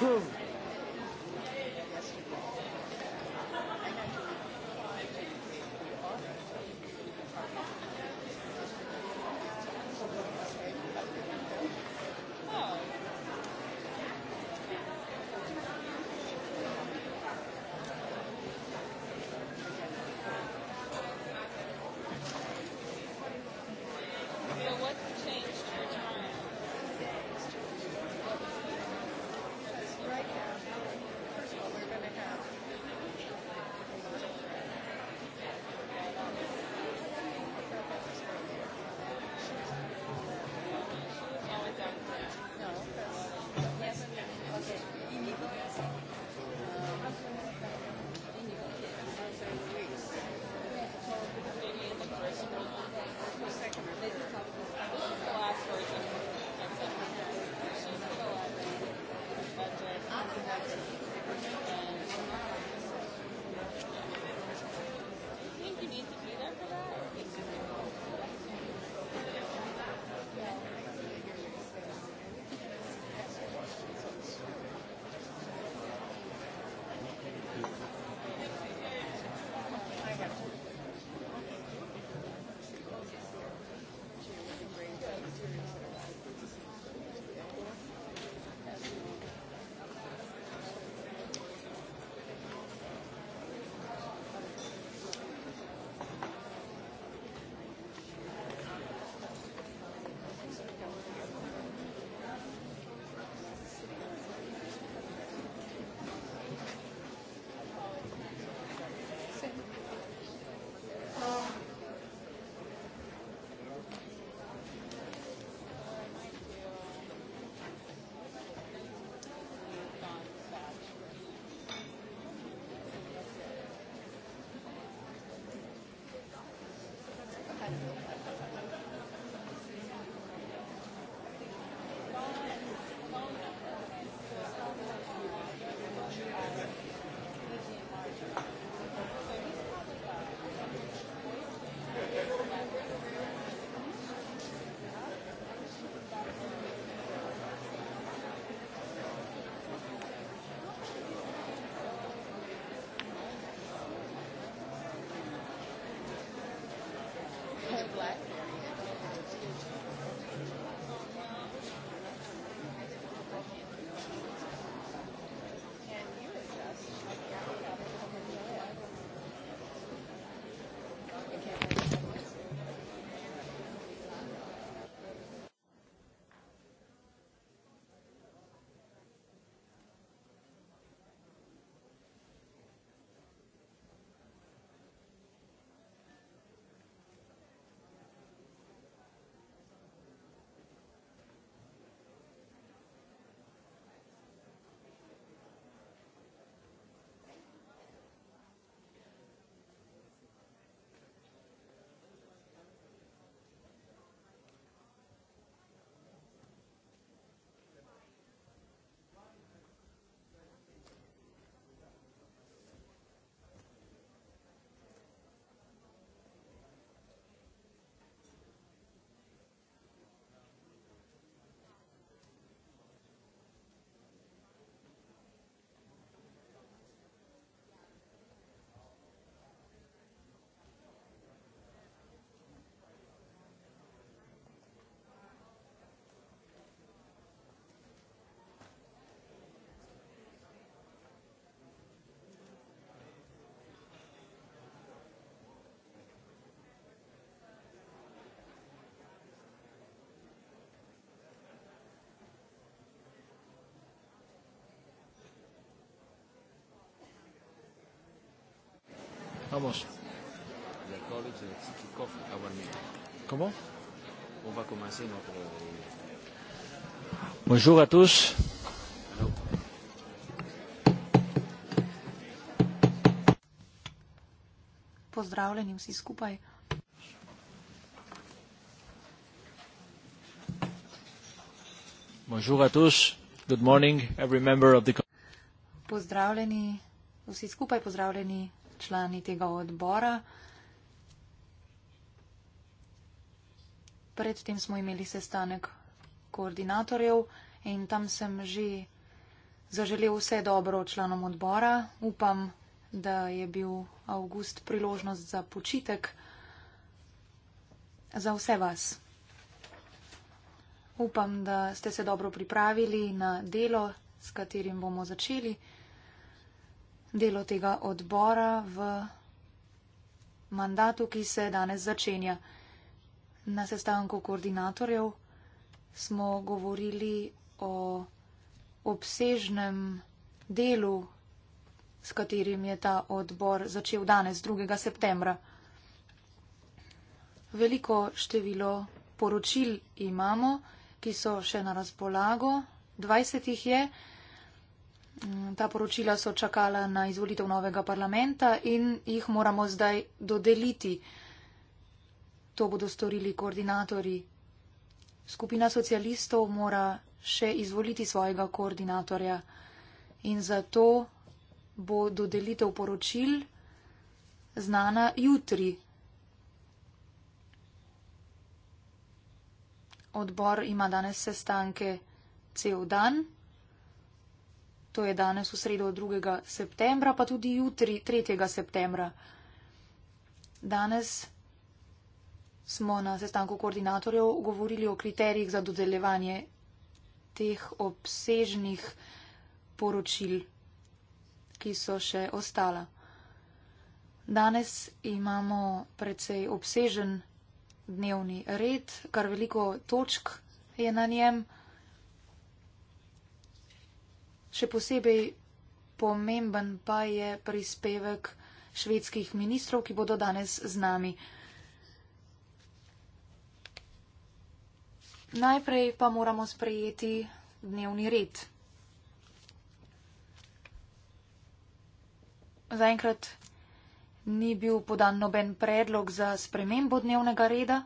Boom. Hm. Vamos. ¿Cómo? Bonjour a tous. Pozdravljeni vsi skupaj. Bonjour a tous. Good morning every member of the Pozdravljeni vsi skupaj, pozdravljeni člani tega odbora. Predtem smo imeli sestanek koordinatorjev in tam sem že zaželel vse dobro članom odbora. Upam, da je bil avgust priložnost za počitek za vse vas. Upam, da ste se dobro pripravili na delo, s katerim bomo začeli delo tega odbora v mandatu, ki se danes začenja. Na sestanku koordinatorjev smo govorili o obsežnem delu, s katerim je ta odbor začel danes, 2. septembra. Veliko število poročil imamo, ki so še na razpolago. 20 jih je. Mm, ta poročila so čakala na izvolitev novega parlamenta in jih moramo zdaj dodeliti. To bodo storili koordinatori. Skupina socialistov mora še izvoliti svojega koordinatorja in zato bo dodelitev poročil znana jutri. Odbor ima danes sestanke cel dan to je danes v sredo 2. septembra, pa tudi jutri 3. septembra. Danes smo na sestanku koordinatorjev govorili o kriterijih za dodeljevanje teh obsežnih poročil, ki so še ostala. Danes imamo precej obsežen dnevni red, kar veliko točk je na njem. Še posebej pomemben pa je prispevek švedskih ministrov, ki bodo danes z nami. Najprej pa moramo sprejeti dnevni red. Zaenkrat ni bil podan noben predlog za spremembo dnevnega reda.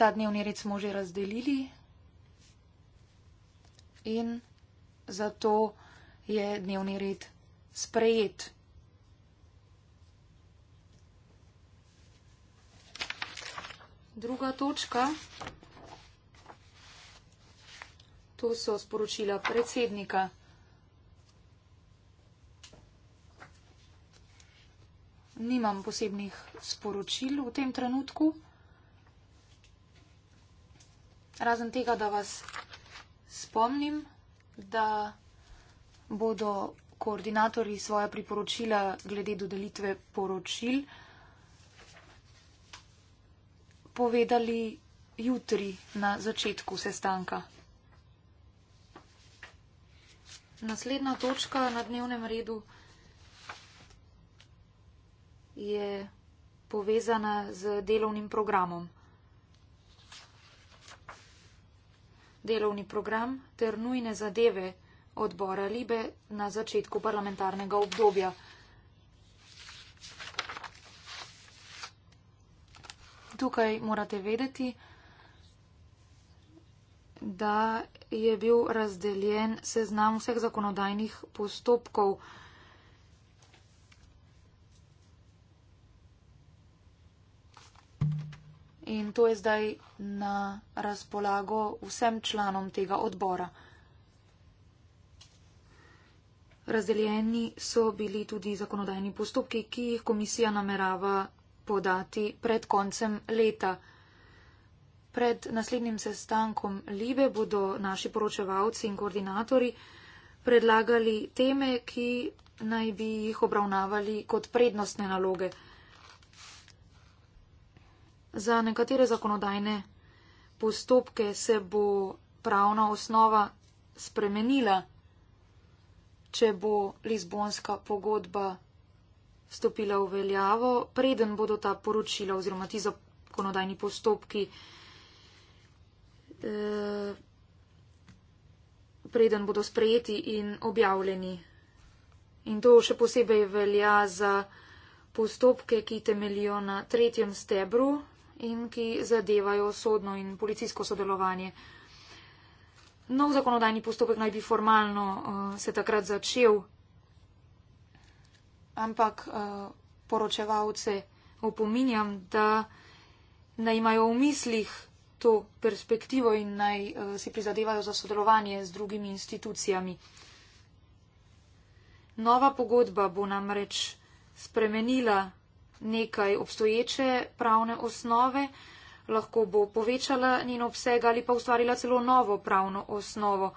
Ta dnevni red smo že razdelili. In zato je dnevni red sprejet. Druga točka. To so sporočila predsednika. Nimam posebnih sporočil v tem trenutku. Razen tega, da vas spomnim, da bodo koordinatorji svoje priporočila glede dodelitve poročil povedali jutri na začetku sestanka. Naslednja točka na dnevnem redu je povezana z delovnim programom. delovni program ter nujne zadeve odbora Libe na začetku parlamentarnega obdobja. Tukaj morate vedeti, da je bil razdeljen seznam vseh zakonodajnih postopkov. in to je zdaj na razpolago vsem članom tega odbora. Razdeljeni so bili tudi zakonodajni postopki, ki jih komisija namerava podati pred koncem leta. Pred naslednjim sestankom Libe bodo naši poročevalci in koordinatori predlagali teme, ki naj bi jih obravnavali kot prednostne naloge. Za nekatere zakonodajne postopke se bo pravna osnova spremenila, če bo Lizbonska pogodba stopila v veljavo, preden bodo ta poročila oziroma ti zakonodajni postopki, eh, preden bodo sprejeti in objavljeni. In to še posebej velja za postopke, ki temelijo na tretjem stebru in ki zadevajo sodno in policijsko sodelovanje. Nov zakonodajni postopek naj bi formalno uh, se takrat začel, ampak uh, poročevalce opominjam, da naj imajo v mislih to perspektivo in naj uh, si prizadevajo za sodelovanje z drugimi institucijami. Nova pogodba bo namreč spremenila nekaj obstoječe pravne osnove, lahko bo povečala njen obseg ali pa ustvarila celo novo pravno osnovo.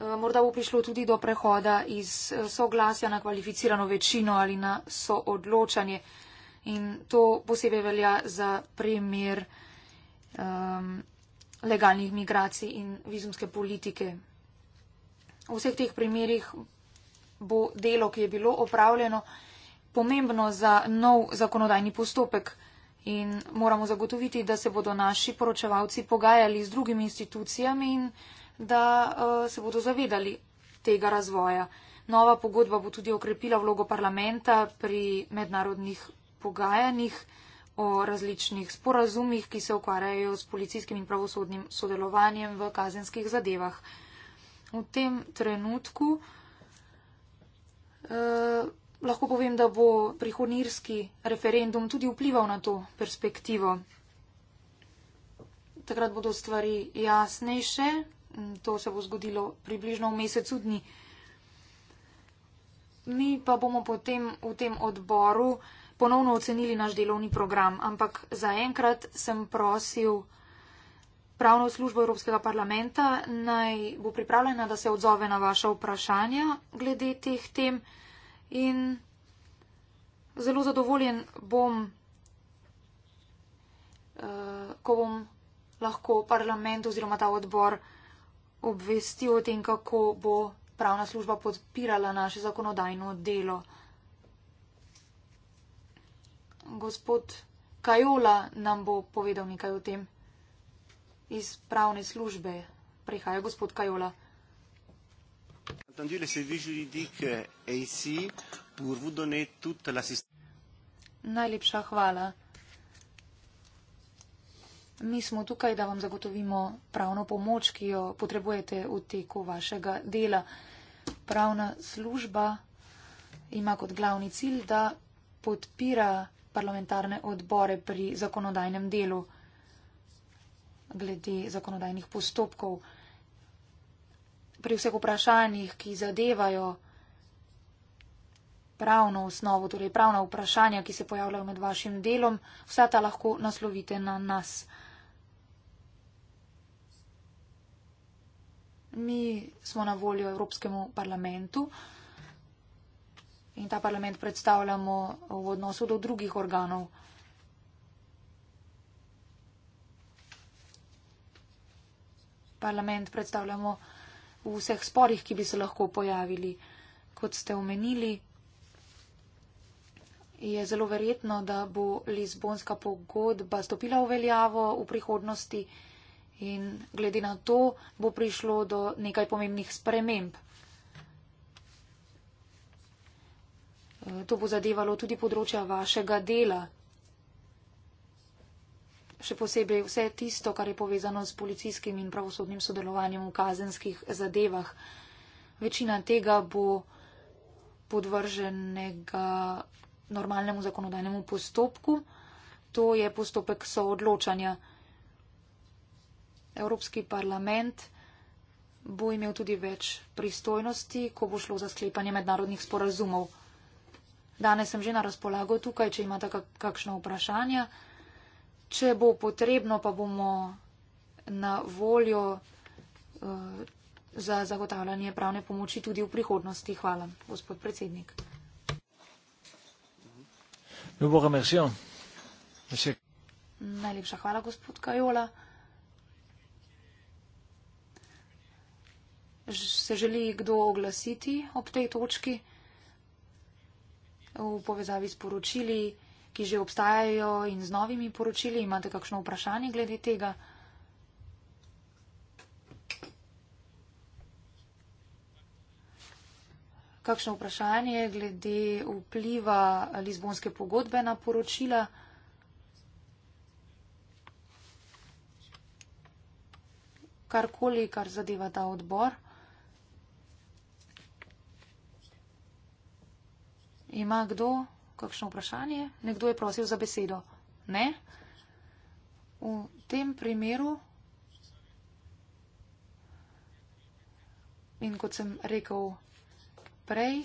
E, morda bo prišlo tudi do prehoda iz e, soglasja na kvalificirano večino ali na soodločanje. In to posebej velja za primer um, legalnih migracij in vizumske politike. V vseh teh primerih bo delo, ki je bilo opravljeno, pomembno za nov zakonodajni postopek in moramo zagotoviti, da se bodo naši poročevalci pogajali z drugimi institucijami in da eh, se bodo zavedali tega razvoja. Nova pogodba bo tudi okrepila vlogo parlamenta pri mednarodnih pogajanjih o različnih sporazumih, ki se ukvarjajo s policijskim in pravosodnim sodelovanjem v kazenskih zadevah. V tem trenutku uh, lahko povem, da bo prihodnirski referendum tudi vplival na to perspektivo. Takrat bodo stvari jasnejše. To se bo zgodilo približno v mesecu dni. Mi pa bomo potem v tem odboru ponovno ocenili naš delovni program. Ampak zaenkrat sem prosil pravno službo Evropskega parlamenta naj bo pripravljena, da se odzove na vaše vprašanja glede teh tem in zelo zadovoljen bom, eh, ko bom lahko parlament oziroma ta odbor obvestil o tem, kako bo pravna služba podpirala naše zakonodajno delo. Gospod Kajola nam bo povedal nekaj o tem. Iz pravne službe prihaja gospod Kajola attendu les services juridiques et ici pour vous donner toute l'assistance. Mi smo tukaj, da vam zagotovimo pravno pomoč, ki jo potrebujete v teku vašega dela. Pravna služba ima kot glavni cilj, da podpira parlamentarne odbore pri zakonodajnem delu glede zakonodajnih postopkov pri vseh vprašanjih, ki zadevajo pravno osnovo, torej pravna vprašanja, ki se pojavljajo med vašim delom, vsa ta lahko naslovite na nas. Mi smo na voljo Evropskemu parlamentu in ta parlament predstavljamo v odnosu do drugih organov. Parlament predstavljamo v vseh sporih, ki bi se lahko pojavili. Kot ste omenili, je zelo verjetno, da bo Lizbonska pogodba stopila v veljavo v prihodnosti in glede na to bo prišlo do nekaj pomembnih sprememb. To bo zadevalo tudi področja vašega dela še posebej vse tisto, kar je povezano s policijskim in pravosodnim sodelovanjem v kazenskih zadevah. Večina tega bo podvrženega normalnemu zakonodajnemu postopku, to je postopek soodločanja. Evropski parlament bo imel tudi več pristojnosti, ko bo šlo za sklepanje mednarodnih sporazumov. Danes sem že na razpolago tukaj, če imate kakšno vprašanje. Če bo potrebno, pa bomo na voljo eh, za zagotavljanje pravne pomoči tudi v prihodnosti. Hvala, gospod predsednik. Ljuboga, merci. Merci. Najlepša hvala, gospod Kajola. Se želi kdo oglasiti ob tej točki v povezavi s poročili? ki že obstajajo in z novimi poročili. Imate kakšno vprašanje glede tega? Kakšno vprašanje glede vpliva Lizbonske pogodbe na poročila? Karkoli, kar zadeva ta odbor. Ima kdo? kakšno vprašanje? Nekdo je prosil za besedo. Ne? V tem primeru. In kot sem rekel prej,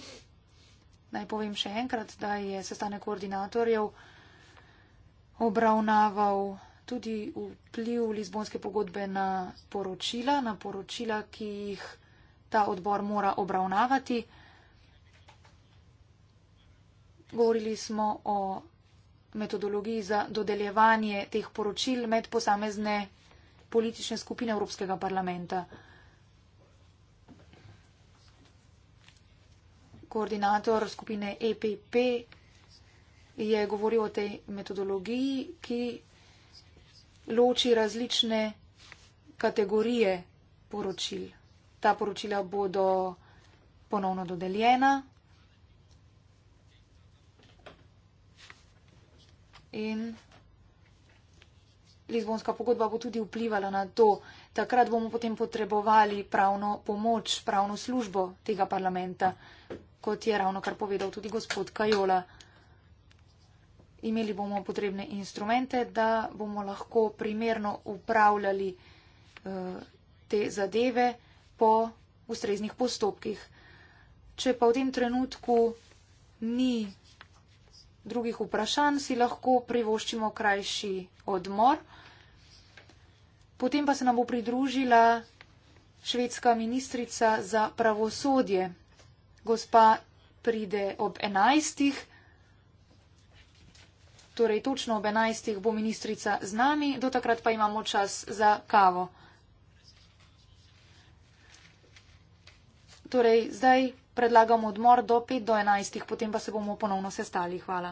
naj povem še enkrat, da je sestanek koordinatorjev obravnaval tudi vpliv Lizbonske pogodbe na poročila, na poročila, ki jih ta odbor mora obravnavati govorili smo o metodologiji za dodeljevanje teh poročil med posamezne politične skupine Evropskega parlamenta. Koordinator skupine EPP je govoril o tej metodologiji, ki loči različne kategorije poročil. Ta poročila bodo ponovno dodeljena. in Lizbonska pogodba bo tudi vplivala na to. Takrat bomo potem potrebovali pravno pomoč, pravno službo tega parlamenta, kot je ravno kar povedal tudi gospod Kajola. Imeli bomo potrebne instrumente, da bomo lahko primerno upravljali eh, te zadeve po ustreznih postopkih. Če pa v tem trenutku ni drugih vprašanj, si lahko privoščimo krajši odmor. Potem pa se nam bo pridružila švedska ministrica za pravosodje. Gospa pride ob enajstih. Torej, točno ob enajstih bo ministrica z nami, do takrat pa imamo čas za kavo. Torej, zdaj predlagam odmor do 5 do 11, potem pa se bomo ponovno sestali. Hvala.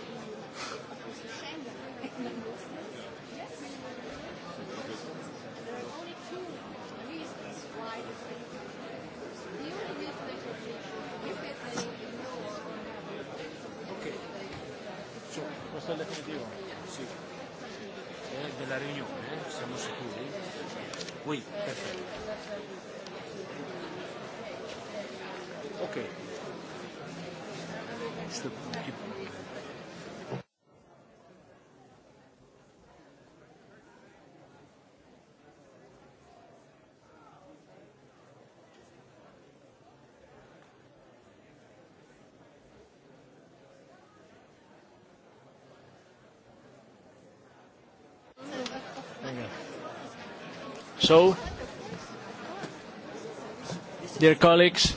el definitivo. Sí. Es de la Reunión, ¿eh? Estamos seguros. ¿eh? Uy, perfecto. Ok. Este tipo. So, dear colleagues,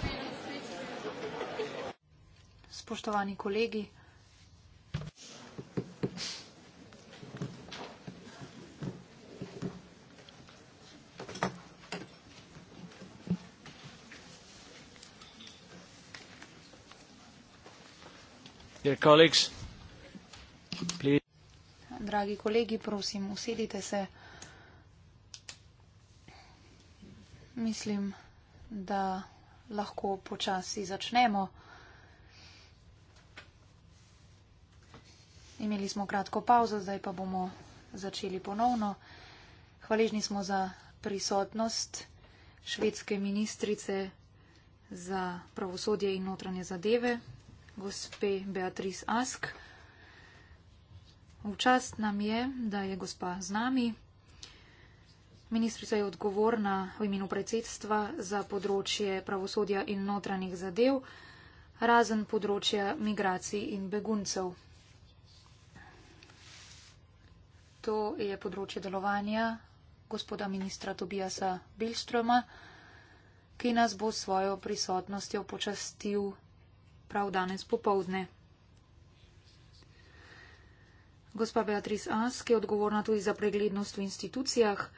spoštovani kolegi, Dear colleagues, please. Dragi kolegi, prosim, usedite se. mislim, da lahko počasi začnemo. Imeli smo kratko pauzo, zdaj pa bomo začeli ponovno. Hvaležni smo za prisotnost švedske ministrice za pravosodje in notranje zadeve, gospe Beatrice Ask. Včast nam je, da je gospa z nami. Ministrica je odgovorna v imenu predsedstva za področje pravosodja in notranjih zadev, razen področja migracij in beguncev. To je področje delovanja gospoda ministra Tobijasa Bilstroma, ki nas bo s svojo prisotnostjo počastil prav danes popovdne. Gospa Beatrice Ask je odgovorna tudi za preglednost v institucijah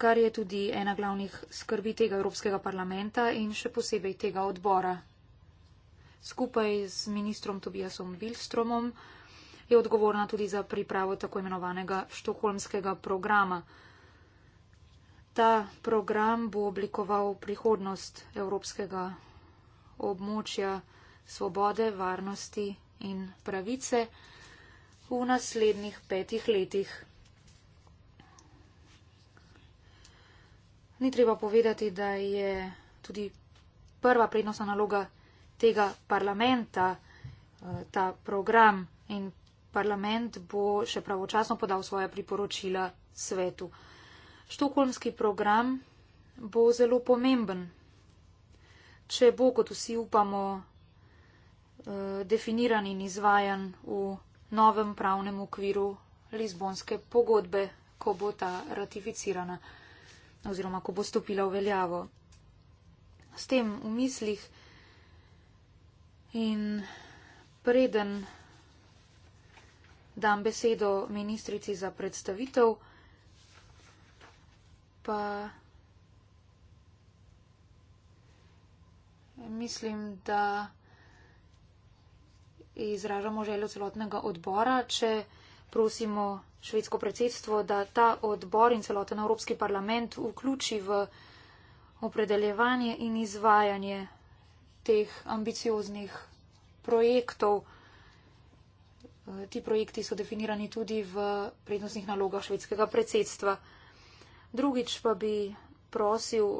kar je tudi ena glavnih skrbi tega Evropskega parlamenta in še posebej tega odbora. Skupaj z ministrom Tobijasom Bilstromom je odgovorna tudi za pripravo tako imenovanega štokholmskega programa. Ta program bo oblikoval prihodnost Evropskega območja svobode, varnosti in pravice v naslednjih petih letih. Ni treba povedati, da je tudi prva prednostna naloga tega parlamenta eh, ta program in parlament bo še pravočasno podal svoje priporočila svetu. Štokholmski program bo zelo pomemben, če bo, kot vsi upamo, eh, definiran in izvajan v novem pravnem okviru Lizbonske pogodbe, ko bo ta ratificirana oziroma ko bo stopila v veljavo. S tem v mislih in preden dam besedo ministrici za predstavitev, pa mislim, da izražamo željo celotnega odbora, če prosimo švedsko predsedstvo, da ta odbor in celoten Evropski parlament vključi v opredeljevanje in izvajanje teh ambicioznih projektov. Ti projekti so definirani tudi v prednostnih nalogah švedskega predsedstva. Drugič pa bi prosil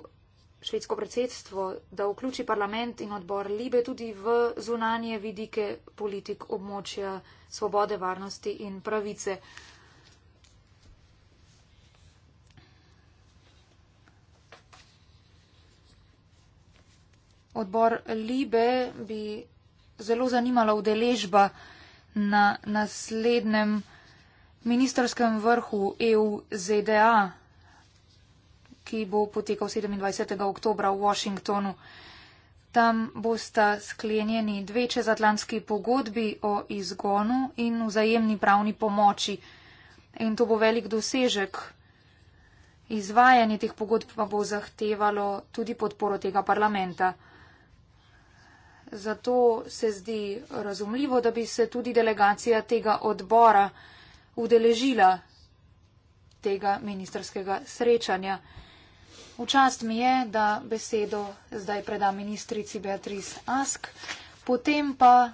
švedsko predsedstvo, da vključi parlament in odbor Libe tudi v zunanje vidike politik območja svobode, varnosti in pravice. Odbor Libe bi zelo zanimala udeležba na naslednjem ministerskem vrhu EU-ZDA, ki bo potekal 27. oktobra v Washingtonu. Tam bosta sklenjeni dve čezatlantski pogodbi o izgonu in vzajemni pravni pomoči. In to bo velik dosežek. Izvajanje teh pogodb pa bo zahtevalo tudi podporo tega parlamenta. Zato se zdi razumljivo, da bi se tudi delegacija tega odbora udeležila tega ministerskega srečanja. Včast mi je, da besedo zdaj preda ministrici Beatrice Ask, potem pa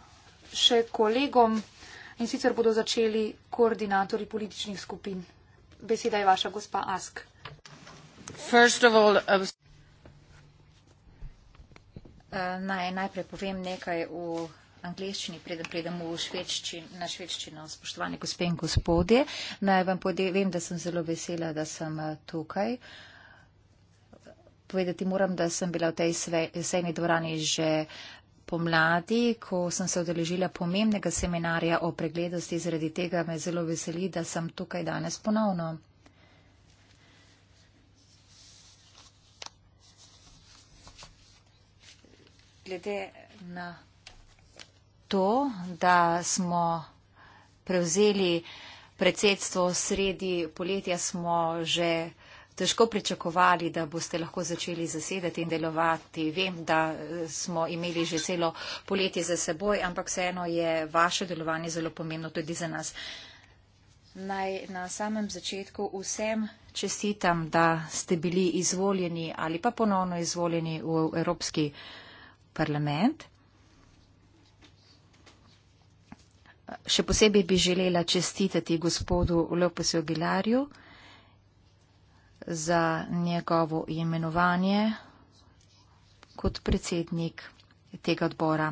še kolegom in sicer bodo začeli koordinatori političnih skupin. Beseda je vaša, gospa Ask. First of all, uh... Eh, naj najprej povem nekaj v angliščini, preden predem švedščin, na švedščino, spoštovane gospe in gospodje. Naj vam povem, da sem zelo vesela, da sem eh, tukaj. Povedati moram, da sem bila v tej sejni dvorani že pomladi, ko sem se odeležila pomembnega seminarja o preglednosti, zaradi tega me zelo veseli, da sem tukaj danes ponovno. glede na to, da smo prevzeli predsedstvo sredi poletja, smo že težko pričakovali, da boste lahko začeli zasedati in delovati. Vem, da eh, smo imeli že celo poletje za seboj, ampak vseeno je vaše delovanje zelo pomembno tudi za nas. Naj na samem začetku vsem čestitam, da ste bili izvoljeni ali pa ponovno izvoljeni v Evropski parlament parlament. Še posebej bi želela čestitati gospodu Lopesu Gilarju za njegovo imenovanje kot predsednik tega odbora.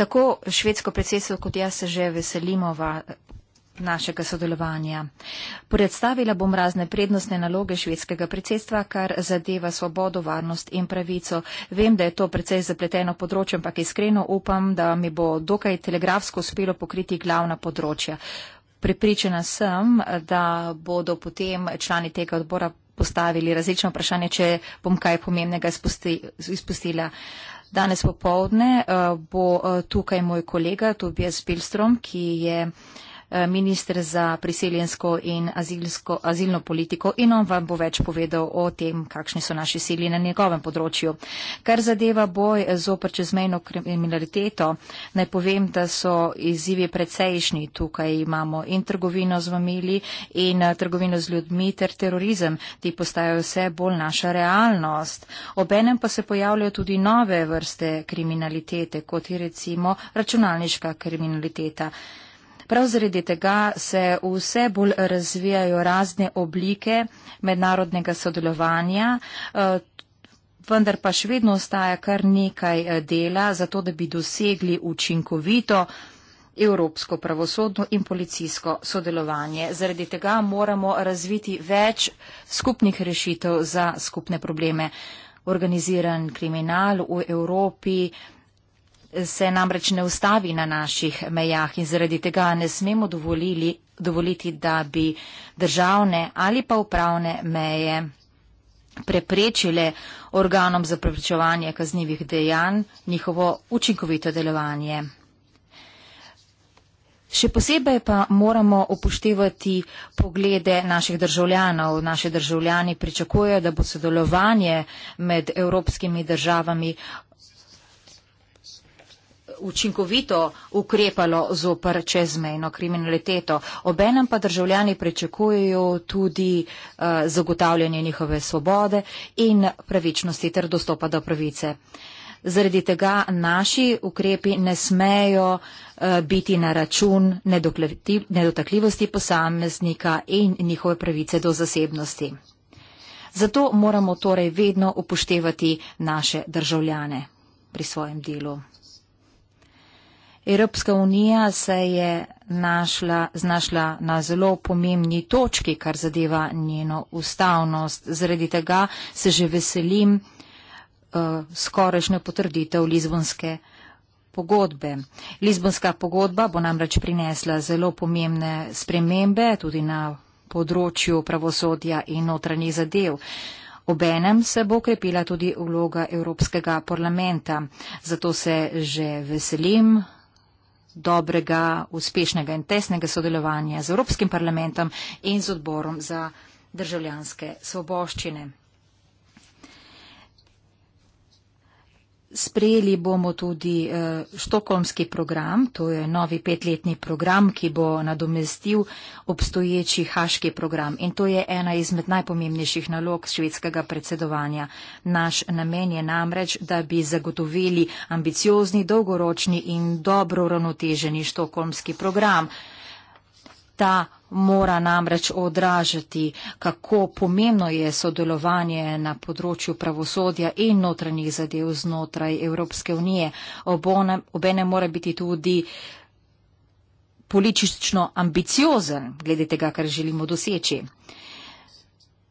Tako švedsko predsedstvo kot jaz se že veselimo našega sodelovanja. Predstavila bom razne prednostne naloge švedskega predsedstva, kar zadeva svobodo, varnost in pravico. Vem, da je to precej zapleteno področje, ampak iskreno upam, da mi bo dokaj telegrafsko uspelo pokriti glavna področja. Pripričana sem, da bodo potem člani tega odbora postavili različno vprašanje, če bom kaj pomembnega izpustila. Danes popovdne eh, bo eh, tukaj moj kolega Tobias Pilstrom, ki je Eh, minister za priseljensko in azilsko, azilno politiko in on vam bo več povedal o tem, kakšni so naši sili na njegovem področju. Kar zadeva boj eh, zopr čezmejno kriminaliteto, naj povem, da so izzivi precejšnji. Tukaj imamo in trgovino z vamili in eh, trgovino z ljudmi ter terorizem. Ti postajajo vse bolj naša realnost. Obenem pa se pojavljajo tudi nove vrste kriminalitete, kot je recimo računalniška kriminaliteta. Prav zaradi tega se vse bolj razvijajo razne oblike mednarodnega sodelovanja, eh, vendar pa še vedno ostaja kar nekaj eh, dela za to, da bi dosegli učinkovito evropsko pravosodno in policijsko sodelovanje. Zaradi tega moramo razviti več skupnih rešitev za skupne probleme. Organiziran kriminal v Evropi se namreč ne ustavi na naših mejah in zaradi tega ne smemo dovolili, dovoliti, da bi državne ali pa upravne meje preprečile organom za preprečevanje kaznjivih dejanj njihovo učinkovito delovanje. Še posebej pa moramo upoštevati poglede naših državljanov. Naši državljani pričakujejo, da bo sodelovanje med evropskimi državami učinkovito ukrepalo zopr čezmejno kriminaliteto. Obenem pa državljani prečakujejo tudi eh, zagotavljanje njihove svobode in pravičnosti ter dostopa do pravice. Zaradi tega naši ukrepi ne smejo eh, biti na račun nedotakljivosti posameznika in njihove pravice do zasebnosti. Zato moramo torej vedno upoštevati naše državljane pri svojem delu. Evropska unija se je našla, znašla na zelo pomembni točki, kar zadeva njeno ustavnost. Zaradi tega se že veselim uh, eh, skorešne potrditev Lizbonske pogodbe. Lizbonska pogodba bo namreč prinesla zelo pomembne spremembe tudi na področju pravosodja in notranjih zadev. Obenem se bo krepila tudi vloga Evropskega parlamenta. Zato se že veselim dobrega, uspešnega in tesnega sodelovanja z Evropskim parlamentom in z odborom za državljanske svoboščine. Sprejeli bomo tudi eh, štokholmski program, to je novi petletni program, ki bo nadomestil obstoječi haški program. In to je ena izmed najpomembnejših nalog švedskega predsedovanja. Naš namen je namreč, da bi zagotovili ambiciozni, dolgoročni in dobro ravnoteženi štokholmski program. Ta mora namreč odražati, kako pomembno je sodelovanje na področju pravosodja in notranjih zadev znotraj Evropske unije. Obene mora biti tudi politično ambiciozen, glede tega, kar želimo doseči.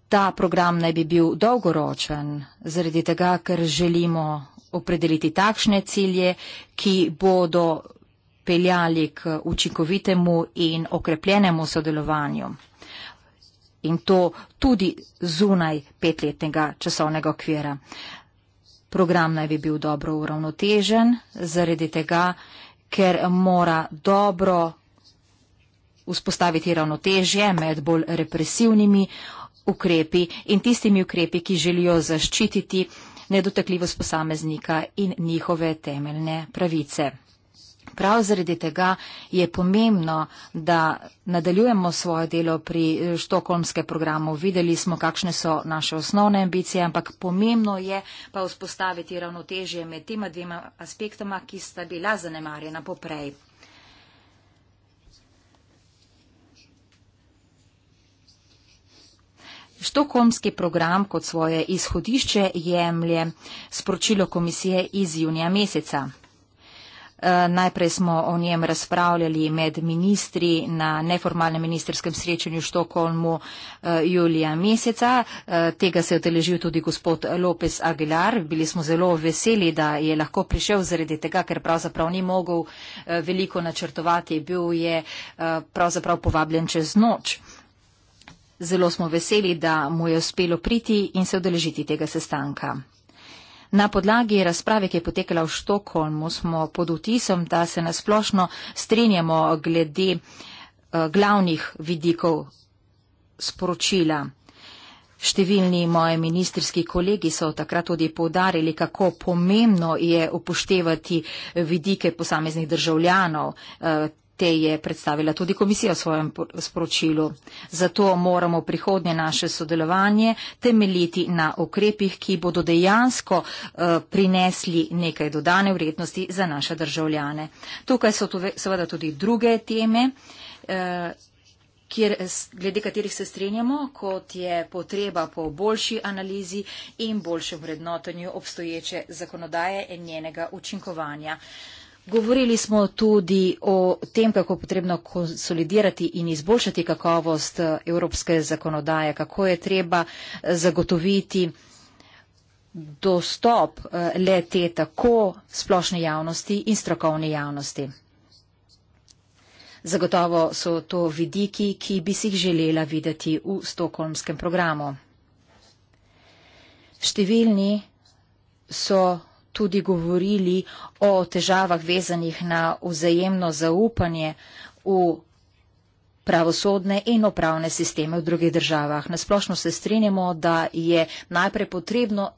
Ta program naj bi bil dolgoročen, zaradi tega, ker želimo opredeliti takšne cilje, ki bodo pripeljali k učinkovitemu in okrepljenemu sodelovanju. In to tudi zunaj petletnega časovnega okvira. Program naj bi bil dobro uravnotežen, zaradi tega, ker mora dobro vzpostaviti ravnotežje med bolj represivnimi ukrepi in tistimi ukrepi, ki želijo zaščititi nedotakljivost posameznika in njihove temeljne pravice. Prav zaradi tega je pomembno, da nadaljujemo svoje delo pri eh, štokholmske programu. Videli smo, kakšne so naše osnovne ambicije, ampak pomembno je pa vzpostaviti ravnotežje med tema dvema aspektoma, ki sta bila zanemarjena poprej. Štokomski program kot svoje izhodišče jemlje sporočilo komisije iz junija meseca. Eh, najprej smo o njem razpravljali med ministri na neformalnem ministerskem srečanju v Štokolmu eh, julija meseca. Eh, tega se je odeležil tudi gospod Lopes Aguilar. Bili smo zelo veseli, da je lahko prišel zaradi tega, ker pravzaprav ni mogel veliko načrtovati. Bil je pravzaprav povabljen čez noč. Zelo smo veseli, da mu je uspelo priti in se odeležiti tega sestanka. Na podlagi razprave, ki je potekala v Štokholmu, smo pod vtisom, da se nasplošno strinjamo glede eh, glavnih vidikov sporočila. Številni moji ministrski kolegi so takrat tudi povdarili, kako pomembno je upoštevati vidike posameznih državljanov, eh, te je predstavila tudi komisija v svojem sporočilu. Zato moramo prihodnje naše sodelovanje temeljiti na ukrepih, ki bodo dejansko eh, prinesli nekaj dodane vrednosti za naše državljane. Tukaj so seveda tudi druge teme. Eh, kjer, glede katerih se strenjamo, kot je potreba po boljši analizi in boljšem vrednotenju obstoječe zakonodaje in njenega učinkovanja. Uh, Govorili smo tudi o tem, kako potrebno konsolidirati in izboljšati kakovost eh, evropske zakonodaje, kako je treba eh, zagotoviti dostop eh, le te tako splošne javnosti in strokovne javnosti. Zagotovo so to vidiki, ki bi si jih želela videti v stokholmskem programu. Številni so tudi govorili o težavah vezanih na vzajemno zaupanje v pravosodne in opravne sisteme v drugih državah. Nasplošno se strinjamo, da je najprej potrebno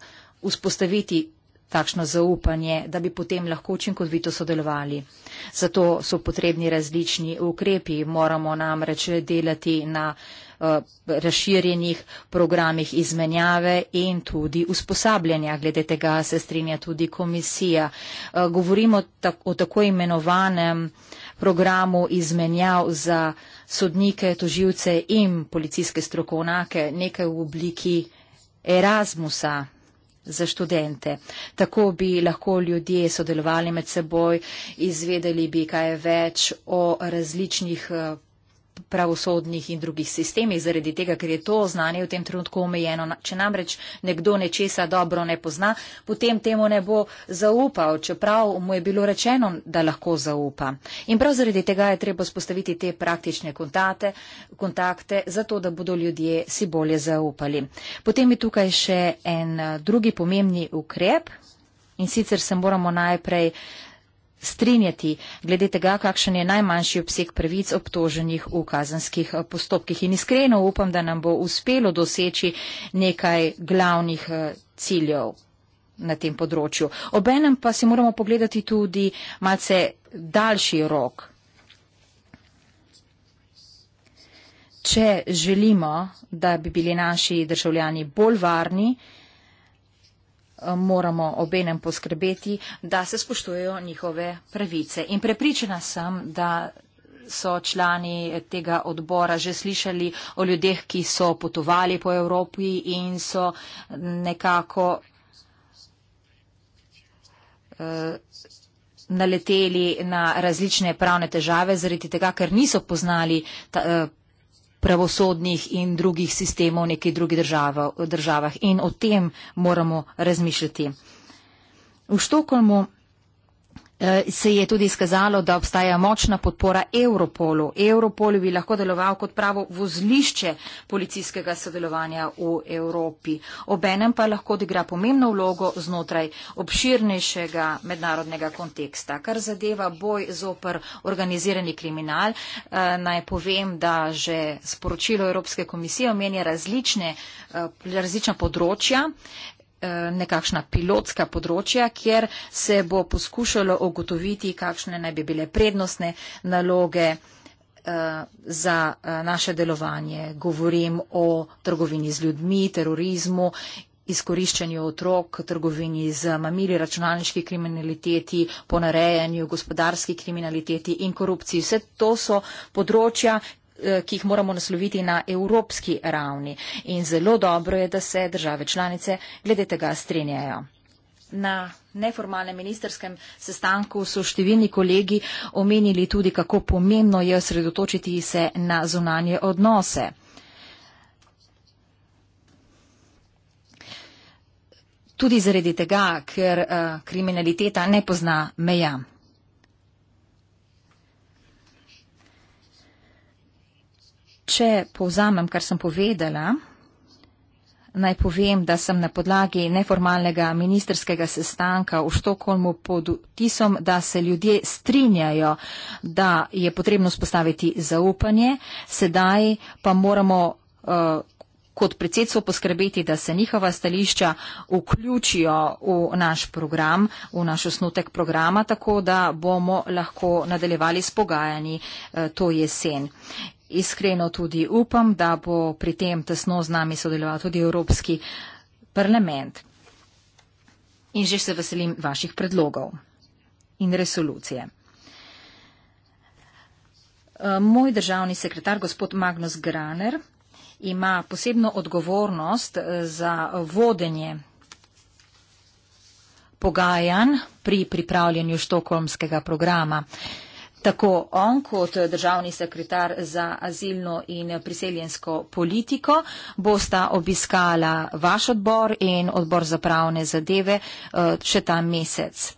vzpostaviti takšno zaupanje, da bi potem lahko učinkovito sodelovali. Zato so potrebni različni ukrepi, moramo namreč delati na eh, razširjenih programih izmenjave in tudi usposabljanja. Glede tega se strinja tudi komisija. Eh, govorimo o tako imenovanem programu izmenjav za sodnike, toživce in policijske strokovnake, nekaj v obliki Erasmusa, za študente. Tako bi lahko ljudje sodelovali med seboj, izvedeli bi kaj več o različnih eh, pravosodnih in drugih sistemih, zaradi tega, ker je to znanje v tem trenutku omejeno. Če namreč nekdo nečesa dobro ne pozna, potem temu ne bo zaupal, čeprav mu je bilo rečeno, da lahko zaupa. In prav zaradi tega je treba spostaviti te praktične kontate, kontakte, zato da bodo ljudje si bolje zaupali. Potem je tukaj še en drugi pomembni ukrep. In sicer se moramo najprej uh, strinjati glede tega, kakšen je najmanjši obseg pravic obtoženih v kazanskih eh, postopkih. In iskreno upam, da nam bo uspelo doseči nekaj glavnih eh, ciljev na tem področju. Obenem pa si moramo pogledati tudi malce daljši rok. Če želimo, da bi bili naši državljani bolj varni, moramo obenem poskrbeti, da se spoštujejo njihove pravice. In prepričana sem, da so člani tega odbora že slišali o ljudeh, ki so potovali po Evropi in so nekako eh, naleteli na različne pravne težave, zaradi tega, ker niso poznali ta, eh, pravosodnih in drugih sistemov v neki drugi država, državah in o tem moramo razmišljati. V Štokolmu Eh, se je tudi skazalo, da obstaja močna podpora Europolu. Europol bi lahko deloval kot pravo vozlišče policijskega sodelovanja v Evropi. Obenem pa lahko odigra pomembno vlogo znotraj obširnejšega mednarodnega konteksta. Kar zadeva boj zoper organizirani kriminal, eh, naj povem, da že sporočilo Evropske komisije omenja različne, eh, različna področja, Eh, nekakšna pilotska področja, kjer se bo poskušalo ogotoviti, kakšne naj bi bile prednostne naloge eh, za eh, naše delovanje. Govorim o trgovini z ljudmi, terorizmu, izkoriščanju otrok, trgovini z mamili, računalniški kriminaliteti, ponarejanju, gospodarski kriminaliteti in korupciji. Vse to so področja, Eh, ki jih moramo nasloviti na evropski ravni. In zelo dobro je, da se države članice glede tega strinjajo. Na neformalnem ministerskem sestanku so številni kolegi omenili tudi, kako pomembno je sredotočiti se na zunanje odnose. Tudi zaradi tega, ker uh, kriminaliteta ne pozna meja. če povzamem, kar sem povedala, naj povem, da sem na podlagi neformalnega ministerskega sestanka v Štokolmu pod tisom, da se ljudje strinjajo, da je potrebno spostaviti zaupanje, sedaj pa moramo. Uh, kot predsedstvo poskrbeti, da se njihova stališča vključijo v naš program, v naš osnutek programa, tako da bomo lahko nadaljevali s pogajanji eh, to jesen iskreno tudi upam, da bo pri tem tesno z nami sodeloval tudi Evropski parlament. In že se veselim vaših predlogov in resolucije. Eh, moj državni sekretar, gospod Magnus Graner, ima posebno odgovornost eh, za vodenje pogajanj pri pripravljanju štokholmskega programa. Tako on kot državni sekretar za azilno in priseljensko politiko bosta obiskala vaš odbor in odbor za pravne zadeve eh, še ta mesec.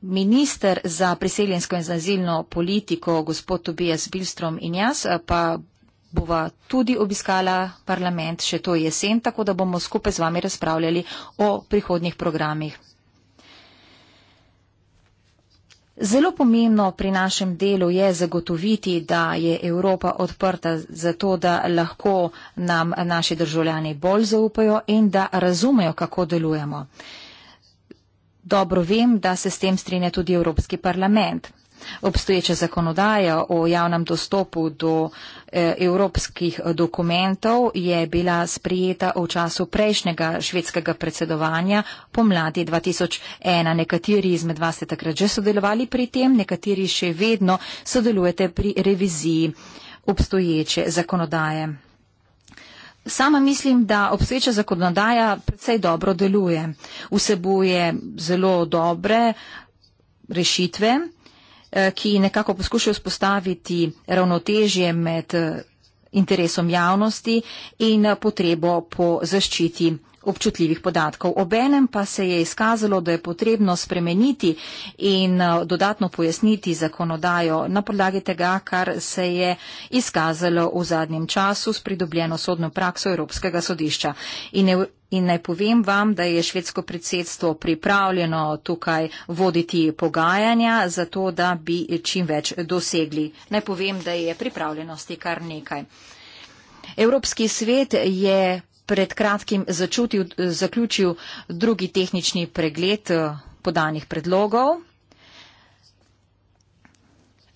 Minister za priseljensko in azilno politiko, gospod Tobias Bilstrom in jaz, eh, pa bova tudi obiskala parlament še to jesen, tako da bomo skupaj z vami razpravljali o prihodnih programih. Zelo pomembno pri našem delu je zagotoviti, da je Evropa odprta zato, da lahko nam naši državljani bolj zaupajo in da razumejo, kako delujemo. Dobro vem, da se s tem strinja tudi Evropski parlament. Obstoječa zakonodaja o javnem dostopu do eh, evropskih eh, dokumentov je bila sprijeta v času prejšnjega švedskega predsedovanja pomladi 2001. Nekateri izmed vas ste takrat že sodelovali pri tem, nekateri še vedno sodelujete pri reviziji obstoječe zakonodaje. Sama mislim, da obstoječa zakonodaja predvsej dobro deluje. Vsebuje zelo dobre rešitve. Eh, ki nekako poskušajo spostaviti ravnotežje med eh, interesom javnosti in eh, potrebo po zaščiti občutljivih podatkov. Obenem pa se je izkazalo, da je potrebno spremeniti in eh, dodatno pojasniti zakonodajo na podlagi tega, kar se je izkazalo v zadnjem času s pridobljeno sodno prakso Evropskega sodišča. In ev In naj povem vam, da je švedsko predsedstvo pripravljeno tukaj voditi pogajanja, zato da bi čim več dosegli. Naj povem, da je pripravljenosti kar nekaj. Evropski svet je pred kratkim začutil, zaključil drugi tehnični pregled eh, podanih predlogov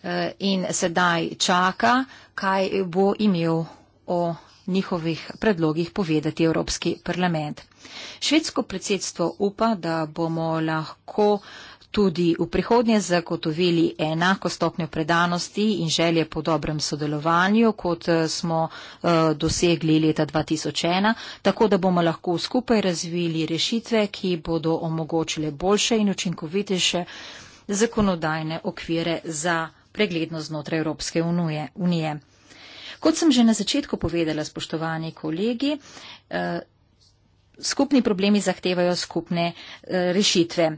eh, in sedaj čaka, kaj bo imel o njihovih predlogih povedati Evropski parlament. Švedsko predsedstvo upa, da bomo lahko uh, tudi v prihodnje zagotovili enako stopnjo predanosti in želje po dobrem sodelovanju, kot eh, smo eh, dosegli leta 2001, tako da bomo lahko skupaj razvili rešitve, ki bodo omogočile boljše in učinkovitejše zakonodajne okvire za pregledno znotraj Evropske unije. Kot sem že na začetku povedala, spoštovani kolegi, eh, skupni problemi zahtevajo skupne rešitve.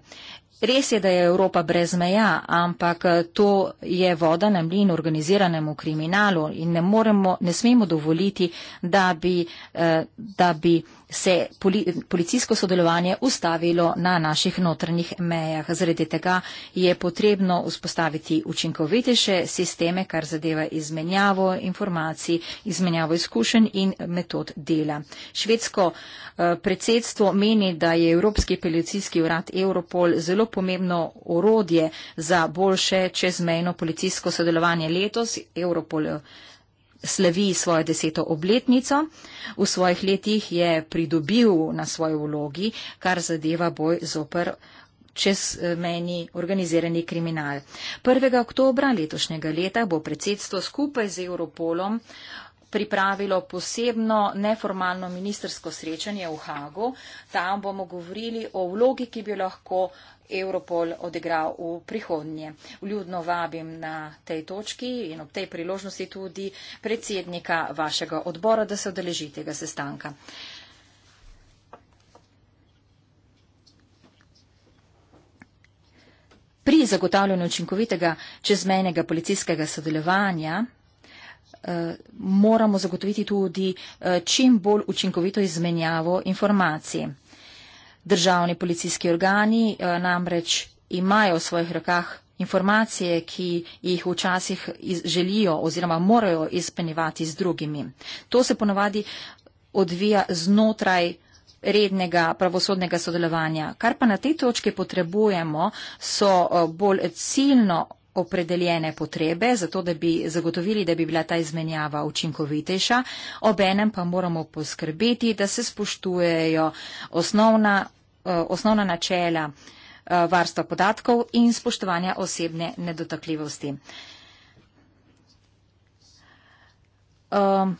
Res je, da je Evropa brez meja, ampak eh, to je voda na mlin organiziranemu kriminalu in ne, moremo, ne smemo dovoliti, da bi, eh, da bi se poli, policijsko sodelovanje ustavilo na naših notranjih mejah. Zredi tega je potrebno vzpostaviti učinkovitejše sisteme, kar zadeva izmenjavo informacij, izmenjavo izkušenj in metod dela. Švedsko eh, predsedstvo meni, da je Evropski policijski urad Europol zelo pomembno orodje za boljše čezmejno policijsko sodelovanje letos Europolu. Eh, slavi svojo deseto obletnico. V svojih letih je pridobil na svoji vlogi, kar zadeva boj zoper čez meni organizirani kriminal. 1. oktobra letošnjega leta bo predsedstvo skupaj z Europolom pripravilo posebno neformalno ministersko srečanje v Hagu. Tam bomo govorili o vlogi, ki bi lahko uh, Europol odigral v prihodnje. Vljudno vabim na tej točki in ob tej priložnosti tudi predsednika vašega odbora, da se odeleži tega sestanka. Pri zagotavljanju učinkovitega čezmejnega policijskega sodelovanja eh, moramo zagotoviti tudi eh, čim bolj učinkovito izmenjavo informacij. Državni policijski organi eh, namreč imajo v svojih rokah informacije, ki jih včasih želijo oziroma morajo izpenjevati z drugimi. To se ponovadi odvija znotraj rednega pravosodnega sodelovanja. Kar pa na tej točki potrebujemo, so eh, bolj ciljno opredeljene potrebe, zato da bi zagotovili, da bi bila ta izmenjava učinkovitejša. Obenem pa moramo poskrbeti, da se spoštujejo osnovna, eh, osnovna načela eh, varstva podatkov in spoštovanja osebne nedotakljivosti. Um,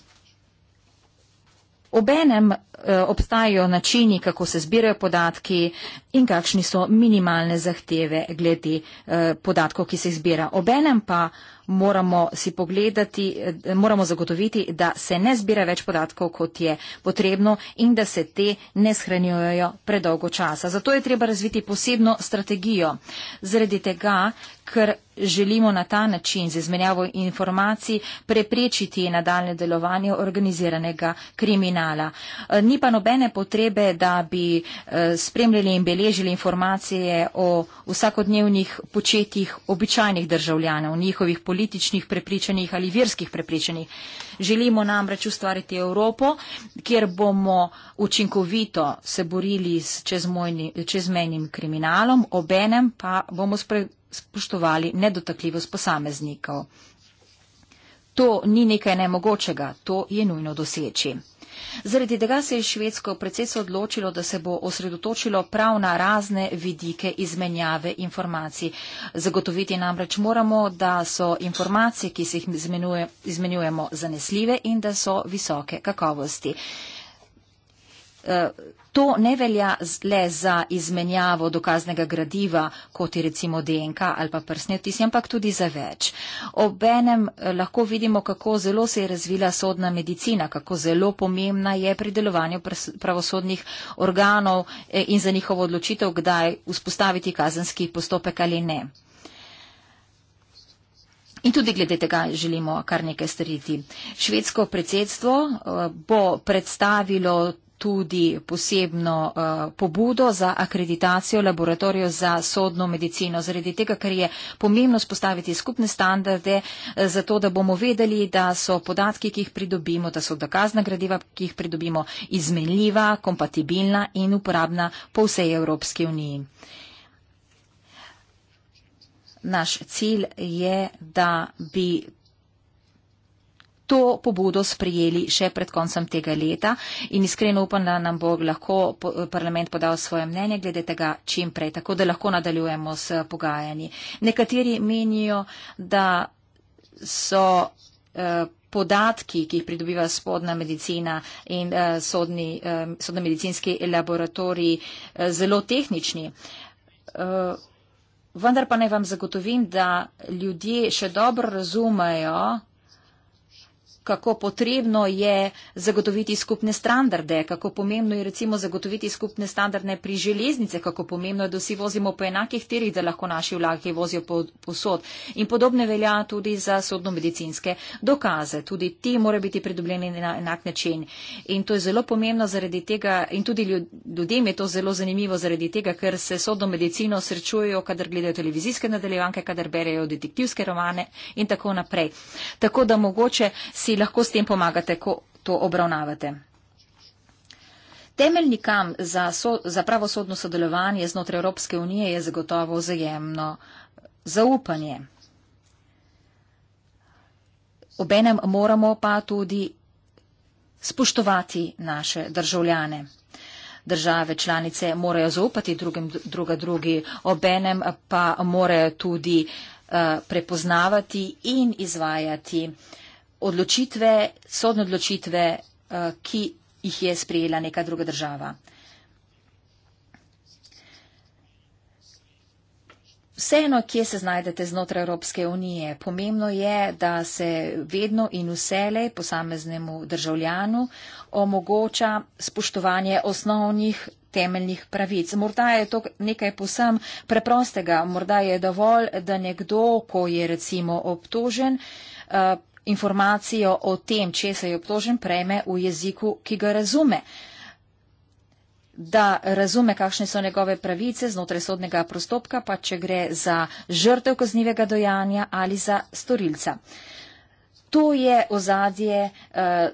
Obenem eh, obstajajo načini, kako se zbirajo podatki in kakšni so minimalne zahteve glede eh, podatkov, ki se zbira. Obenem pa moramo si pogledati, eh, moramo zagotoviti, da se ne zbira več podatkov, kot je potrebno in da se te ne shranjujejo predolgo časa. Zato je treba razviti posebno strategijo. Zaradi tega, ker želimo na ta način z izmenjavo informacij preprečiti nadaljne delovanje organiziranega kriminala. Eh, ni pa nobene potrebe, da bi eh, spremljali in beležili informacije o vsakodnevnih početjih običajnih državljanov, njihovih političnih prepričanjih ali verskih prepričanjih. Želimo namreč ustvariti Evropo, kjer bomo učinkovito se borili s čezmejnim kriminalom, obenem pa bomo spremljali spoštovali nedotakljivost posameznikov. To ni nekaj nemogočega, to je nujno doseči. Zaradi tega se je švedsko predsedstvo odločilo, da se bo osredotočilo prav na razne vidike izmenjave informacij. Zagotoviti namreč moramo, da so informacije, ki se jih izmenuje, izmenjujemo, zanesljive in da so visoke kakovosti. E, To ne velja le za izmenjavo dokaznega gradiva, kot je recimo DNK ali pa prsni otis, ampak tudi za več. Obenem eh, lahko vidimo, kako zelo se je razvila sodna medicina, kako zelo pomembna je pri delovanju pravosodnih organov eh, in za njihovo odločitev, kdaj vzpostaviti kazenski postopek ali ne. In tudi glede tega želimo kar nekaj storiti. Švedsko predsedstvo eh, bo predstavilo tudi posebno uh, pobudo za akreditacijo laboratorijev za sodno medicino, zaradi tega, ker je pomembno spostaviti skupne standarde, uh, zato da bomo vedeli, da so podatki, ki jih pridobimo, da so dokazna gradiva, ki jih pridobimo, izmenljiva, kompatibilna in uporabna po vsej Evropski uniji. Naš cilj je, da bi to pobudo sprijeli še pred koncem tega leta in iskreno upam, da nam bo lahko parlament podal svoje mnenje glede tega čim prej, tako da lahko nadaljujemo s pogajanji. Nekateri menijo, da so eh, podatki, ki jih pridobiva spodna medicina in eh, sodni, eh, sodnomedicinski laboratoriji, zelo tehnični. Vendar pa naj vam zagotovim, da ljudje še dobro razumejo, kako potrebno je zagotoviti skupne standarde, kako pomembno je recimo zagotoviti skupne standarde pri železnice, kako pomembno je, da vsi vozimo po enakih tirih, da lahko naši vlaki vozijo posod. In podobne velja tudi za sodno-medicinske dokaze. Tudi ti morajo biti pridobljeni na enak način. In to je zelo pomembno zaradi tega in tudi ljudem je to zelo zanimivo zaradi tega, ker se sodno-medicino srečujejo, kadar gledajo televizijske nadaljevanke, kadar berejo detektivske romane in tako naprej. Tako da mogoče si lahko s tem pomagate, ko to obravnavate. Temeljni kam za, so, za pravosodno sodelovanje znotraj Evropske unije je zagotovo vzajemno zaupanje. Obenem moramo pa tudi spoštovati naše državljane. Države članice morajo zaupati drugim, druga drugi, obenem pa morajo tudi uh, prepoznavati in izvajati uh, odločitve, sodne odločitve, eh, ki jih je sprejela neka druga država. Vseeno, kje se znajdete znotraj Evropske unije, pomembno je, da se vedno in vselej posameznemu državljanu omogoča spoštovanje osnovnih temeljnih pravic. Morda je to nekaj posem preprostega, morda je dovolj, da nekdo, ko je recimo obtožen, eh, informacijo o tem, če se je obtožen prejme v jeziku, ki ga razume. Da razume, kakšne so njegove pravice znotraj sodnega prostopka, pa če gre za žrtev kaznivega dojanja ali za storilca. To je ozadje, eh,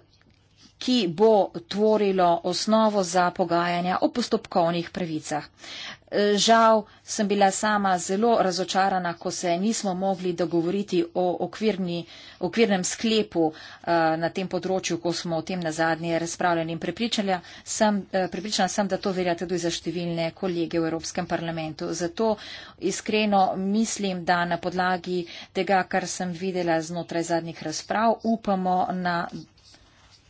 ki bo tvorilo osnovo za pogajanja o postopkovnih pravicah. Žal sem bila sama zelo razočarana, ko se nismo mogli dogovoriti o okvirni, okvirnem sklepu eh, na tem področju, ko smo o tem na zadnje razpravljali in prepričala sem, eh, prepričala sem, da to verja tudi za številne kolege v Evropskem parlamentu. Zato iskreno mislim, da na podlagi tega, kar sem videla znotraj zadnjih razprav, upamo na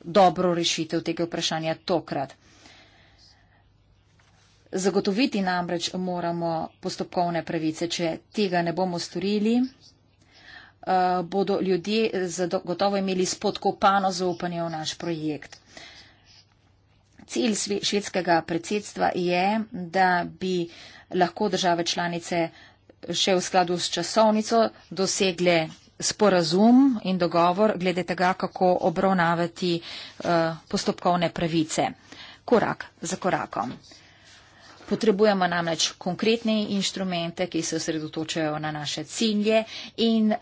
dobro rešitev tega vprašanja tokrat. Zagotoviti namreč moramo postopkovne pravice. Če tega ne bomo storili, eh, bodo ljudje zagotovo imeli spodkopano zaupanje v naš projekt. Cilj švedskega predsedstva je, da bi lahko države članice še v skladu s časovnico dosegle sporazum in dogovor glede tega, kako obravnavati eh, postopkovne pravice. Korak za korakom. Potrebujemo namreč konkretne inštrumente, ki se osredotočajo na naše cilje in uh,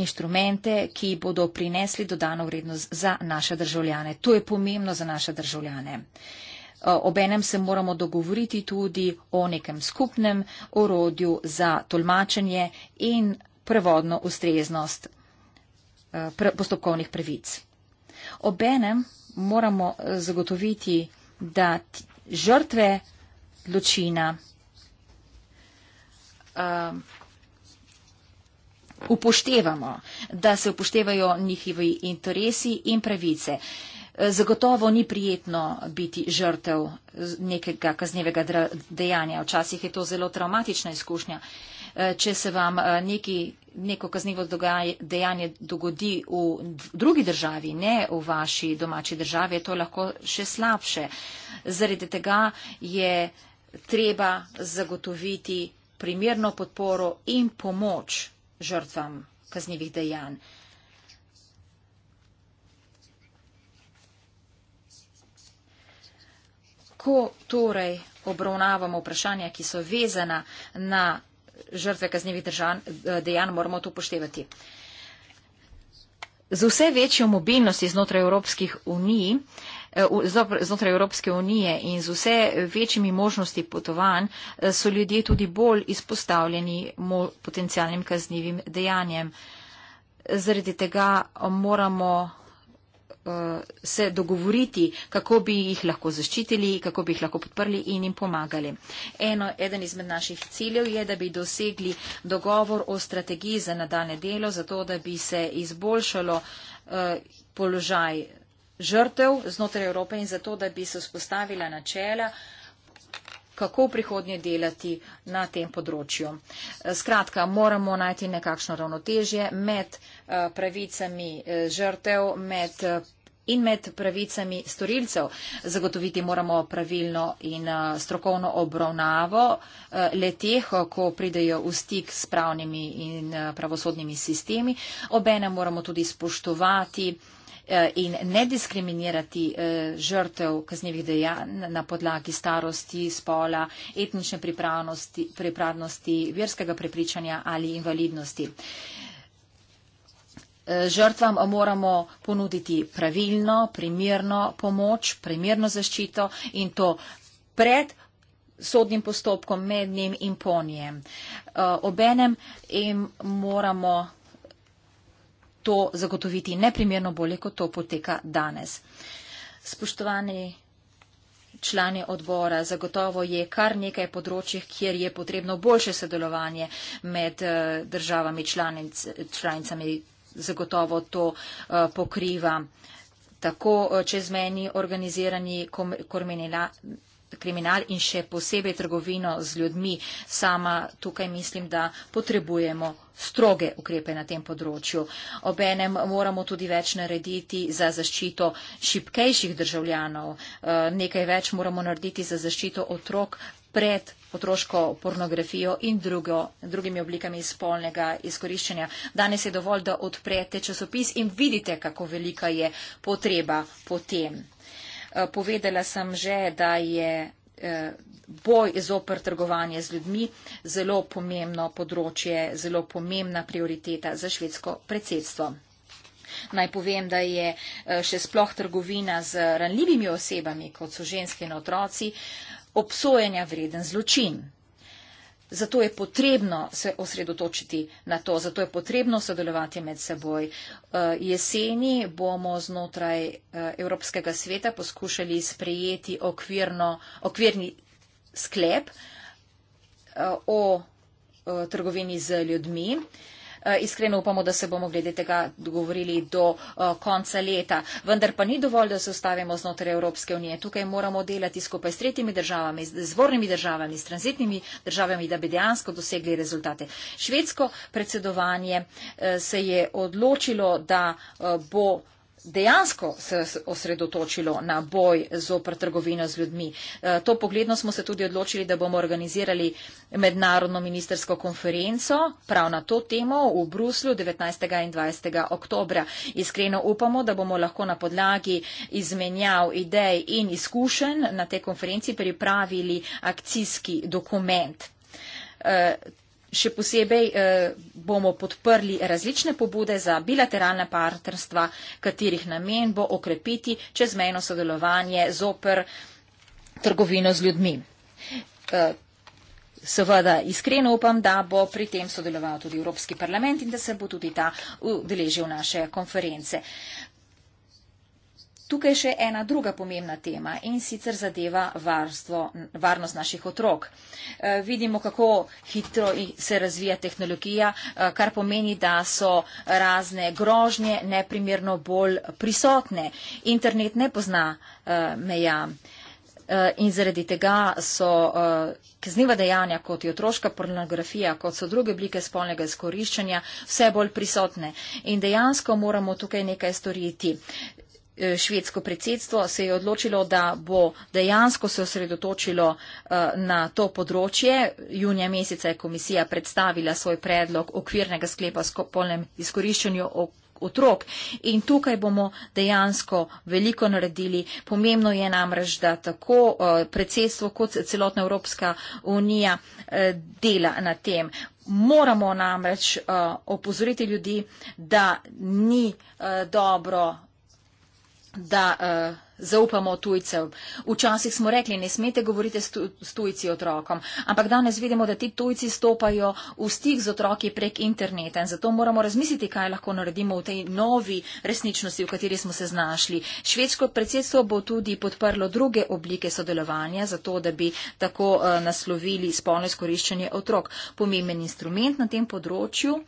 inštrumente, ki bodo prinesli dodano vrednost za naše državljane. To je pomembno za naše državljane. Eh, obenem se moramo dogovoriti tudi o nekem skupnem orodju za tolmačenje in prevodno ustreznost eh, postopkovnih pravic. Obenem moramo zagotoviti, da žrtve lučina. Um, ehm, upoštevamo, da se upoštevajo njihovi interesi in pravice. E, zagotovo ni prijetno biti žrtev nekega kaznevega dejanja. Včasih je to zelo traumatična izkušnja. E, če se vam e, neki, neko kaznevo dejanje dogodi v drugi državi, ne v vaši domači državi, je to lahko še slabše. Zaredi tega je treba zagotoviti primerno podporo in pomoč žrtvam kaznjivih dejanj. Ko torej obravnavamo vprašanja, ki so vezana na žrtve kaznjivih dejanj, moramo to poštevati. Z vse večjo mobilnosti znotraj Evropskih unij Eh, znotraj Evropske unije in z vse večjimi možnosti potovanj eh, so ljudje tudi bolj izpostavljeni potencijalnim kaznjivim dejanjem. Zaradi tega moramo eh, se dogovoriti, kako bi jih lahko zaščitili, kako bi jih lahko podprli in jim pomagali. Eno, eden izmed naših ciljev je, da bi dosegli dogovor o strategiji za nadaljne delo, zato da bi se izboljšalo uh, položaj žrtev znotraj Evrope in zato, da bi se vzpostavila načela, kako v prihodnje delati na tem področju. Eh, skratka, moramo najti nekakšno ravnotežje med eh, pravicami eh, žrtev med in med pravicami storilcev. Zagotoviti moramo pravilno in strokovno obravnavo leteh, ko pridejo v stik s pravnimi in pravosodnimi sistemi. Obene moramo tudi spoštovati Eh, in ne diskriminirati eh, žrtev kaznjivih dejanj na podlagi starosti, spola, etnične pripravnosti, pripravnosti verskega prepričanja ali invalidnosti. Eh, žrtvam moramo ponuditi pravilno, primerno pomoč, primerno zaščito in to pred sodnim postopkom med njim in po njem. Obenem jim moramo to zagotoviti neprimerno bolje, kot to poteka danes. Spoštovani člani odbora, zagotovo je kar nekaj področjih, kjer je potrebno boljše sodelovanje med eh, državami članic, članicami. Zagotovo to eh, pokriva tako eh, čezmeni organizirani kormenila. Kom, kriminal in še posebej trgovino z ljudmi. Sama tukaj mislim, da potrebujemo stroge ukrepe na tem področju. Obenem moramo tudi več narediti za zaščito šipkejših državljanov, eh, nekaj več moramo narediti za zaščito otrok pred otroško pornografijo in drugo, drugimi oblikami spolnega izkoriščanja. Danes je dovolj, da odprete časopis in vidite, kako velika je potreba po tem. Eh, povedala sem že, da je eh, boj zoper trgovanje z ljudmi zelo pomembno področje, zelo pomembna prioriteta za švedsko predsedstvo. Naj povem, da je eh, še sploh trgovina z ranljivimi osebami, kot so ženske in otroci, obsojenja vreden zločin. Zato je potrebno se osredotočiti na to, zato je potrebno sodelovati med seboj. Eh, jeseni bomo znotraj eh, Evropskega sveta poskušali sprejeti okvirno, okvirni sklep eh, o trgovini z ljudmi. Eh, iskreno upamo, da se bomo glede tega dogovorili do eh, konca leta. Vendar pa ni dovolj, da se ustavimo znotraj Evropske unije. Tukaj moramo delati skupaj s tretjimi državami, z vornimi državami, s transitnimi državami, da bi dejansko dosegli rezultate. Švedsko predsedovanje eh, se je odločilo, da bo dejansko se osredotočilo na boj zopr trgovino z ljudmi. E, to pogledno smo se tudi odločili, da bomo organizirali mednarodno ministersko konferenco prav na to temo v Bruslju 19. in 20. oktobra. Iskreno upamo, da bomo lahko na podlagi izmenjav idej in izkušenj na tej konferenci pripravili akcijski dokument. E, Še posebej eh, bomo podprli različne pobude za bilateralne partnerstva, katerih namen bo okrepiti čezmejno sodelovanje zoper trgovino z ljudmi. Eh, Seveda iskreno upam, da bo pri tem sodeloval tudi Evropski parlament in da se bo tudi ta udeležil naše konference. Tukaj še ena druga pomembna tema in sicer zadeva varstvo, varnost naših otrok. E, vidimo, kako hitro se razvija tehnologija, e, kar pomeni, da so razne grožnje neprimerno bolj prisotne. Internet ne pozna e, meja. E, in zaradi tega so uh, kazniva dejanja, kot je otroška pornografija, kot so druge oblike spolnega izkoriščanja, vse bolj prisotne. In dejansko moramo tukaj nekaj storiti. Eh, švedsko predsedstvo se je odločilo, da bo dejansko se osredotočilo eh, na to področje. Junija meseca je komisija predstavila svoj predlog okvirnega sklepa o spolnem izkoriščanju otrok in tukaj bomo dejansko veliko naredili. Pomembno je namreč, da tako eh, predsedstvo kot celotna Evropska unija dela na tem. Moramo namreč uh, opozoriti ljudi, da ni uh, dobro da uh, zaupamo tujcev. Včasih smo rekli, ne smete govoriti s, tu, s tujci otrokom, ampak danes vidimo, da ti tujci stopajo v stik z otroki prek interneta in zato moramo razmisliti, kaj lahko naredimo v tej novi resničnosti, v kateri smo se znašli. Švedsko predsedstvo bo tudi podprlo druge oblike sodelovanja, zato da bi tako uh, naslovili spolno izkoriščanje otrok. Pomemben instrument na tem področju uh,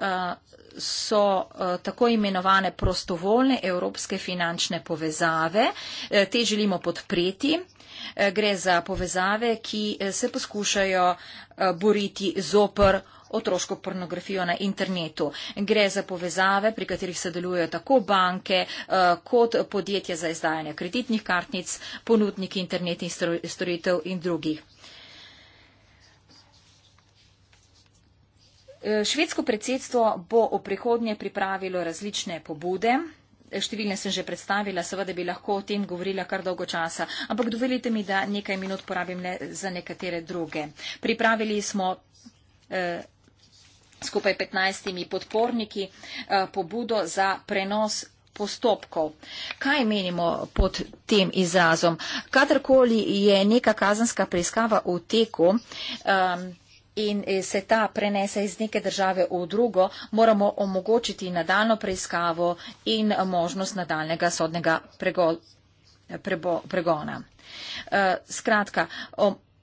Eh, so eh, tako imenovane prostovoljne evropske finančne povezave. Eh, te želimo podpreti. Gre za povezave, ki se poskušajo boriti zopr otroško pornografijo na internetu. Gre za povezave, pri katerih sodelujejo tako banke kot podjetje za izdajanje kreditnih kartnic, ponudniki internetnih storitev in drugih. Eh, švedsko predsedstvo bo v prihodnje pripravilo različne pobude. Številne sem že predstavila, seveda bi lahko o tem govorila kar dolgo časa, ampak dovolite mi, da nekaj minut porabim le za nekatere druge. Pripravili smo eh, skupaj 15 podporniki eh, pobudo za prenos postopkov. Kaj menimo pod tem izrazom? Kadarkoli je neka kazanska preiskava v teku, eh, in eh, se ta prenese iz neke države v drugo, moramo omogočiti nadaljno preiskavo in možnost nadaljnega sodnega pregol, prebo, pregona. Eh, skratka,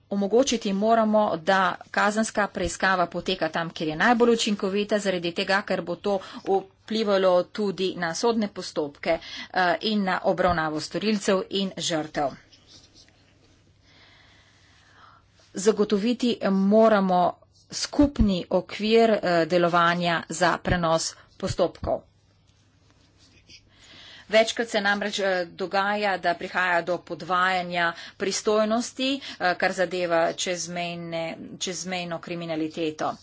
omogočiti moramo, da kazanska preiskava poteka tam, kjer je najbolj učinkovita, zaradi tega, ker bo to vplivalo tudi na sodne postopke eh, in na obravnavo storilcev in žrtev. zagotoviti moramo skupni okvir eh, delovanja za prenos postopkov. Večkrat se namreč eh, dogaja, da prihaja do podvajanja pristojnosti, eh, kar zadeva čezmejne, čezmejno kriminaliteto.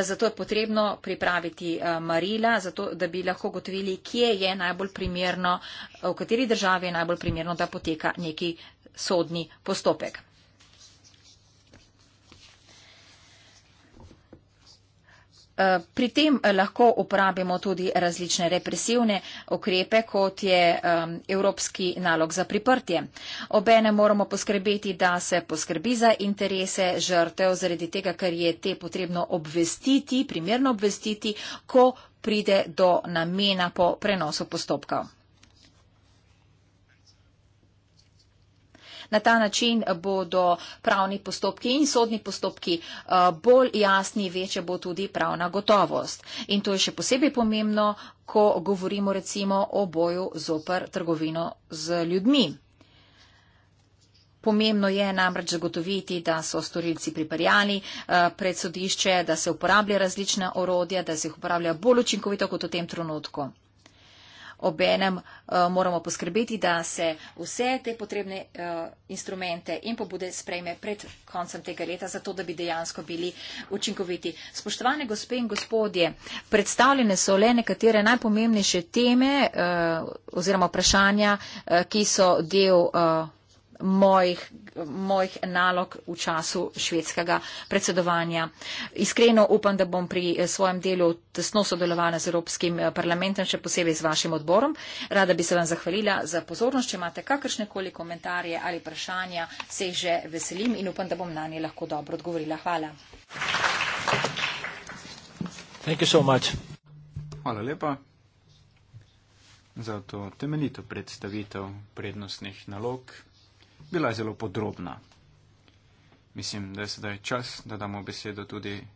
Zato je potrebno pripraviti marila, zato, da bi lahko gotovili, kje je najbolj primerno, v kateri državi je najbolj primerno, da poteka neki sodni postopek. Eh, pri tem eh, lahko uporabimo tudi različne represivne ukrepe, kot je um, evropski nalog za priprtje. Obene moramo poskrbeti, da se poskrbi za interese žrtev, zaradi tega, ker je te potrebno obvestiti, primerno obvestiti, ko pride do namena po prenosu postopkov. Na ta način bodo pravni postopki in sodni postopki eh, bolj jasni, večja bo tudi pravna gotovost. In to je še posebej pomembno, ko govorimo recimo o boju zoper trgovino z ljudmi. Pomembno je namreč zagotoviti, da so storilci priparjani eh, pred sodišče, da se uporablja različna orodja, da se jih uporablja bolj učinkovito kot v tem trenutku obenem eh, moramo poskrbeti, da se vse te potrebne eh, instrumente in pobude sprejme pred koncem tega leta, zato da bi dejansko bili učinkoviti. Spoštovane gospe in gospodje, predstavljene so le nekatere najpomembnejše teme eh, oziroma vprašanja, ki so del mojih, mojih nalog v času švedskega predsedovanja. Iskreno upam, da bom pri eh, svojem delu tesno sodelovala z Evropskim eh, parlamentom, še posebej z vašim odborom. Rada bi se vam zahvalila za pozornost. Če imate kakršne koli komentarje ali vprašanja, se jih že veselim in upam, da bom na nje lahko dobro odgovorila. Hvala. So Hvala lepa za to temeljito predstavitev prednostnih nalog bila zelo podrobna. Mislim, da je sedaj čas, da damo besedo tudi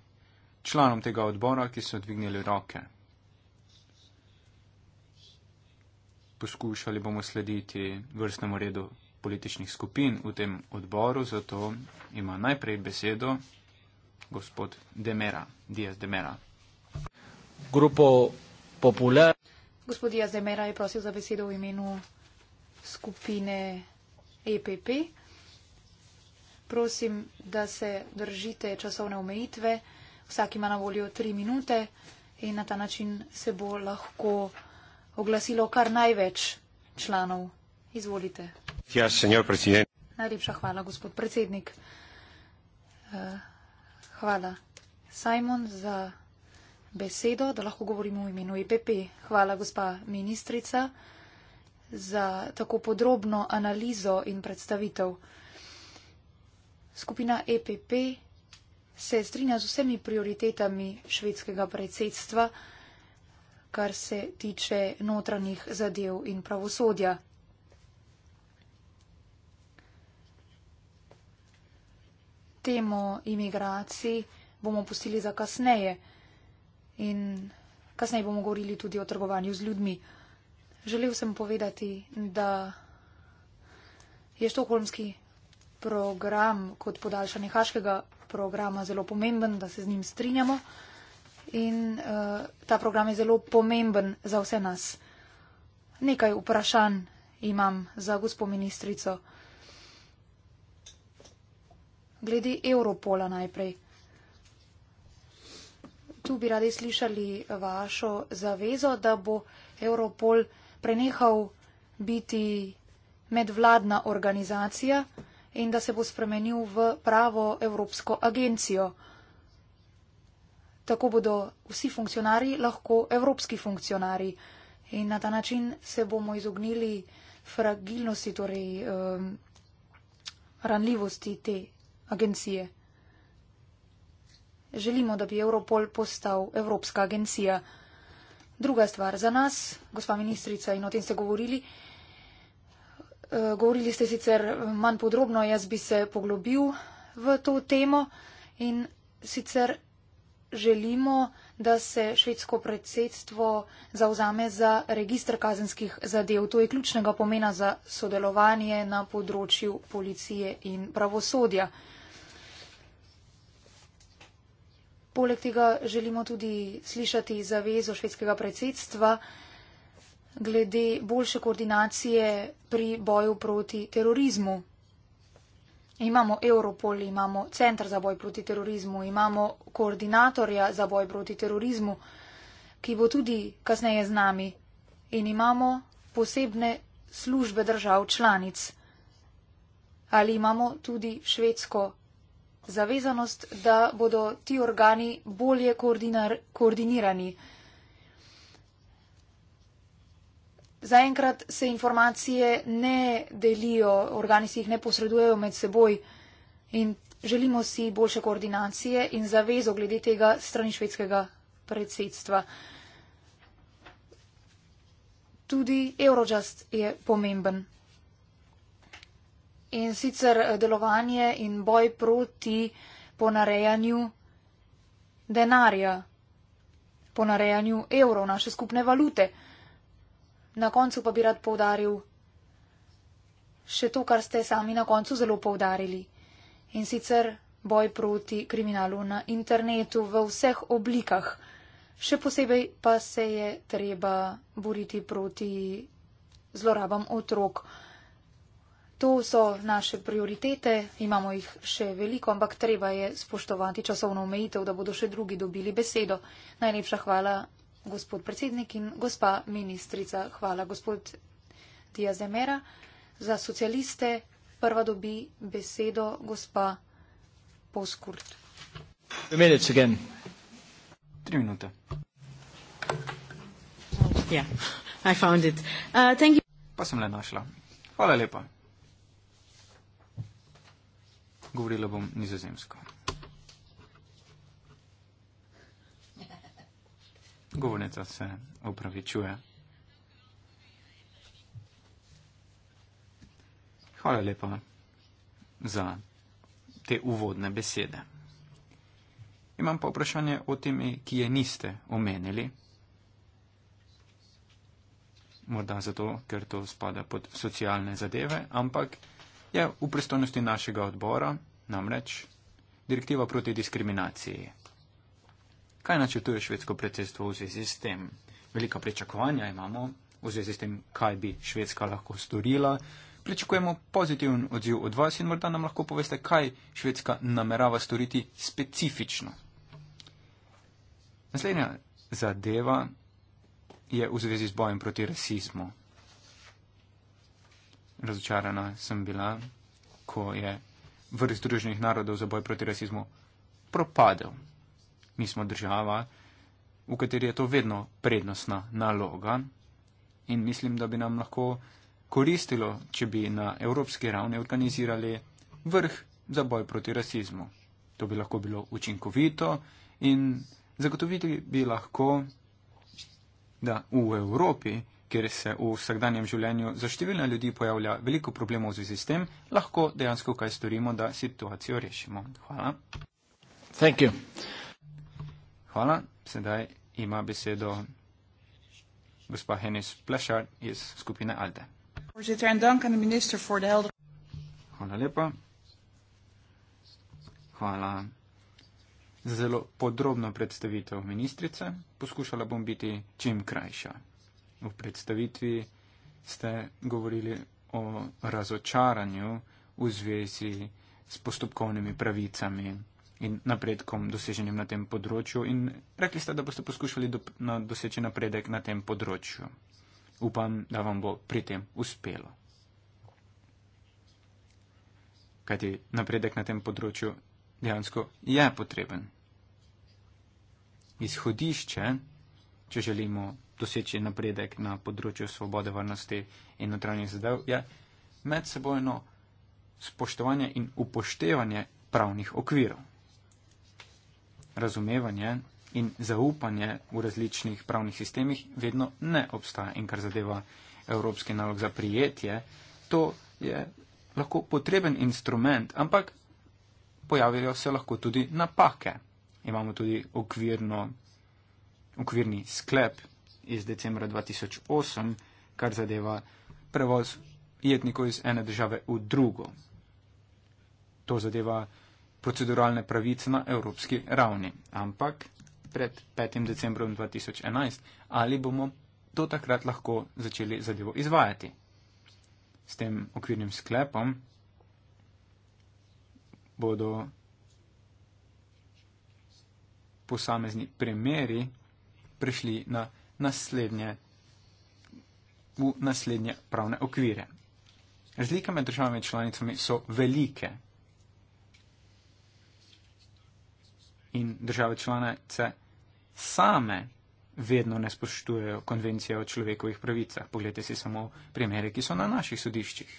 članom tega odbora, ki so dvignili roke. Poskušali bomo slediti vrstnemu redu političnih skupin v tem odboru, zato ima najprej besedo gospod Demera, Diaz Demera. Grupo Popular. Gospod Diaz Demera je prosil za besedo v imenu skupine EPP. Prosim, da se držite časovne omejitve. Vsak ima na voljo tri minute in na ta način se bo lahko oglasilo kar največ članov. Izvolite. Ja, Najlepša hvala, gospod predsednik. Eh, hvala, Simon, za besedo, da lahko govorimo v imenu EPP. Hvala, gospa ministrica za tako podrobno analizo in predstavitev. Skupina EPP se strinja z vsemi prioritetami švedskega predsedstva, kar se tiče notranjih zadev in pravosodja. Temo imigracij bomo pustili za kasneje in kasneje bomo govorili tudi o trgovanju z ljudmi. Želel sem povedati, da je štokholmski program kot podaljšanje haškega programa zelo pomemben, da se z njim strinjamo in uh, ta program je zelo pomemben za vse nas. Nekaj vprašanj imam za gospo ministrico. Glede Europola najprej. Tu bi radi slišali vašo zavezo, da bo Europol prenehal biti medvladna organizacija in da se bo spremenil v pravo Evropsko agencijo. Tako bodo vsi funkcionarji lahko evropski funkcionarji in na ta način se bomo izognili fragilnosti, torej um, ranljivosti te agencije. Želimo, da bi Europol postal Evropska agencija. Druga stvar za nas, gospa ministrica, in o tem ste govorili. Eh, govorili ste sicer manj podrobno, jaz bi se poglobil v to temo in sicer želimo, da se švedsko predsedstvo zauzame za registr kazenskih zadev. To je ključnega pomena za sodelovanje na področju policije in pravosodja. Poleg tega želimo tudi slišati zavezo švedskega predsedstva glede boljše koordinacije pri boju proti terorizmu. Imamo Europol, imamo Centr za boj proti terorizmu, imamo koordinatorja za boj proti terorizmu, ki bo tudi kasneje z nami. In imamo posebne službe držav članic. Ali imamo tudi švedsko zavezanost, da bodo ti organi bolje koordinar, koordinirani. Zaenkrat se informacije ne delijo, organi si jih ne posredujejo med seboj in želimo si boljše koordinacije in zavezo glede tega strani švedskega predsedstva. Tudi Eurojust je pomemben in sicer eh, delovanje in boj proti ponarejanju denarja, ponarejanju evrov, naše skupne valute. Na koncu pa bi rad povdaril še to, kar ste sami na koncu zelo povdarili in sicer boj proti kriminalu na internetu v vseh oblikah. Še posebej pa se je treba boriti proti zlorabam otrok. To so naše prioritete, imamo jih še veliko, ampak treba je spoštovati časovno omejitev, da bodo še drugi dobili besedo. Najlepša hvala, gospod predsednik in gospa ministrica. Hvala, gospod Diazemera. Za socialiste prva dobi besedo gospa Poskurt. Tri minute. Yeah, uh, pa sem le našla. Hvala lepa govorila bom nizozemsko. Govornica se opravičuje. Hvala lepa za te uvodne besede. Imam pa vprašanje o temi, ki je niste omenili. Morda zato, ker to spada pod socialne zadeve, ampak je v pristojnosti našega odbora, namreč direktiva proti diskriminaciji. Kaj načrtuje švedsko predsedstvo v zvezi s tem? Velika pričakovanja imamo v zvezi s tem, kaj bi švedska lahko storila. Pričakujemo pozitiven odziv od vas in morda nam lahko poveste, kaj švedska namerava storiti specifično. Naslednja zadeva je v zvezi z bojem proti rasizmu razočarana sem bila, ko je vrh Združenih narodov za boj proti rasizmu propadel. Mi smo država, v kateri je to vedno prednostna naloga in mislim, da bi nam lahko koristilo, če bi na evropski ravni organizirali vrh za boj proti rasizmu. To bi lahko bilo učinkovito in zagotoviti bi lahko, da v Evropi kjer se v vsakdanjem življenju za številne ljudi pojavlja veliko problemov v zvezi s tem, lahko dejansko kaj storimo, da situacijo rešimo. Hvala. Thank you. Hvala. Sedaj ima besedo gospa Henis Plešar iz skupine Alde. Hvala lepa. Hvala za zelo podrobno predstavitev ministrice. Poskušala bom biti čim krajša v predstavitvi ste govorili o razočaranju v zvezi s postopkovnimi pravicami in napredkom doseženim na tem področju in rekli ste, da boste poskušali do, na, doseči napredek na tem področju. Upam, da vam bo pri tem uspelo. Kajti napredek na tem področju dejansko je potreben. Izhodišče, če želimo doseči napredek na področju svobode, varnosti in notranjih zadev, je medsebojno spoštovanje in upoštevanje pravnih okvirov. Razumevanje in zaupanje v različnih pravnih sistemih vedno ne obstaja in kar zadeva evropski nalog za prijetje, to je lahko potreben instrument, ampak pojavljajo se lahko tudi napake. Imamo tudi okvirno, okvirni sklep iz decembra 2008, kar zadeva prevoz jetnikov iz ene države v drugo. To zadeva proceduralne pravice na evropski ravni. Ampak pred 5. decembrom 2011, ali bomo do takrat lahko začeli zadevo izvajati? S tem okvirnim sklepom bodo posamezni primeri prišli na naslednje, v naslednje pravne okvire. Razlike med državami in članicami so velike. In države članice same vedno ne spoštujejo konvencije o človekovih pravicah. Poglejte si samo primere, ki so na naših sodiščih.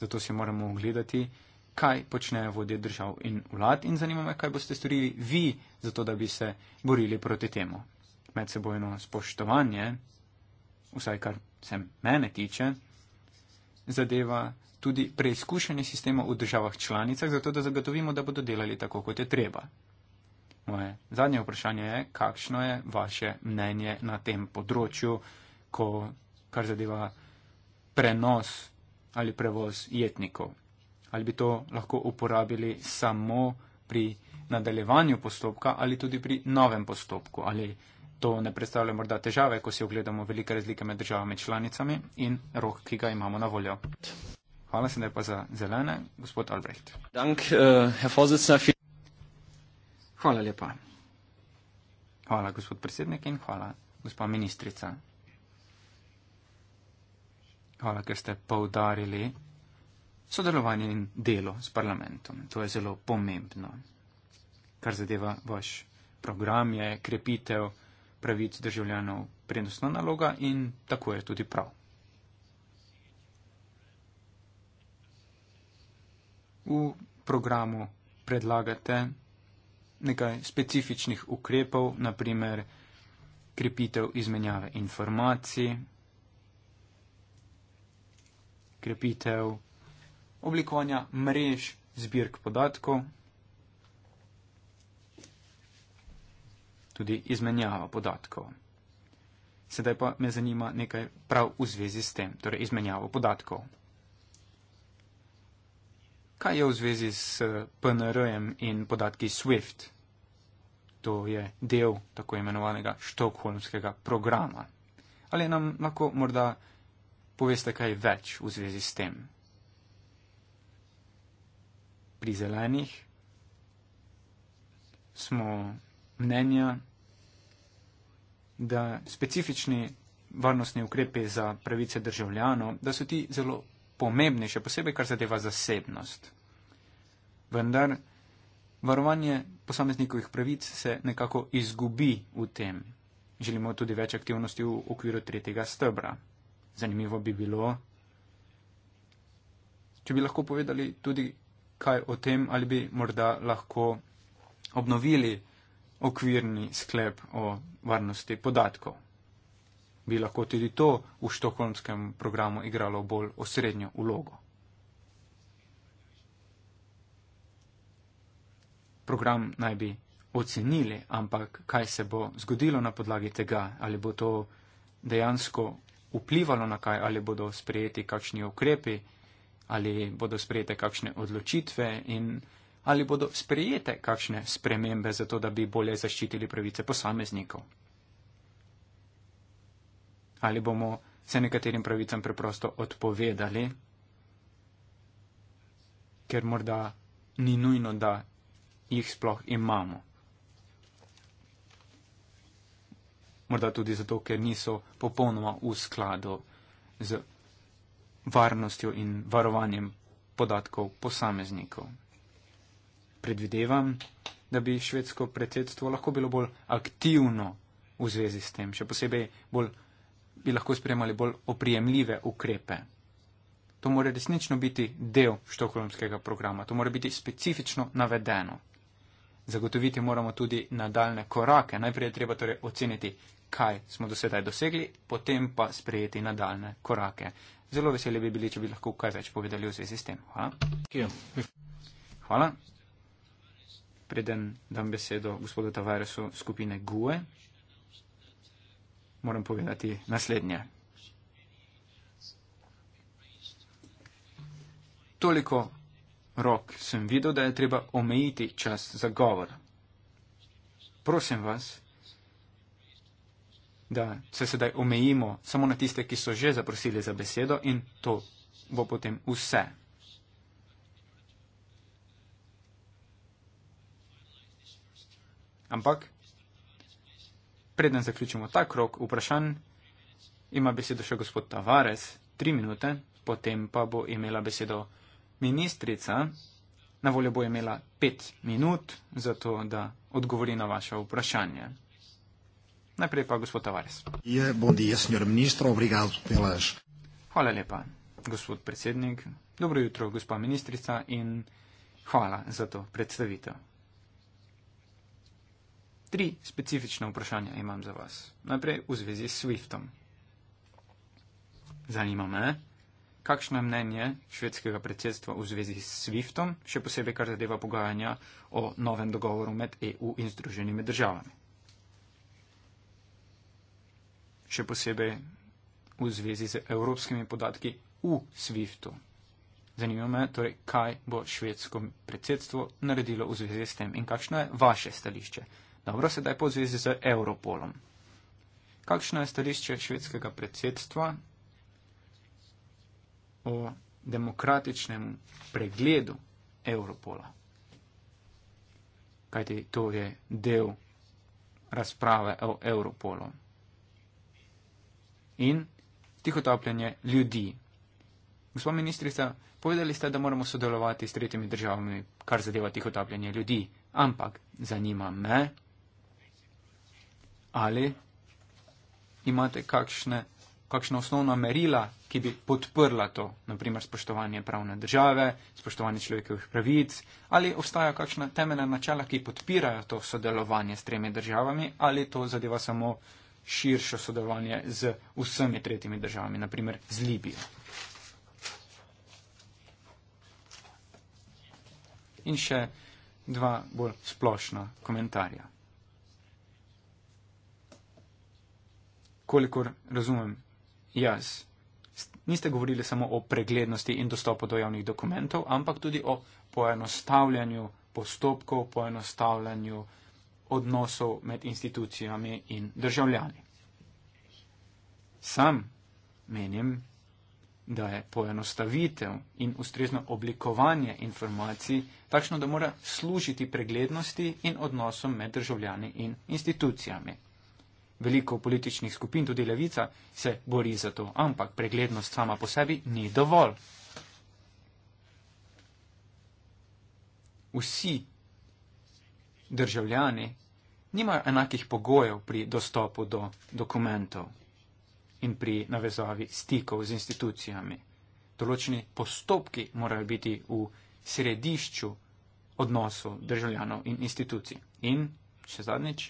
Zato si moramo ogledati, kaj počnejo vodje držav in vlad in zanima me, kaj boste storili vi, zato da bi se borili proti temu medsebojno spoštovanje, vsaj kar se mene tiče, zadeva tudi preizkušanje sistema v državah članicah, zato da zagotovimo, da bodo delali tako, kot je treba. Moje zadnje vprašanje je, kakšno je vaše mnenje na tem področju, ko, kar zadeva prenos ali prevoz jetnikov. Ali bi to lahko uporabili samo pri nadaljevanju postopka ali tudi pri novem postopku ali to ne predstavlja morda težave, ko si ogledamo velike razlike med državami članicami in rok, ki ga imamo na voljo. Hvala se lepa za zelene, gospod Albrecht. Dank, uh, hvala lepa. Hvala, gospod predsednik in hvala, gospa ministrica. Hvala, ker ste poudarili sodelovanje in delo s parlamentom. To je zelo pomembno. Kar zadeva vaš program, je krepitev pravic državljanov prednostna naloga in tako je tudi prav. V programu predlagate nekaj specifičnih ukrepov, naprimer krepitev izmenjave informacij, krepitev oblikovanja mrež zbirk podatkov. tudi izmenjava podatkov. Sedaj pa me zanima nekaj prav v zvezi s tem, torej izmenjavo podatkov. Kaj je v zvezi s eh, PNR-jem in podatki SWIFT? To je del tako imenovanega štokholmskega programa. Ali nam lahko morda poveste kaj več v zvezi s tem? Pri zelenih smo mnenja, da specifični varnostni ukrepi za pravice državljanov, da so ti zelo pomembni, še posebej, kar zadeva zasebnost. Vendar varovanje posameznikovih pravic se nekako izgubi v tem. Želimo tudi več aktivnosti v okviru tretjega stebra. Zanimivo bi bilo, če bi lahko povedali tudi kaj o tem, ali bi morda lahko obnovili okvirni sklep o varnosti podatkov. Bi lahko tudi to v štokholmskem programu igralo bolj osrednjo ulogo. Program naj bi ocenili, ampak kaj se bo zgodilo na podlagi tega, ali bo to dejansko vplivalo na kaj, ali bodo sprejeti kakšni ukrepi, ali bodo sprejete kakšne odločitve in ali bodo sprejete kakšne spremembe za to, da bi bolje zaščitili pravice posameznikov. Ali bomo se nekaterim pravicam preprosto odpovedali, ker morda ni nujno, da jih sploh imamo. Morda tudi zato, ker niso popolnoma v skladu z varnostjo in varovanjem podatkov posameznikov predvidevam, da bi švedsko predsedstvo lahko bilo bolj aktivno v zvezi s tem, še posebej bolj, bi lahko sprejemali bolj oprijemljive ukrepe. To mora resnično biti del štokholmskega programa, to mora biti specifično navedeno. Zagotoviti moramo tudi nadaljne korake. Najprej je treba torej oceniti, kaj smo do sedaj dosegli, potem pa sprejeti nadaljne korake. Zelo veseli bi bili, če bi lahko kaj več povedali v zvezi s tem. Hvala. Hvala preden dam besedo gospodu Tavaresu skupine GUE, moram povedati naslednje. Toliko rok sem videl, da je treba omejiti čas za govor. Prosim vas, da se sedaj omejimo samo na tiste, ki so že zaprosili za besedo in to bo potem vse. Ampak, preden zaključimo ta krok vprašanj, ima besedo še gospod Tavares, tri minute, potem pa bo imela besedo ministrica. Na voljo bo imela pet minut za to, da odgovori na vaše vprašanje. Najprej pa gospod Tavares. Je, dia, ministro, obrigado, hvala lepa, gospod predsednik. Dobro jutro, gospa ministrica in hvala za to predstavitev. Tri specifična vprašanja imam za vas. Najprej v zvezi s Swiftom. Zanima me, kakšno je mnenje švedskega predsedstva v zvezi s Swiftom, še posebej kar zadeva pogajanja o novem dogovoru med EU in združenimi državami. Še posebej v zvezi z evropskimi podatki v Swiftu. Zanima me, torej, kaj bo švedsko predsedstvo naredilo v zvezi s tem in kakšno je vaše stališče. Dobro, sedaj po zvezi z Europolom. Kakšno je stališče švedskega predsedstva o demokratičnem pregledu Europola? Kajti to je del razprave o Europolu. In tihotapljanje ljudi. Gospod ministrica, povedali ste, da moramo sodelovati s tretjimi državami, kar zadeva tihotapljanje ljudi. Ampak zanima me, ali imate kakšne, kakšne osnovna merila, ki bi podprla to, naprimer spoštovanje pravne države, spoštovanje človekovih pravic, ali obstajajo kakšne temeljne načela, ki podpirajo to sodelovanje s tremi državami, ali to zadeva samo širšo sodelovanje z vsemi tretjimi državami, naprimer z Libijo. In še dva bolj splošna komentarja. kolikor razumem jaz, niste govorili samo o preglednosti in dostopu do javnih dokumentov, ampak tudi o poenostavljanju postopkov, poenostavljanju odnosov med institucijami in državljani. Sam menim, da je poenostavitev in ustrezno oblikovanje informacij takšno, da mora služiti preglednosti in odnosom med državljani in institucijami veliko političnih skupin, tudi levica, se bori za to. Ampak preglednost sama po sebi ni dovolj. Vsi državljani nimajo enakih pogojev pri dostopu do dokumentov in pri navezavi stikov z institucijami. Določeni postopki morajo biti v središču odnosov državljanov in institucij. In, še zadnjič,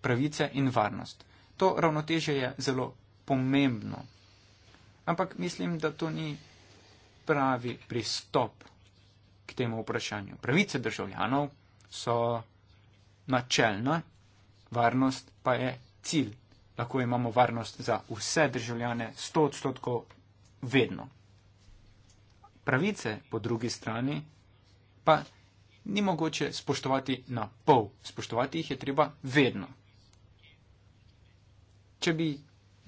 pravice in varnost. To ravnotežje je zelo pomembno. Ampak mislim, da to ni pravi pristop k temu vprašanju. Pravice državljanov so načelna, varnost pa je cilj. Lahko imamo varnost za vse državljane 100 odstotkov vedno. Pravice po drugi strani pa ni mogoče spoštovati na pol. Spoštovati jih je treba vedno če bi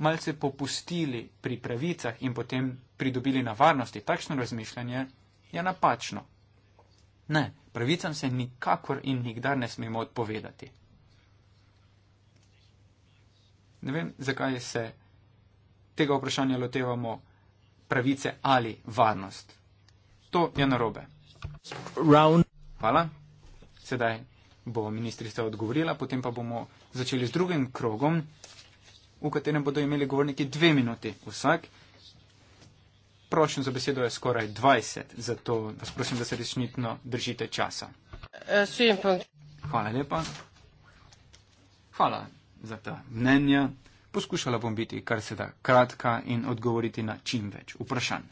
malce popustili pri pravicah in potem pridobili na varnosti, takšno razmišljanje je napačno. Ne, pravicam se nikakor in nikdar ne smemo odpovedati. Ne vem, zakaj se tega vprašanja lotevamo pravice ali varnost. To je narobe. Round. Hvala. Sedaj bo ministrica odgovorila, potem pa bomo začeli z drugim krogom v katerem bodo imeli govorniki dve minuti vsak. Prošen za besedo je skoraj 20, zato vas prosim, da se resnično držite časa. Eh, Hvala lepa. Hvala za ta mnenja. Poskušala bom biti kar se da kratka in odgovoriti na čim več vprašanj.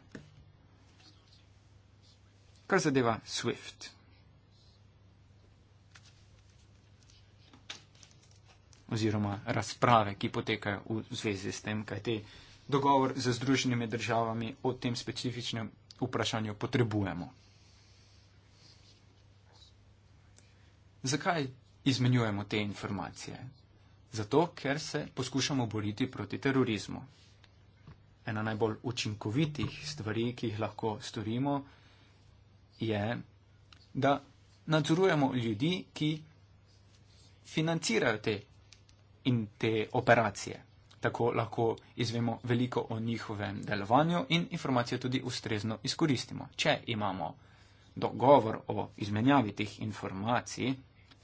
Kar zadeva Swift. oziroma razprave, ki potekajo v zvezi s tem, kaj te dogovor z združenimi državami o tem specifičnem vprašanju potrebujemo. Zakaj izmenjujemo te informacije? Zato, ker se poskušamo boriti proti terorizmu. Ena najbolj učinkovitih stvari, ki jih lahko storimo, je, da nadzorujemo ljudi, ki financirajo te in te operacije. Tako lahko izvemo veliko o njihovem delovanju in informacije tudi ustrezno izkoristimo. Če imamo dogovor o izmenjavi teh informacij,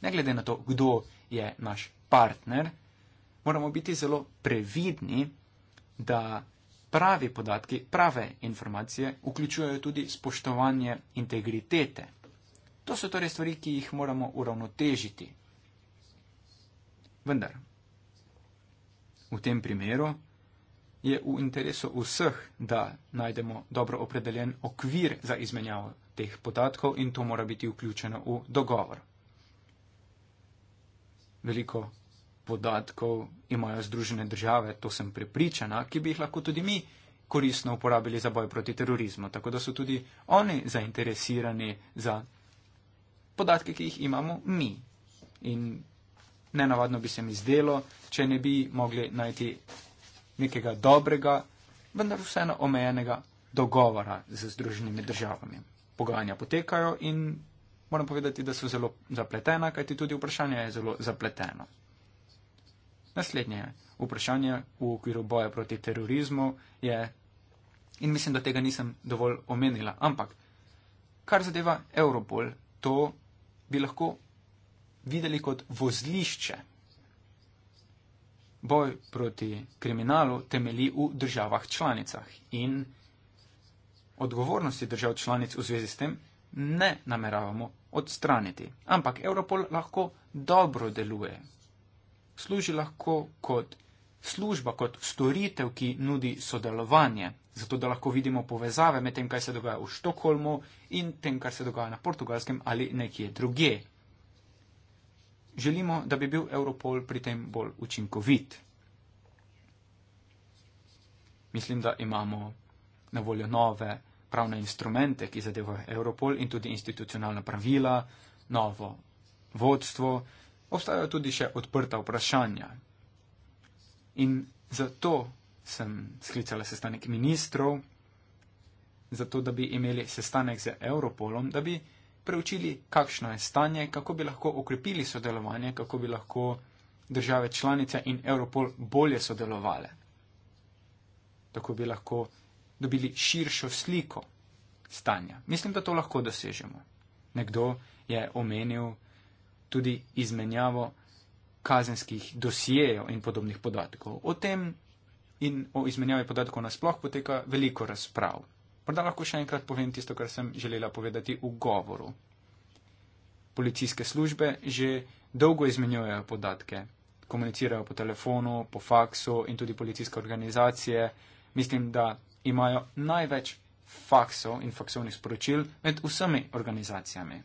ne glede na to, kdo je naš partner, moramo biti zelo previdni, da pravi podatki, prave informacije vključujejo tudi spoštovanje integritete. To so torej stvari, ki jih moramo uravnotežiti. Vendar v tem primeru, je v interesu vseh, da najdemo dobro opredeljen okvir za izmenjavo teh podatkov in to mora biti vključeno v dogovor. Veliko podatkov imajo združene države, to sem prepričana, ki bi jih lahko tudi mi koristno uporabili za boj proti terorizmu, tako da so tudi oni zainteresirani za podatke, ki jih imamo mi. In nenavadno bi se mi zdelo, če ne bi mogli najti nekega dobrega, vendar vseeno omejenega dogovora z združenimi državami. Pogajanja potekajo in moram povedati, da so zelo zapletena, kajti tudi vprašanje je zelo zapleteno. Naslednje vprašanje v okviru boja proti terorizmu je, in mislim, da tega nisem dovolj omenila, ampak kar zadeva Europol, to bi lahko videli kot vozlišče. Boj proti kriminalu temeli v državah članicah in odgovornosti držav članic v zvezi s tem ne nameravamo odstraniti. Ampak Europol lahko dobro deluje. Služi lahko kot služba, kot storitev, ki nudi sodelovanje, zato da lahko vidimo povezave med tem, kaj se dogaja v Štokholmu in tem, kar se dogaja na portugalskem ali nekje drugje želimo, da bi bil Europol pri tem bolj učinkovit. Mislim, da imamo na voljo nove pravne instrumente, ki zadevajo Europol in tudi institucionalna pravila, novo vodstvo. Obstajajo tudi še odprta vprašanja. In zato sem sklicala sestanek ministrov, zato da bi imeli sestanek z Europolom, da bi preučili, kakšno je stanje, kako bi lahko okrepili sodelovanje, kako bi lahko države članice in Europol bolje sodelovali. Tako bi lahko dobili širšo sliko stanja. Mislim, da to lahko dosežemo. Nekdo je omenil tudi izmenjavo kazenskih dosijejev in podobnih podatkov. O tem in o izmenjavi podatkov nasploh poteka veliko razprav. Morda lahko še enkrat povem tisto, kar sem želela povedati v govoru. Policijske službe že dolgo izmenjujejo podatke, komunicirajo po telefonu, po faksu in tudi policijske organizacije. Mislim, da imajo največ faksov in faksovnih sporočil med vsemi organizacijami.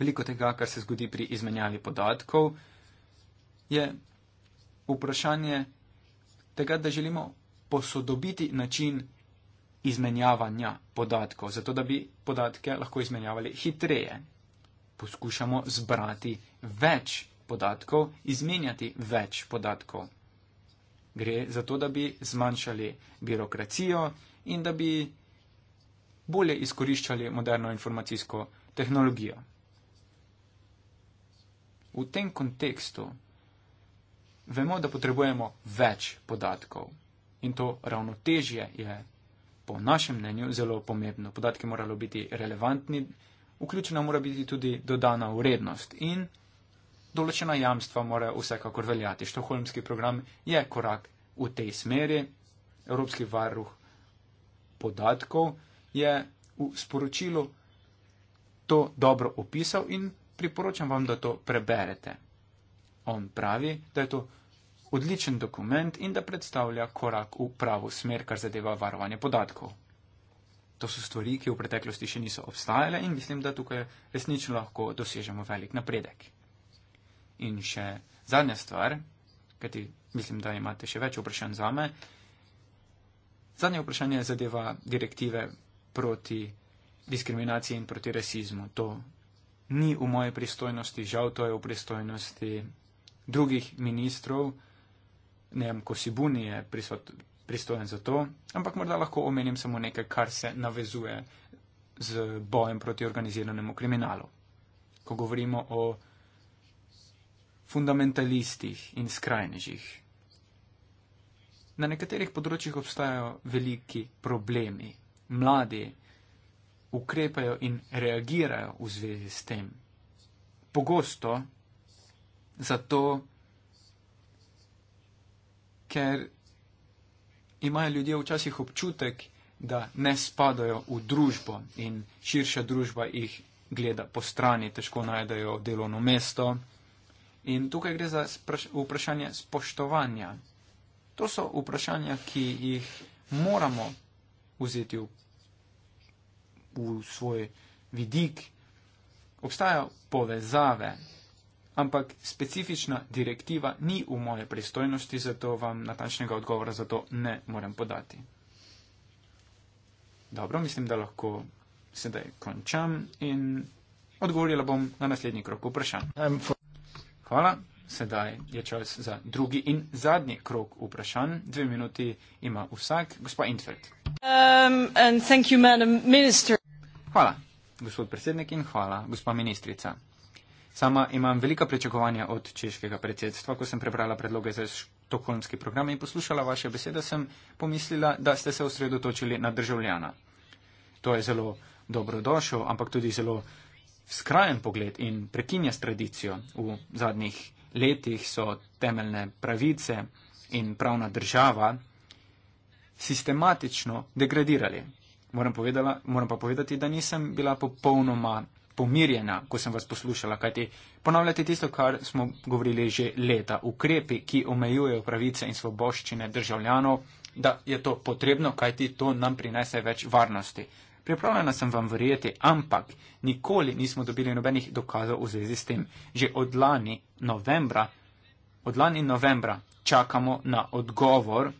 Veliko tega, kar se zgodi pri izmenjavi podatkov, je vprašanje tega, da želimo posodobiti način izmenjavanja podatkov, zato da bi podatke lahko izmenjavali hitreje. Poskušamo zbrati več podatkov, izmenjati več podatkov. Gre za to, da bi zmanjšali birokracijo in da bi bolje izkoriščali moderno informacijsko tehnologijo. V tem kontekstu vemo, da potrebujemo več podatkov in to ravnotežje je po našem mnenju zelo pomembno. Podatki morajo biti relevantni, vključena mora biti tudi dodana vrednost in določena jamstva morajo vsekakor veljati. Štoholmski program je korak v tej smeri. Evropski varuh podatkov je v sporočilu to dobro opisal in priporočam vam, da to preberete. On pravi, da je to odličen dokument in da predstavlja korak v pravo smer, kar zadeva varovanje podatkov. To so stvari, ki v preteklosti še niso obstajale in mislim, da tukaj resnično lahko dosežemo velik napredek. In še zadnja stvar, kajti mislim, da imate še več vprašanj za me. Zadnje vprašanje zadeva direktive proti diskriminaciji in proti rasizmu. To ni v moje pristojnosti, žal to je v pristojnosti drugih ministrov ne vem, Kosibuni je prisot, pristojen za to, ampak morda lahko omenim samo nekaj, kar se navezuje z bojem proti organiziranemu kriminalu. Ko govorimo o fundamentalistih in skrajnežih. Na nekaterih področjih obstajajo veliki problemi. Mladi ukrepajo in reagirajo v zvezi s tem. Pogosto zato ker imajo ljudje včasih občutek, da ne spadajo v družbo in širša družba jih gleda po strani, težko najdejo delovno mesto. In tukaj gre za vprašanje spoštovanja. To so vprašanja, ki jih moramo vzeti v, v svoj vidik. Obstajajo povezave ampak specifična direktiva ni v moje pristojnosti, zato vam natančnega odgovora za to ne morem podati. Dobro, mislim, da lahko sedaj končam in odgovorila bom na naslednji krok vprašanj. Hvala. Sedaj je čas za drugi in zadnji krok vprašanj. Dve minuti ima vsak, gospa Intfeld. Um, hvala, gospod predsednik, in hvala, gospa ministrica. Sama imam velika pričakovanja od češkega predsedstva, ko sem prebrala predloge za tokolmski program in poslušala vaše besede, sem pomislila, da ste se osredotočili na državljana. To je zelo dobrodošel, ampak tudi zelo skrajen pogled in prekinja s tradicijo. V zadnjih letih so temeljne pravice in pravna država sistematično degradirali. Moram, povedala, moram pa povedati, da nisem bila popolnoma pomirjena, ko sem vas poslušala, kajti ponavljate tisto, kar smo govorili že leta. Ukrepi, ki omejujejo pravice in svoboščine državljanov, da je to potrebno, kajti to nam prinese več varnosti. Pripravljena sem vam verjeti, ampak nikoli nismo dobili nobenih dokazov v zvezi s tem. Že od lani novembra, od lani novembra čakamo na odgovor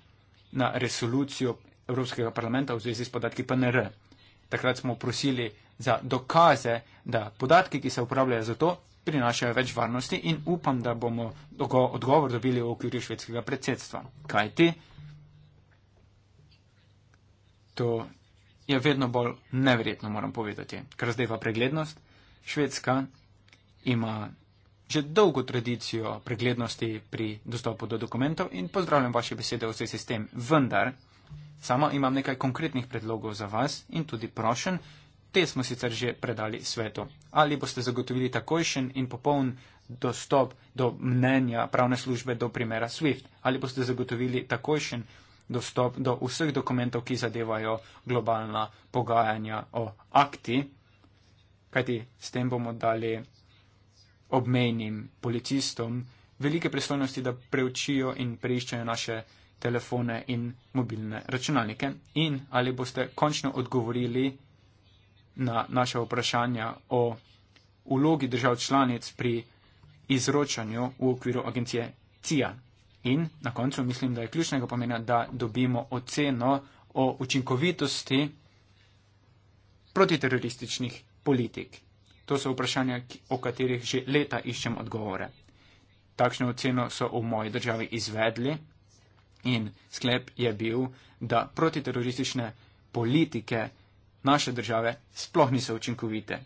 na resolucijo Evropskega parlamenta v zvezi s podatki PNR. Takrat smo prosili za dokaze, da podatki, ki se uporabljajo za to, prinašajo več varnosti in upam, da bomo odgovor dobili v okviru švedskega predsedstva. Kaj ti? To je vedno bolj neverjetno, moram povedati, ker zdaj pa preglednost. Švedska ima že dolgo tradicijo preglednosti pri dostopu do dokumentov in pozdravljam vaše besede v vse sistem, vendar sama imam nekaj konkretnih predlogov za vas in tudi prošen, te smo sicer že predali svetu. Ali boste zagotovili takojšen in popoln dostop do mnenja pravne službe do primera SWIFT? Ali boste zagotovili takojšen dostop do vseh dokumentov, ki zadevajo globalna pogajanja o akti? Kajti s tem bomo dali obmejnim policistom velike pristojnosti, da preučijo in preiščajo naše telefone in mobilne računalnike. In ali boste končno odgovorili, na naše vprašanja o vlogi držav članic pri izročanju v okviru agencije CIA. In na koncu mislim, da je ključnega pomena, da dobimo oceno o učinkovitosti protiterorističnih politik. To so vprašanja, o katerih že leta iščem odgovore. Takšno oceno so v moji državi izvedli in sklep je bil, da protiteroristične politike naše države sploh niso učinkovite.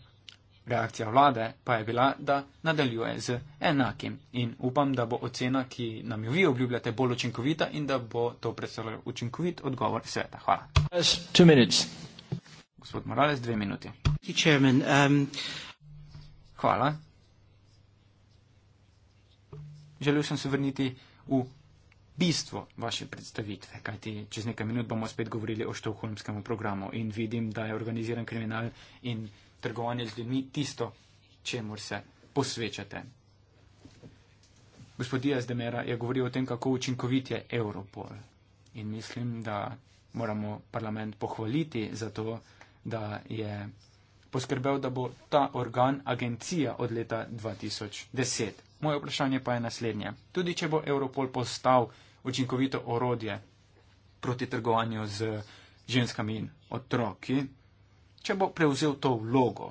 Reakcija vlade pa je bila, da nadaljuje z enakim in upam, da bo ocena, ki nam jo vi obljubljate, bolj učinkovita in da bo to predstavljal učinkovit odgovor sveta. Hvala. Gospod Morales, dve minuti. Um, Hvala. Želel sem se vrniti v bistvo vaše predstavitve, kajti čez nekaj minut bomo spet govorili o Štovholmskem programu in vidim, da je organiziran kriminal in trgovanje z ljudmi tisto, čemu se posvečate. Gospod Diaz de Mera je govoril o tem, kako učinkovit je Europol in mislim, da moramo parlament pohvaliti za to, da je poskrbel, da bo ta organ agencija od leta 2010. Moje vprašanje pa je naslednje. Tudi če bo Europol postal učinkovito orodje proti trgovanju z ženskami in otroki, če bo prevzel to vlogo,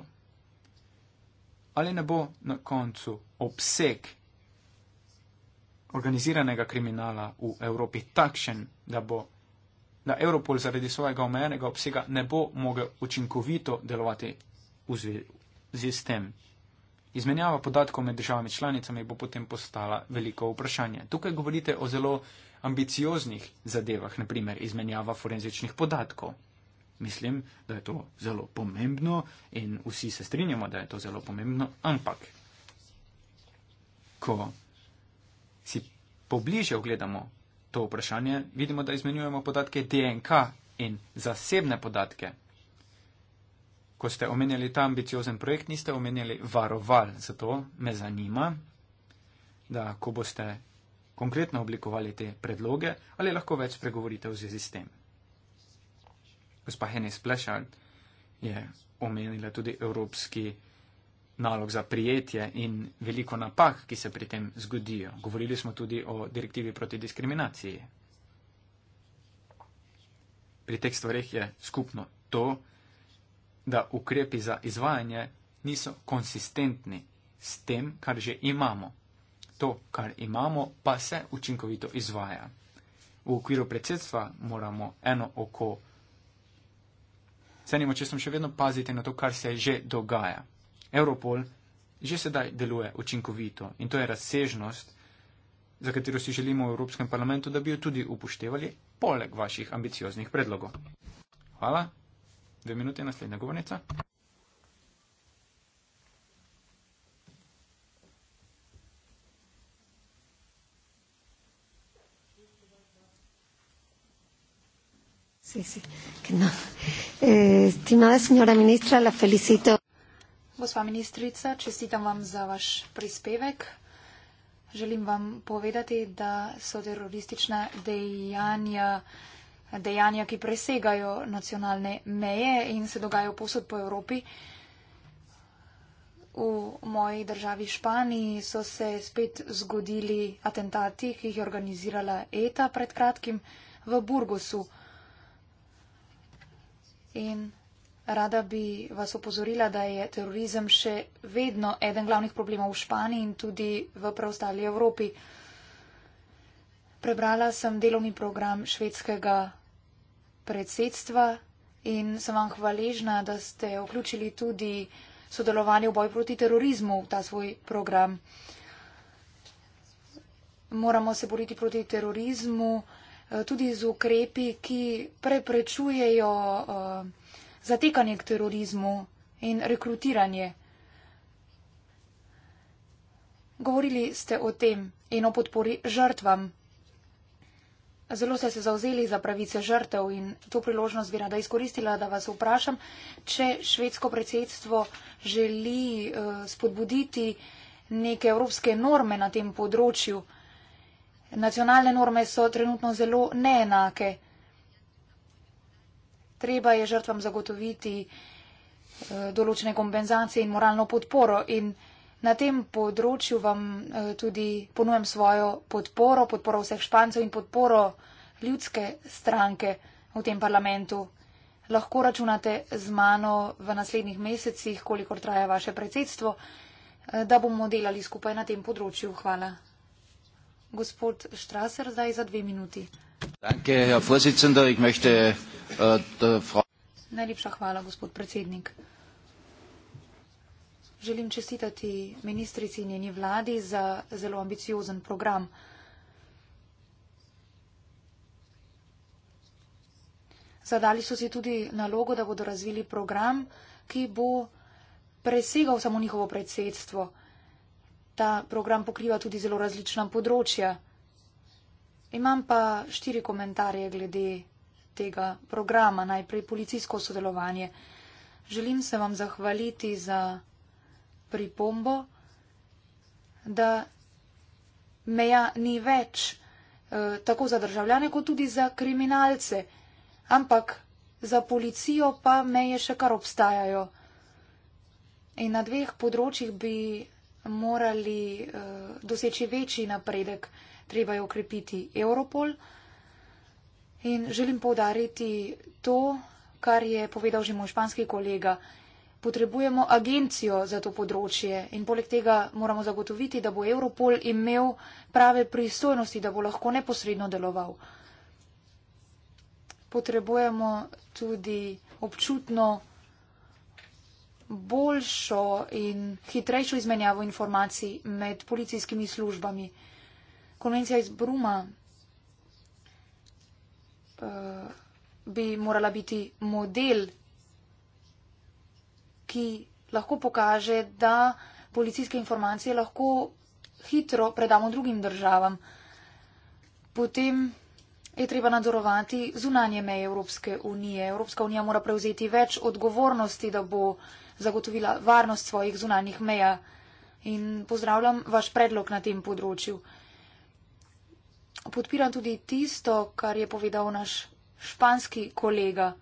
ali ne bo na koncu obseg organiziranega kriminala v Evropi takšen, da bo da Europol zaradi svojega omejenega obsega ne bo mogel učinkovito delovati v zvezi s tem. Izmenjava podatkov med državami članicami bo potem postala veliko vprašanje. Tukaj govorite o zelo ambicioznih zadevah, naprimer izmenjava forenzičnih podatkov. Mislim, da je to zelo pomembno in vsi se strinjamo, da je to zelo pomembno, ampak ko si pobliže ogledamo to vprašanje, vidimo, da izmenjujemo podatke DNK in zasebne podatke ko ste omenjali ta ambiciozen projekt, niste omenjali varoval. Zato me zanima, da ko boste konkretno oblikovali te predloge, ali lahko več pregovorite v zvezi s tem. Gospa Henes Plešard je omenila tudi evropski nalog za prijetje in veliko napak, ki se pri tem zgodijo. Govorili smo tudi o direktivi proti diskriminaciji. Pri teh stvarih je skupno to, da ukrepi za izvajanje niso konsistentni s tem, kar že imamo. To, kar imamo, pa se učinkovito izvaja. V okviru predsedstva moramo eno oko cenim očesom še vedno paziti na to, kar se že dogaja. Europol že sedaj deluje učinkovito in to je razsežnost, za katero si želimo v Evropskem parlamentu, da bi jo tudi upoštevali poleg vaših ambicioznih predlogov. Hvala. Dve minuti je naslednja govornica. No. Eh, Gospa ministrica, čestitam vam za vaš prispevek. Želim vam povedati, da so teroristična dejanja dejanja, ki presegajo nacionalne meje in se dogajajo posod po Evropi. V moji državi Španiji so se spet zgodili atentati, ki jih je organizirala ETA pred kratkim v Burgosu. In rada bi vas opozorila, da je terorizem še vedno eden glavnih problemov v Španiji in tudi v preostali Evropi. Prebrala sem delovni program švedskega predsedstva in sem vam hvaležna, da ste vključili tudi sodelovanje v boju proti terorizmu v ta svoj program. Moramo se boriti proti terorizmu eh, tudi z ukrepi, ki preprečujejo eh, zatekanje k terorizmu in rekrutiranje. Govorili ste o tem in o podpori žrtvam Zelo ste se zauzeli za pravice žrtev in to priložnost bi rada izkoristila, da vas vprašam, če švedsko predsedstvo želi eh, spodbuditi neke evropske norme na tem področju. Nacionalne norme so trenutno zelo neenake. Treba je žrtvam zagotoviti eh, določene kompenzacije in moralno podporo. In Na tem področju vam eh, tudi ponujem svojo podporo, podporo vseh špancev in podporo ljudske stranke v tem parlamentu. Lahko računate z mano v naslednjih mesecih, kolikor traja vaše predsedstvo, eh, da bomo delali skupaj na tem področju. Hvala. Gospod Štraser, zdaj za dve minuti. Danke, möchte, uh, frau... Najlepša hvala, gospod predsednik. Želim čestitati ministrici in njeni vladi za zelo ambiciozen program. Zadali so si tudi nalogo, da bodo razvili program, ki bo presegal samo njihovo predsedstvo. Ta program pokriva tudi zelo različna področja. Imam pa štiri komentarje glede tega programa. Najprej policijsko sodelovanje. Želim se vam zahvaliti za pripombo, da meja ni več eh, tako za državljane, kot tudi za kriminalce, ampak za policijo pa meje še kar obstajajo. In na dveh področjih bi morali eh, doseči večji napredek, treba je ukrepiti Europol. In želim povdariti to, kar je povedal že moj španski kolega potrebujemo agencijo za to področje in poleg tega moramo zagotoviti, da bo Europol imel prave pristojnosti, da bo lahko neposredno deloval. Potrebujemo tudi občutno boljšo in hitrejšo izmenjavo informacij med policijskimi službami. Konvencija iz Bruma uh, bi morala biti model ki lahko pokaže, da policijske informacije lahko hitro predamo drugim državam. Potem je treba nadzorovati zunanje meje Evropske unije. Evropska unija mora prevzeti več odgovornosti, da bo zagotovila varnost svojih zunanjih meja. In pozdravljam vaš predlog na tem področju. Podpiram tudi tisto, kar je povedal naš španski kolega.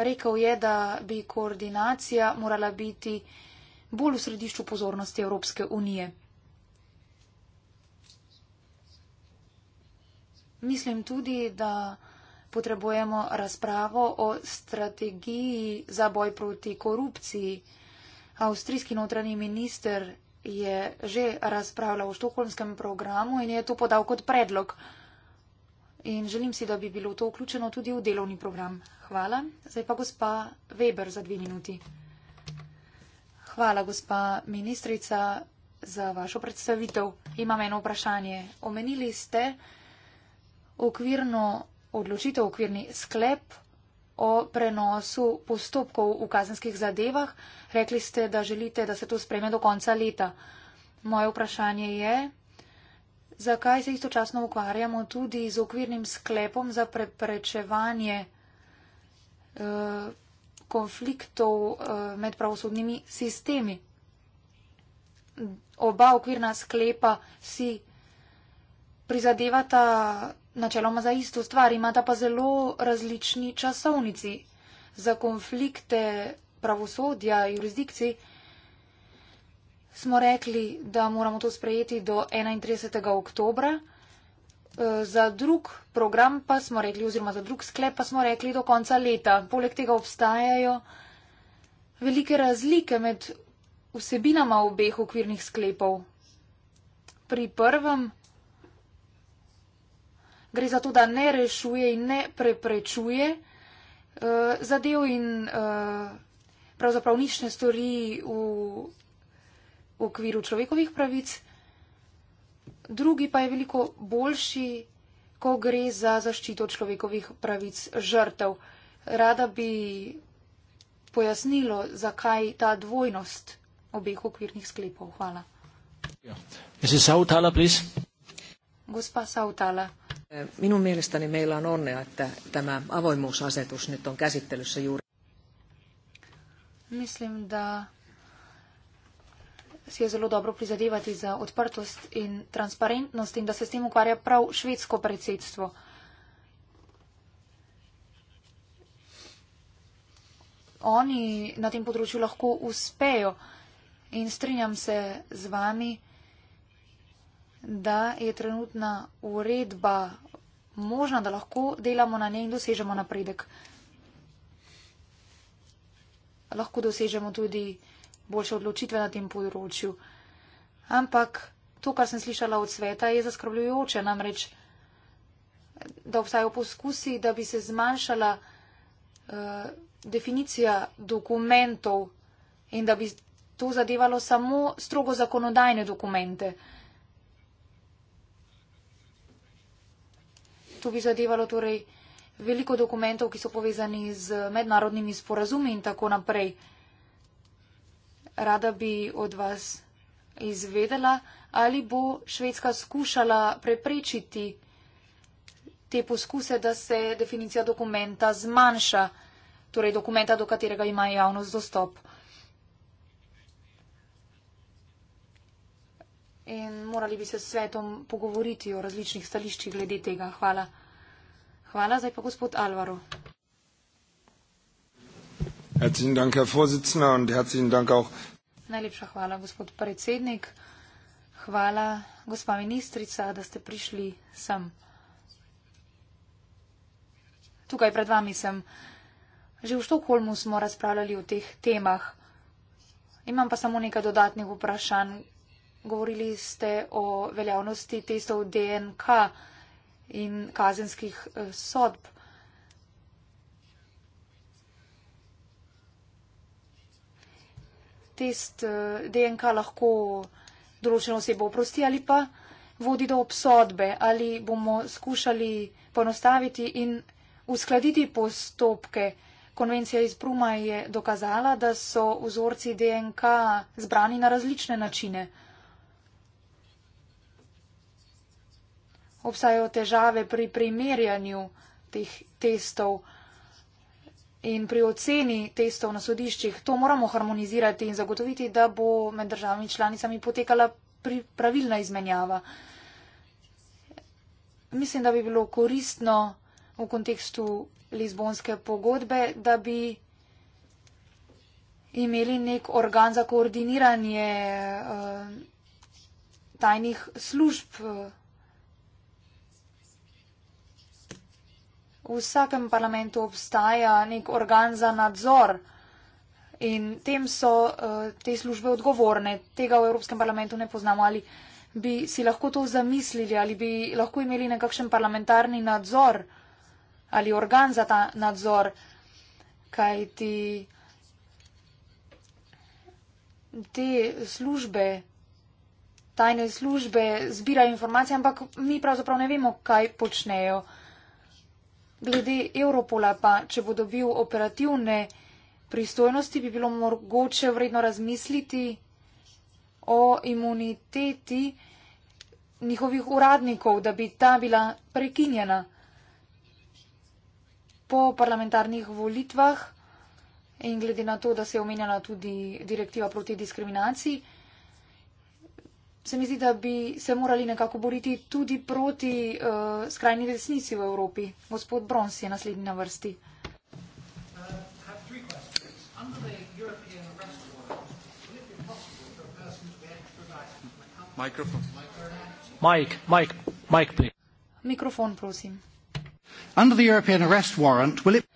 Rekel je, da bi koordinacija morala biti bolj v središču pozornosti Evropske unije. Mislim tudi, da potrebujemo razpravo o strategiji za boj proti korupciji. Avstrijski notranji minister je že razpravljal o štokholmskem programu in je to podal kot predlog in želim si, da bi bilo to vključeno tudi v delovni program. Hvala. Zdaj pa gospa Weber za dve minuti. Hvala, gospa ministrica, za vašo predstavitev. Imam eno vprašanje. Omenili ste okvirno odločitev, okvirni sklep o prenosu postopkov v kazenskih zadevah. Rekli ste, da želite, da se to spreme do konca leta. Moje vprašanje je, zakaj se istočasno ukvarjamo tudi z okvirnim sklepom za preprečevanje eh, konfliktov eh, med pravosodnimi sistemi. Oba okvirna sklepa si prizadevata načeloma za isto stvar, imata pa zelo različni časovnici. Za konflikte pravosodja, jurisdikcij smo rekli, da moramo to sprejeti do 31. oktobra. E, za drug program pa smo rekli, oziroma za drug sklep pa smo rekli do konca leta. Poleg tega obstajajo velike razlike med vsebinama obeh okvirnih sklepov. Pri prvem gre za to, da ne rešuje in ne preprečuje uh, zadev in uh, pravzaprav nič ne stori v v okviru človekovih pravic, drugi pa je veliko boljši, ko gre za zaščito človekovih pravic žrtev. Rada bi pojasnilo, zakaj ta dvojnost obeh okvirnih sklepov. Hvala. Ja. Sautala, Gospa Sautala. Eh, minun mielestäni meillä on onnea, että tämä avoimuusasetus nyt on käsittelyssä juuri. Mislim, että si je zelo dobro prizadevati za odprtost in transparentnost in da se s tem ukvarja prav švedsko predsedstvo. Oni na tem področju lahko uspejo in strinjam se z vami, da je trenutna uredba možna, da lahko delamo na njej in dosežemo napredek. Lahko dosežemo tudi boljše odločitve na tem področju. Ampak to, kar sem slišala od sveta, je zaskrbljujoče, namreč, da obstajajo poskusi, da bi se zmanjšala uh, definicija dokumentov in da bi to zadevalo samo strogo zakonodajne dokumente. To bi zadevalo torej veliko dokumentov, ki so povezani z mednarodnimi sporazumi in tako naprej rada bi od vas izvedela, ali bo Švedska skušala preprečiti te poskuse, da se definicija dokumenta zmanjša, torej dokumenta, do katerega ima javnost dostop. In morali bi se s svetom pogovoriti o različnih stališčih glede tega. Hvala. Hvala, zdaj pa gospod Alvaro. Herzlichen Dank, Herr Vorsitzender, und herzlichen Dank auch Najlepša hvala, gospod predsednik. Hvala, gospa ministrica, da ste prišli sem. Tukaj pred vami sem. Že v Štokholmu smo razpravljali o teh temah. Imam pa samo nekaj dodatnih vprašanj. Govorili ste o veljavnosti testov DNK in kazenskih eh, sodb. test eh, DNK lahko določeno osebo oprosti ali pa vodi do obsodbe ali bomo skušali ponostaviti in uskladiti postopke. Konvencija iz Bruma je dokazala, da so vzorci DNK zbrani na različne načine. Obstajajo težave pri primerjanju teh testov. In pri oceni testov na sodiščih to moramo harmonizirati in zagotoviti, da bo med državami članicami potekala pravilna izmenjava. Mislim, da bi bilo koristno v kontekstu Lizbonske pogodbe, da bi imeli nek organ za koordiniranje uh, tajnih služb. Uh, v vsakem parlamentu obstaja nek organ za nadzor in tem so eh, te službe odgovorne. Tega v Evropskem parlamentu ne poznamo ali bi si lahko to zamislili ali bi lahko imeli nekakšen parlamentarni nadzor ali organ za ta nadzor, kajti te službe, tajne službe zbirajo informacije, ampak mi pravzaprav ne vemo, kaj počnejo. Glede Europola pa, če bo dobil operativne pristojnosti, bi bilo mogoče vredno razmisliti o imuniteti njihovih uradnikov, da bi ta bila prekinjena. Po parlamentarnih volitvah in glede na to, da se je omenjala tudi direktiva proti diskriminaciji, se mi zdi, da bi se morali nekako boriti tudi proti uh, skrajni desnici v Evropi. Gospod Brons je naslednji na vrsti. Mikrofon, prosim. Under the European arrest warrant, will it...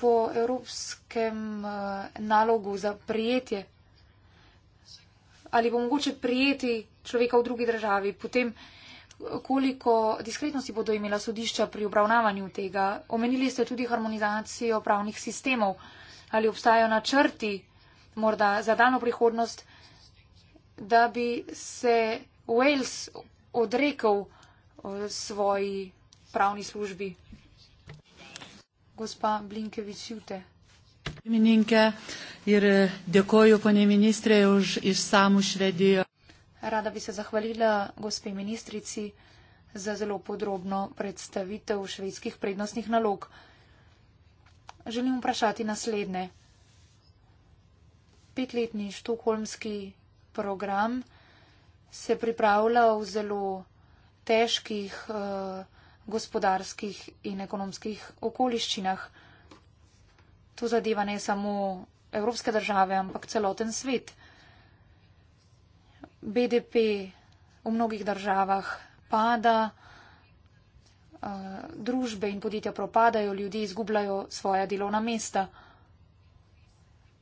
Po evropskem uh, nalogu za prijetje ali bo mogoče prijeti človeka v drugi državi, potem koliko diskretnosti bodo imela sodišča pri obravnavanju tega. Omenili ste tudi harmonizacijo pravnih sistemov. Ali obstajajo načrti morda za daljno prihodnost, da bi se Wales odrekel eh, svoji pravni službi? Gospa Blinkevič, jute pirmininkė ir eh, dėkoju ponė ministrė už išsamų švedijo. Rada bi se zahvalila gospe ministrici za zelo podrobno predstavitev švedskih prednostnih nalog. Želim vprašati naslednje. Petletni štokholmski program se pripravlja v zelo težkih uh, gospodarskih in ekonomskih okoliščinah to zadeva ne samo evropske države, ampak celoten svet. BDP v mnogih državah pada, eh, družbe in podjetja propadajo, ljudje izgubljajo svoja delovna mesta.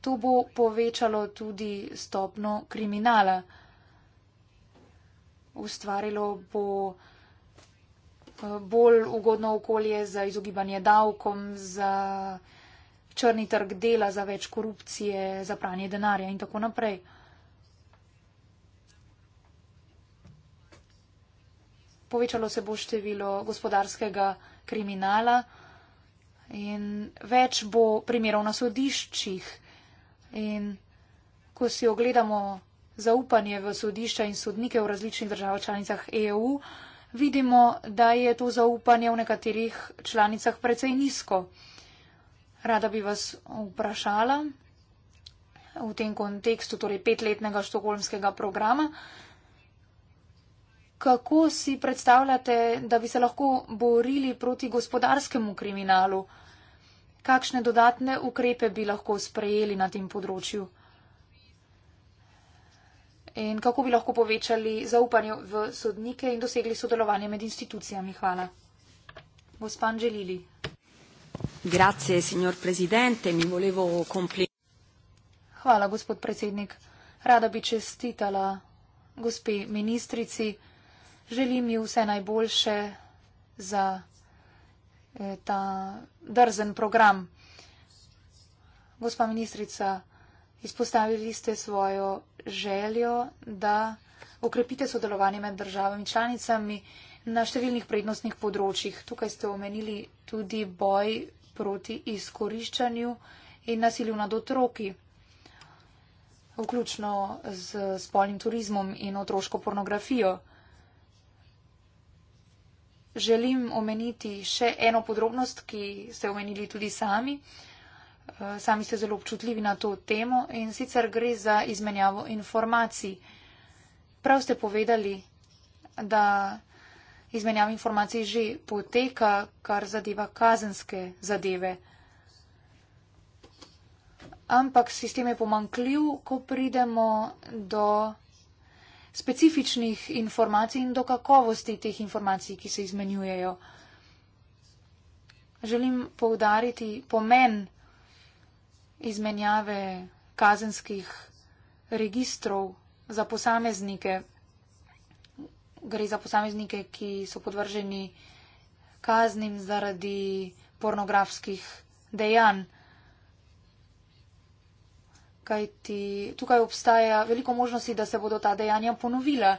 To bo povečalo tudi stopno kriminala. Ustvarilo bo eh, bolj ugodno okolje za izogibanje davkom, za črni trg dela, za več korupcije, za pranje denarja in tako naprej. Povečalo se bo število gospodarskega kriminala in več bo primerov na sodiščih. In ko si ogledamo zaupanje v sodišča in sodnike v različnih državah članicah EU, vidimo, da je to zaupanje v nekaterih članicah precej nizko. Rada bi vas vprašala v tem kontekstu, torej petletnega štokholmskega programa, kako si predstavljate, da bi se lahko borili proti gospodarskemu kriminalu? Kakšne dodatne ukrepe bi lahko sprejeli na tem področju? In kako bi lahko povečali zaupanje v sodnike in dosegli sodelovanje med institucijami? Hvala. Gospod Anželili. Grazie, signor Presidente. Mi volevo complimentare. Hvala, gospod predsednik. Rada bi čestitala gospe ministrici. Želim ji vse najboljše za eh, ta drzen program. Gospa ministrica, izpostavili ste svojo željo, da okrepite sodelovanje med državami članicami na številnih prednostnih področjih. Tukaj ste omenili tudi boj proti izkoriščanju in nasilju nad otroki, vključno z spolnim turizmom in otroško pornografijo. Želim omeniti še eno podrobnost, ki ste omenili tudi sami. Eh, sami ste zelo občutljivi na to temo in sicer gre za izmenjavo informacij. Prav ste povedali, da izmenjava informacij že poteka, kar zadeva kazenske zadeve. Ampak sistem je pomankljiv, ko pridemo do specifičnih informacij in do kakovosti teh informacij, ki se izmenjujejo. Želim poudariti pomen izmenjave kazenskih registrov za posameznike, gre za posameznike, ki so podvrženi kaznim zaradi pornografskih dejanj. Kajti tukaj obstaja veliko možnosti, da se bodo ta dejanja ponovila.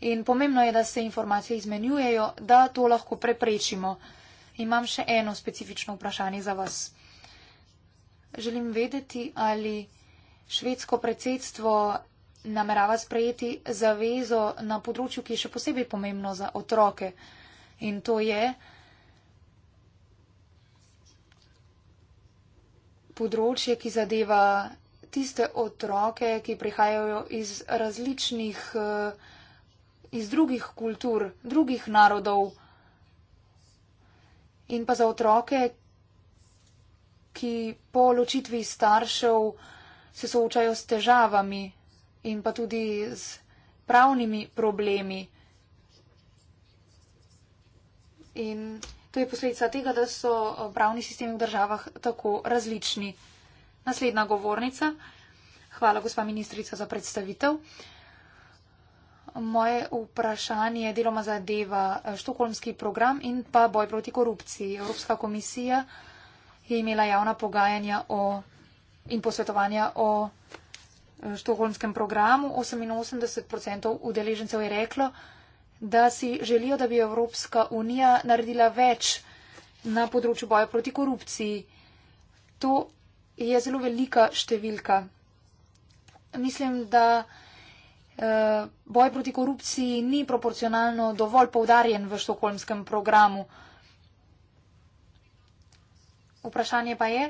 In pomembno je, da se informacije izmenjujejo, da to lahko preprečimo. Imam še eno specifično vprašanje za vas. Želim vedeti, ali švedsko predsedstvo namerava sprejeti zavezo na področju, ki je še posebej pomembno za otroke. In to je področje, ki zadeva tiste otroke, ki prihajajo iz različnih, eh, iz drugih kultur, drugih narodov. In pa za otroke, ki po ločitvi staršev se soočajo s težavami, in pa tudi z pravnimi problemi. In to je posledica tega, da so eh, pravni sistemi v državah tako različni. Naslednja govornica. Hvala, gospa ministrica, za predstavitev. Moje vprašanje deloma zadeva eh, štokholmski program in pa boj proti korupciji. Evropska komisija je imela javna pogajanja o, in posvetovanja o Eh, štokholmskem programu 88% udeležencev je reklo, da si želijo, da bi Evropska unija naredila več na področju boja proti korupciji. To je zelo velika številka. Mislim, da eh, boj proti korupciji ni proporcionalno dovolj poudarjen v štokholmskem programu. Vprašanje pa je,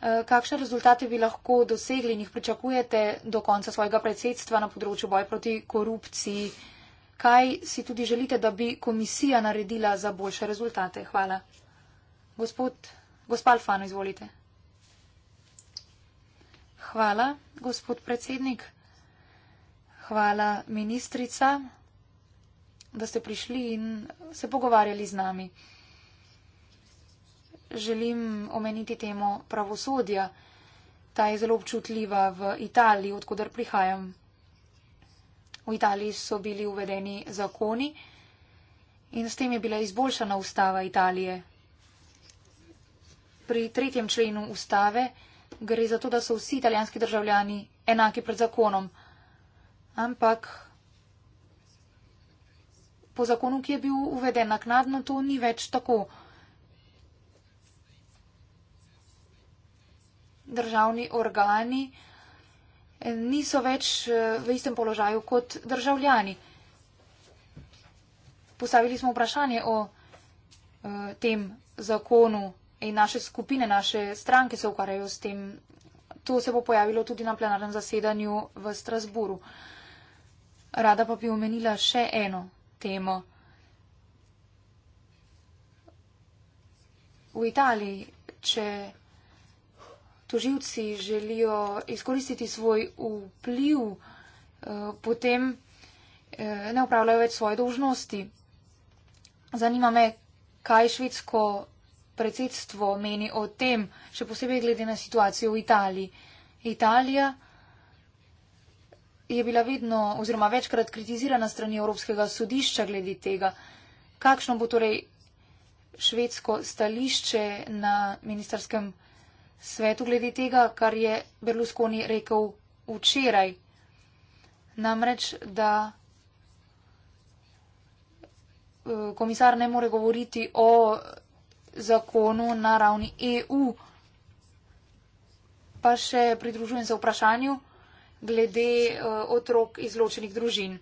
Eh, kakšne rezultate bi lahko dosegli in jih pričakujete do konca svojega predsedstva na področju boja proti korupciji? Kaj si tudi želite, da bi komisija naredila za boljše rezultate? Hvala. Gospod, gospod Alfano, izvolite. Hvala, gospod predsednik. Hvala, ministrica, da ste prišli in se pogovarjali z nami želim omeniti temo pravosodja. Ta je zelo občutljiva v Italiji, odkudar prihajam. V Italiji so bili uvedeni zakoni in s tem je bila izboljšana ustava Italije. Pri tretjem členu ustave gre za to, da so vsi italijanski državljani enaki pred zakonom. Ampak po zakonu, ki je bil uveden naknadno, to ni več tako. državni organi eh, niso več eh, v istem položaju kot državljani. Postavili smo vprašanje o eh, tem zakonu in naše skupine, naše stranke se ukvarjajo s tem. To se bo pojavilo tudi na plenarnem zasedanju v Strasburu. Rada pa bi omenila še eno temo. V Italiji, če toživci želijo izkoristiti svoj vpliv, eh, potem eh, ne upravljajo več svoje dožnosti. Zanima me, kaj švedsko predsedstvo meni o tem, še posebej glede na situacijo v Italiji. Italija je bila vedno oziroma večkrat kritizirana strani Evropskega sodišča glede tega. Kakšno bo torej švedsko stališče na ministerskem področju? svetu glede tega, kar je Berlusconi rekel včeraj. Namreč, da e, komisar ne more govoriti o zakonu na ravni EU. Pa še pridružujem se vprašanju glede e, otrok izločenih družin.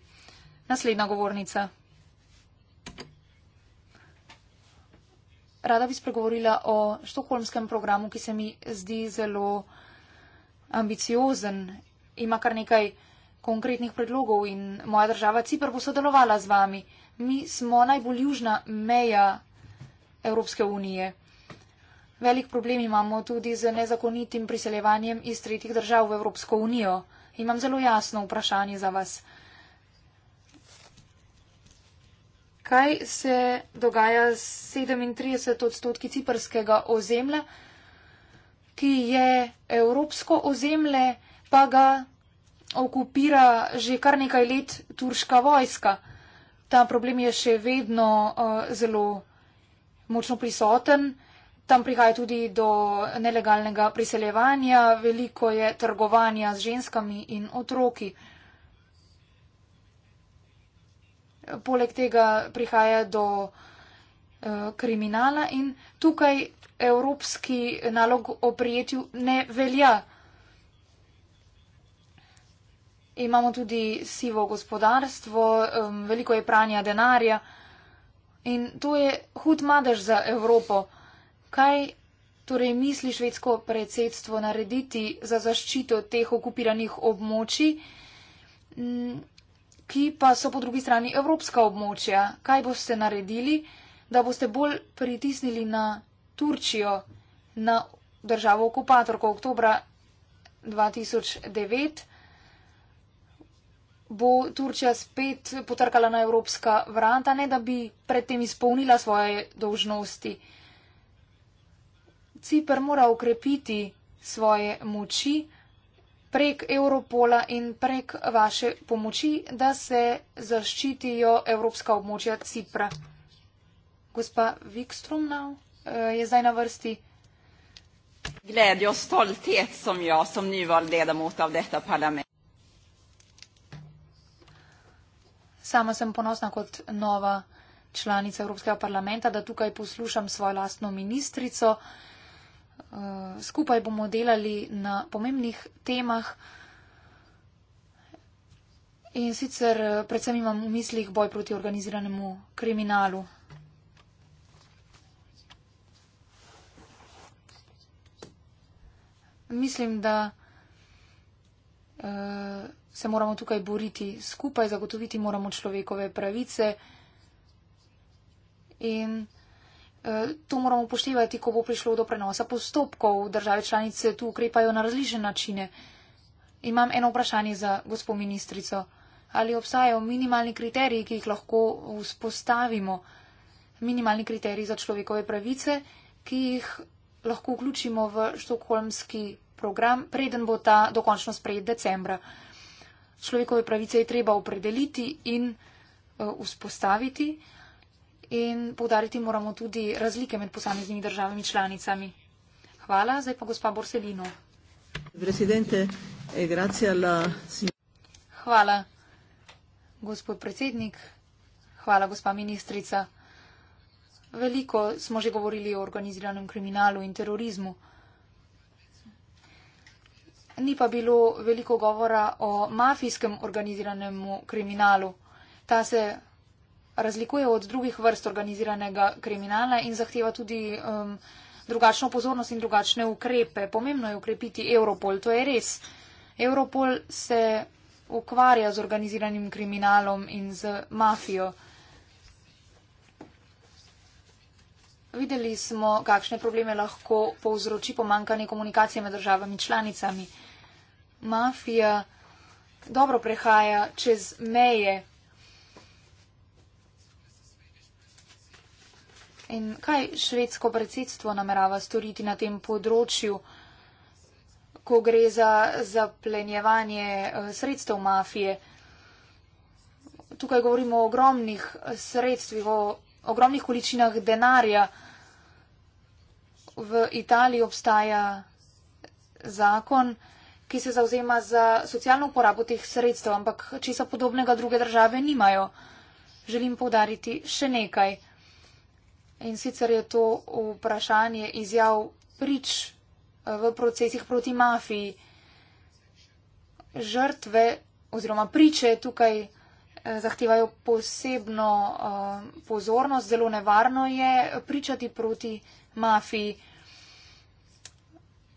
Naslednja govornica rada bi spregovorila o štokholmskem programu, ki se mi zdi zelo ambiciozen. Ima kar nekaj konkretnih predlogov in moja država Cipr bo sodelovala z vami. Mi smo najbolj južna meja Evropske unije. Velik problem imamo tudi z nezakonitim priseljevanjem iz tretjih držav v Evropsko unijo. Imam zelo jasno vprašanje za vas. kaj se dogaja z 37 odstotki ciprskega ozemlja, ki je evropsko ozemlje, pa ga okupira že kar nekaj let turška vojska. Ta problem je še vedno uh, zelo močno prisoten. Tam prihaja tudi do nelegalnega priseljevanja, veliko je trgovanja z ženskami in otroki. Uh, poleg tega prihaja do eh, kriminala in tukaj evropski nalog o prijetju ne velja. Imamo tudi sivo gospodarstvo, veliko je pranja denarja in to je hud madež za Evropo. Kaj torej misli švedsko predsedstvo narediti za zaščito teh okupiranih območij? Mm, ki pa so po drugi strani evropska območja. Kaj boste naredili, da boste bolj pritisnili na Turčijo, na državo okupatorko oktobra 2009? Bo Turčija spet potrkala na evropska vrata, ne da bi predtem izpolnila svoje dožnosti? Cipr mora ukrepiti svoje moči prek Europola in prek vaše pomoči, da se zaščitijo evropska območja Cipra. Gospa Vikstrom nav, no, eh, je zdaj na vrsti. Sama sem ponosna kot nova članica Evropskega parlamenta, da tukaj poslušam svojo lastno ministrico. Eh, skupaj bomo delali na pomembnih temah. In sicer eh, predvsem imam v mislih boj proti organiziranemu kriminalu. Mislim, da uh, se moramo tukaj boriti skupaj, zagotoviti moramo človekove pravice in to moramo poštevati, ko bo prišlo do prenosa postopkov. Države članice tu ukrepajo na različne načine. Imam eno vprašanje za gospod ministrico. Ali obstajajo minimalni kriteriji, ki jih lahko vzpostavimo? Minimalni kriteriji za človekove pravice, ki jih lahko vključimo v štokholmski program, preden bo ta dokončno sprejet decembra. Človekove pravice je treba opredeliti in uh, vzpostaviti. Uh, in povdariti moramo tudi razlike med posameznimi državami članicami. Hvala, zdaj pa gospa Borselino. Eh, Hvala, gospod predsednik. Hvala, gospa ministrica. Veliko smo že govorili o organiziranem kriminalu in terorizmu. Ni pa bilo veliko govora o mafijskem organiziranemu kriminalu. Ta se razlikuje od drugih vrst organiziranega kriminala in zahteva tudi um, drugačno pozornost in drugačne ukrepe. Pomembno je ukrepiti Europol, to je res. Europol se ukvarja z organiziranim kriminalom in z mafijo. Videli smo, kakšne probleme lahko povzroči pomankanje komunikacije med državami članicami. Mafija dobro prehaja čez meje In kaj švedsko predsedstvo namerava storiti na tem področju, ko gre za zaplenjevanje eh, sredstev mafije? Tukaj govorimo o ogromnih eh, sredstvih, o ogromnih količinah denarja. V Italiji obstaja zakon, ki se zauzema za socialno uporabo teh sredstev, ampak česa podobnega druge države nimajo. Želim povdariti še nekaj. In sicer je to vprašanje izjav prič eh, v procesih proti mafiji. Žrtve oziroma priče tukaj eh, zahtevajo posebno eh, pozornost, zelo nevarno je pričati proti mafiji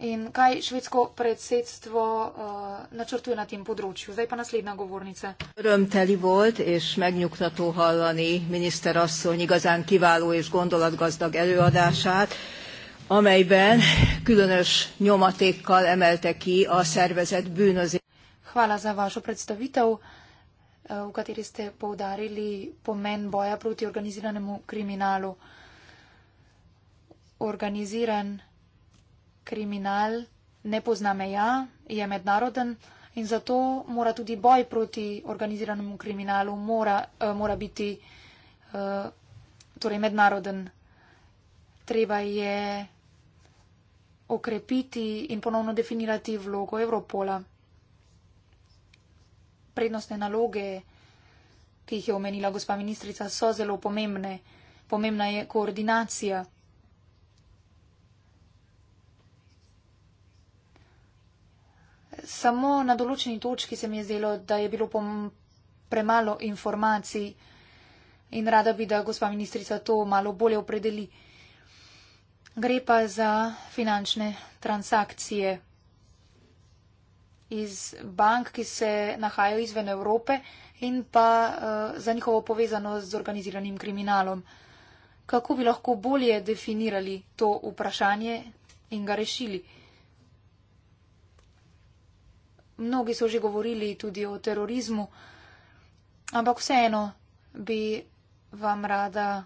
in kaj švedsko predsedstvo uh, načrtuje na tem področju. Zdaj pa naslednja govornica. Römteli volt, in megnyugtató hallani minister asszony igazán kiváló in gondolatgazdag előadását. amelyben különös nyomatékkal emelte ki a szervezet bűnözését. Hvala za vašo predstavitev, eh, v kateri ste poudarili pomen boja proti organiziranemu kriminalu. Organiziran kriminal ne pozna meja, je mednaroden in zato mora tudi boj proti organiziranemu kriminalu mora, uh, mora biti uh, torej mednaroden. Treba je okrepiti in ponovno definirati vlogo Evropola. Prednostne naloge, ki jih je omenila gospa ministrica, so zelo pomembne. Pomembna je koordinacija. samo na določeni točki se mi je zdelo, da je bilo premalo informacij in rada bi, da gospa ministrica to malo bolje opredeli. Gre pa za finančne transakcije iz bank, ki se nahajajo izven Evrope in pa uh, za njihovo povezanost z organiziranim kriminalom. Kako bi lahko bolje definirali to vprašanje in ga rešili? mnogi so že govorili tudi o terorizmu, ampak vseeno bi vam rada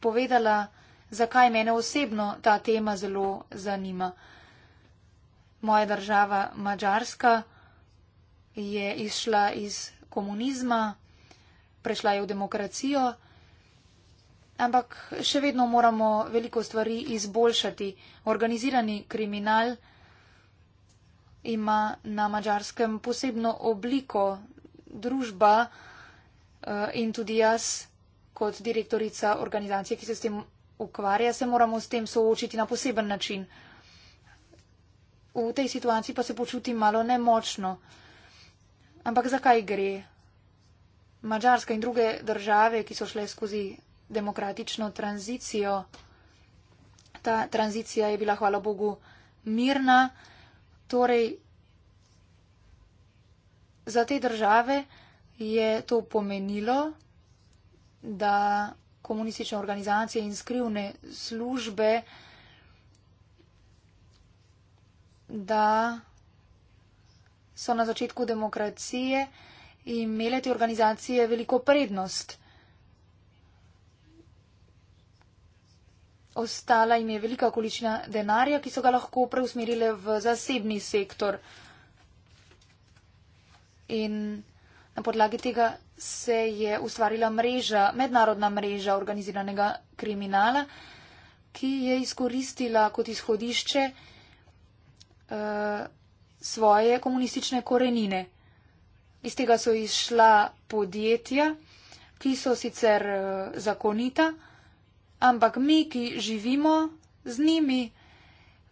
povedala, zakaj mene osebno ta tema zelo zanima. Moja država Mačarska je izšla iz komunizma, prešla je v demokracijo, ampak še vedno moramo veliko stvari izboljšati. Organizirani kriminal, ima na mačarskem posebno obliko družba eh, in tudi jaz kot direktorica organizacije, ki se s tem ukvarja, se moramo s tem soočiti na poseben način. V tej situaciji pa se počutim malo nemočno. Ampak zakaj gre? Mačarska in druge države, ki so šle skozi demokratično tranzicijo, ta tranzicija je bila, hvala Bogu, mirna. Torej, za te države je to pomenilo, da komunistične organizacije in skrivne službe, da so na začetku demokracije imele te organizacije veliko prednost. ostala jim je velika količina denarja, ki so ga lahko preusmerile v zasebni sektor. In na podlagi tega se je ustvarila mreža, mednarodna mreža organiziranega kriminala, ki je izkoristila kot izhodišče uh, svoje komunistične korenine. Iz tega so izšla podjetja, ki so sicer uh, zakonita, ampak mi, ki živimo z njimi,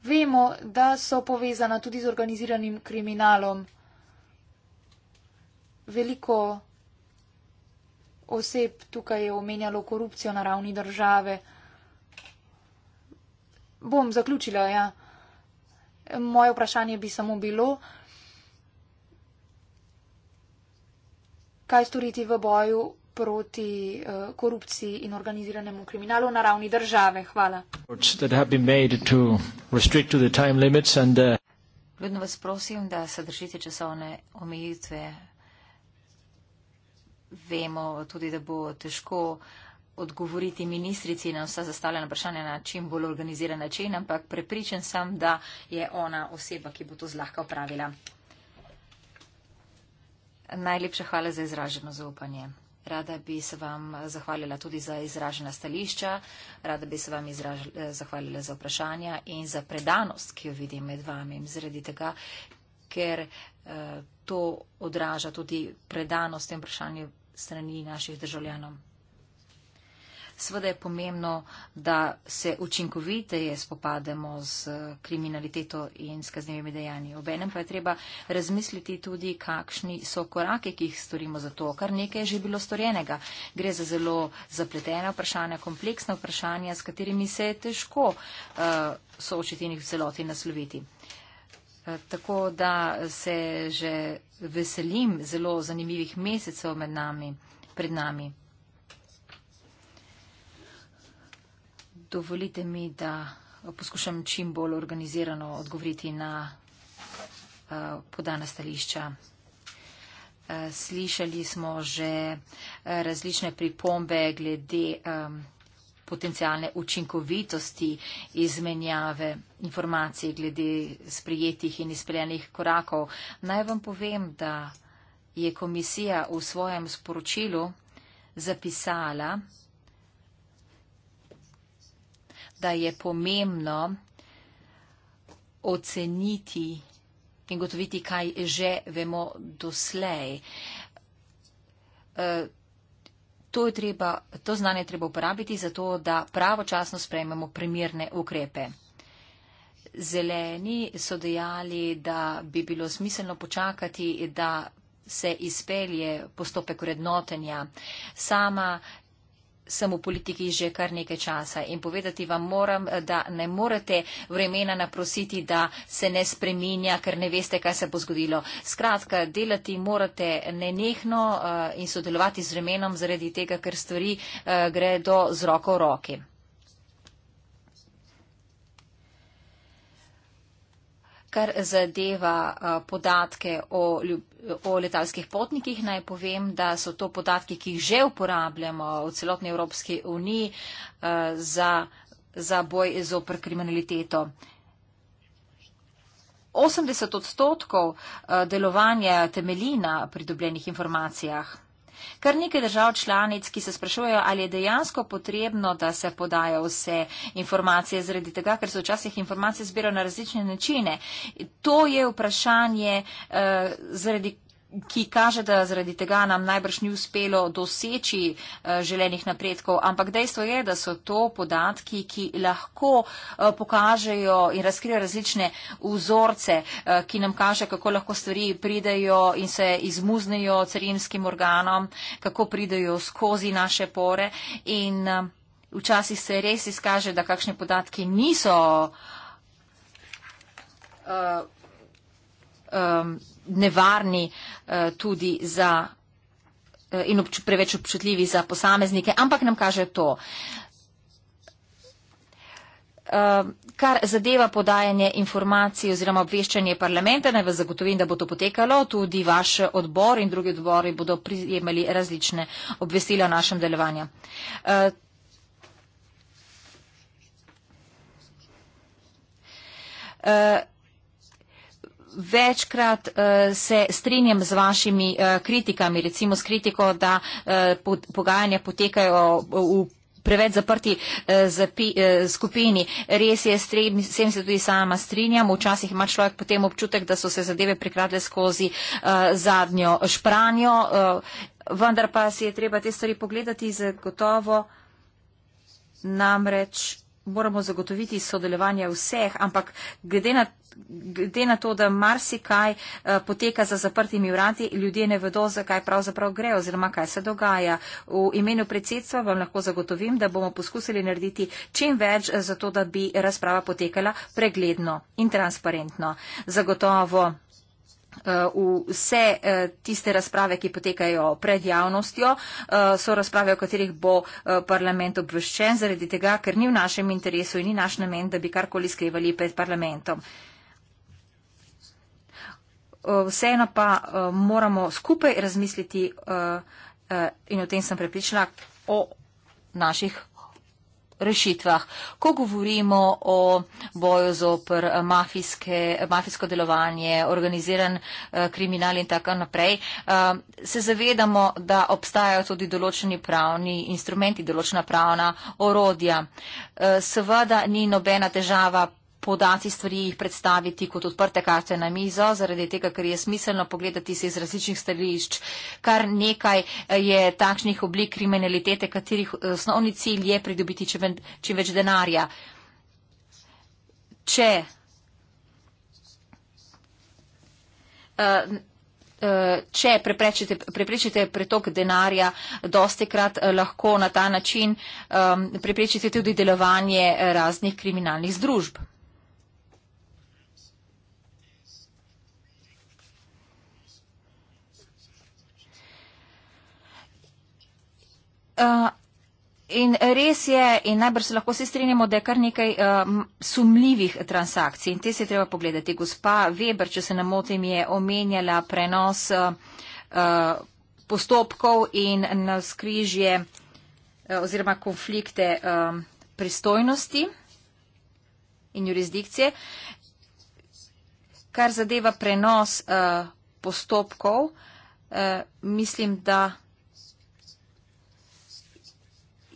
vemo, da so povezana tudi z organiziranim kriminalom. Veliko oseb tukaj je omenjalo korupcijo na ravni države. Bom zaključila, ja. Moje vprašanje bi samo bilo, kaj storiti v boju proti uh, korupciji in organiziranemu kriminalu na ravni države. Hvala. Uh, Vedno vas prosim, da se držite časovne omejitve. Vemo tudi, da bo težko odgovoriti ministrici na vsa zastavljena vprašanja na čim bolj organiziran način, ampak prepričan sem, da je ona oseba, ki bo to zlahka opravila. Najlepša hvala za izraženo zaupanje. Rada bi se vam zahvalila tudi za izražena stališča, rada bi se vam zahvalila za vprašanja in za predanost, ki jo vidim med vami in zredi tega, ker eh, to odraža tudi predanost in vprašanje strani naših državljanov. Sveda je pomembno, da se učinkoviteje spopademo z eh, kriminaliteto in s kaznjivimi dejanji. Obenem pa je treba razmisliti tudi, kakšni so korake, ki jih storimo za to, kar nekaj je že bilo storjenega. Gre za zelo zapletena vprašanja, kompleksna vprašanja, s katerimi se je težko uh, soočiti in jih v celoti nasloviti. Eh, tako da se že veselim zelo zanimivih mesecev med nami, pred nami. Dovolite mi, da poskušam čim bolj organizirano odgovoriti na uh, podana stališča. Eh, slišali smo že eh, različne pripombe glede um, potencijalne učinkovitosti izmenjave informacij glede sprijetih in izpeljanih korakov. Naj vam povem, da je komisija v svojem sporočilu zapisala, da je pomembno oceniti in gotoviti, kaj že vemo doslej. Eh, to, treba, to znanje treba uporabiti zato, da pravočasno sprejmemo primirne ukrepe. Zeleni so dejali, da bi bilo smiselno počakati, da se izpelje postopek urednotenja. Sama sem v politiki že kar nekaj časa in povedati vam moram, da ne morete vremena naprositi, da se ne spreminja, ker ne veste, kaj se bo zgodilo. Skratka, delati morate nenehno eh, in sodelovati z vremenom zaradi tega, ker stvari eh, gre do z roko v roki. Kar zadeva eh, podatke o o letalskih potnikih, naj povem, da so to podatki, ki jih že uporabljamo v celotni Evropski uniji eh, za, za boj z opr kriminaliteto. 80 odstotkov eh, delovanja temelji na pridobljenih informacijah. Kar nekaj držav članic, ki se sprašujejo, ali je dejansko potrebno, da se podajo vse informacije, zaradi tega, ker so včasih informacije zbirajo na različne načine. To je vprašanje, uh, zaradi ki kaže, da zaradi tega nam najbrž ni uspelo doseči eh, želenih napredkov, ampak dejstvo je, da so to podatki, ki lahko eh, pokažejo in razkrijo različne vzorce, eh, ki nam kaže, kako lahko stvari pridejo in se izmuznejo carinskim organom, kako pridejo skozi naše pore in včasih se res izkaže, da kakšne podatki niso. Uh, um, nevarni eh, tudi za eh, in obč, preveč občutljivi za posameznike, ampak nam kaže to. Ehm, kar zadeva podajanje informacij oziroma obveščanje parlamenta, naj vas zagotovim, da bo to potekalo, tudi vaš odbor in drugi odbori bodo prijemali različne obvestila o našem delovanju. Uh, večkrat uh, se strinjam z vašimi uh, kritikami, recimo s kritiko, da uh, eh, pod, pogajanja potekajo v. Preveč zaprti eh, zapi, eh, skupini. Res je, strem, sem se tudi sama strinjam, včasih ima človek potem občutek, da so se zadeve prikradle skozi eh, zadnjo špranjo, eh, vendar pa si je treba te stvari pogledati zagotovo namreč moramo zagotoviti sodelovanje vseh, ampak glede na, glede na to, da marsikaj eh, poteka za zaprtimi vrati, ljudje ne vedo, zakaj pravzaprav gre oziroma kaj se dogaja. V imenu predsedstva vam lahko zagotovim, da bomo poskusili narediti čim več eh, za to, da bi razprava potekala pregledno in transparentno. Zagotovo Eh, vse eh, tiste razprave, ki potekajo pred javnostjo, eh, so razprave, o katerih bo parlament obveščen, zaradi tega, ker ni v našem interesu in ni naš namen, da bi karkoli skrivali pred parlamentom. Vseeno pa moramo skupaj razmisliti in o tem sem prepričala o naših rešitvah. Ko govorimo o boju zopr mafijske, mafijsko delovanje, organiziran eh, kriminal in tako naprej, eh, se zavedamo, da obstajajo tudi določeni pravni instrumenti, določena pravna orodja. Eh, seveda ni nobena težava podati stvari, jih predstaviti kot odprte karte na mizo, zaradi tega, ker je smiselno pogledati se iz različnih stališč. Kar nekaj eh, je takšnih oblik kriminalitete, katerih eh, osnovni cilj je pridobiti čim več denarja. Če uh, Če preprečite, preprečite pretok denarja, dosti krat lahko na ta način um, preprečite tudi delovanje raznih kriminalnih združb. Eh, in res je, in najbrž lahko se strinjamo, da je kar nekaj uh, sumljivih transakcij in te se treba pogledati. Gospa Weber, če se ne motim, je omenjala prenos uh, postopkov in naskrižje uh, oziroma konflikte uh, pristojnosti in jurisdikcije. Kar zadeva prenos uh, postopkov, uh, mislim, da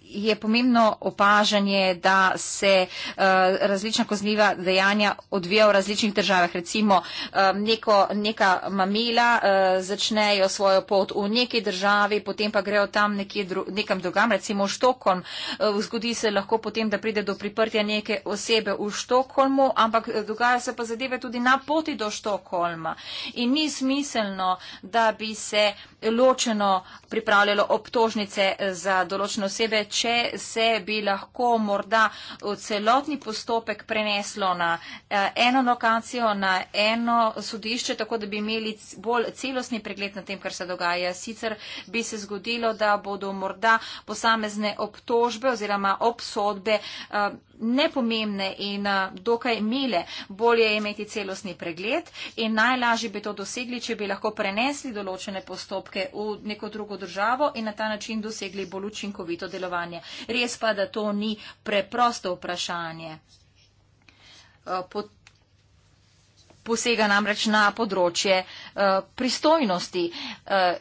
je pomembno opažanje, da se uh, različna kozniva dejanja odvija v različnih državah. Recimo uh, neko, neka mamila uh, eh, začnejo svojo pot v neki državi, potem pa grejo tam dru, nekam drugam, recimo v Štokholm. Uh, zgodi se lahko potem, da pride do priprtja neke osebe v Štokholmu, ampak dogaja se pa zadeve tudi na poti do Štokholma. In ni smiselno, da bi se ločeno pripravljalo obtožnice za določene osebe, če se bi lahko morda celotni postopek preneslo na eh, eno lokacijo, na eno sodišče, tako da bi imeli bolj celostni pregled na tem, kar se dogaja. Sicer bi se zgodilo, da bodo morda posamezne obtožbe oziroma obsodbe eh, nepomembne in eh, dokaj mile. Bolje je imeti celostni pregled in najlažje bi to dosegli, če bi lahko prenesli določene postopke v neko drugo državo in na ta način dosegli bolj učinkovito delovanje vprašanje. Res pa, da to ni preprosto vprašanje. Eh, posega namreč na področje eh, pristojnosti eh,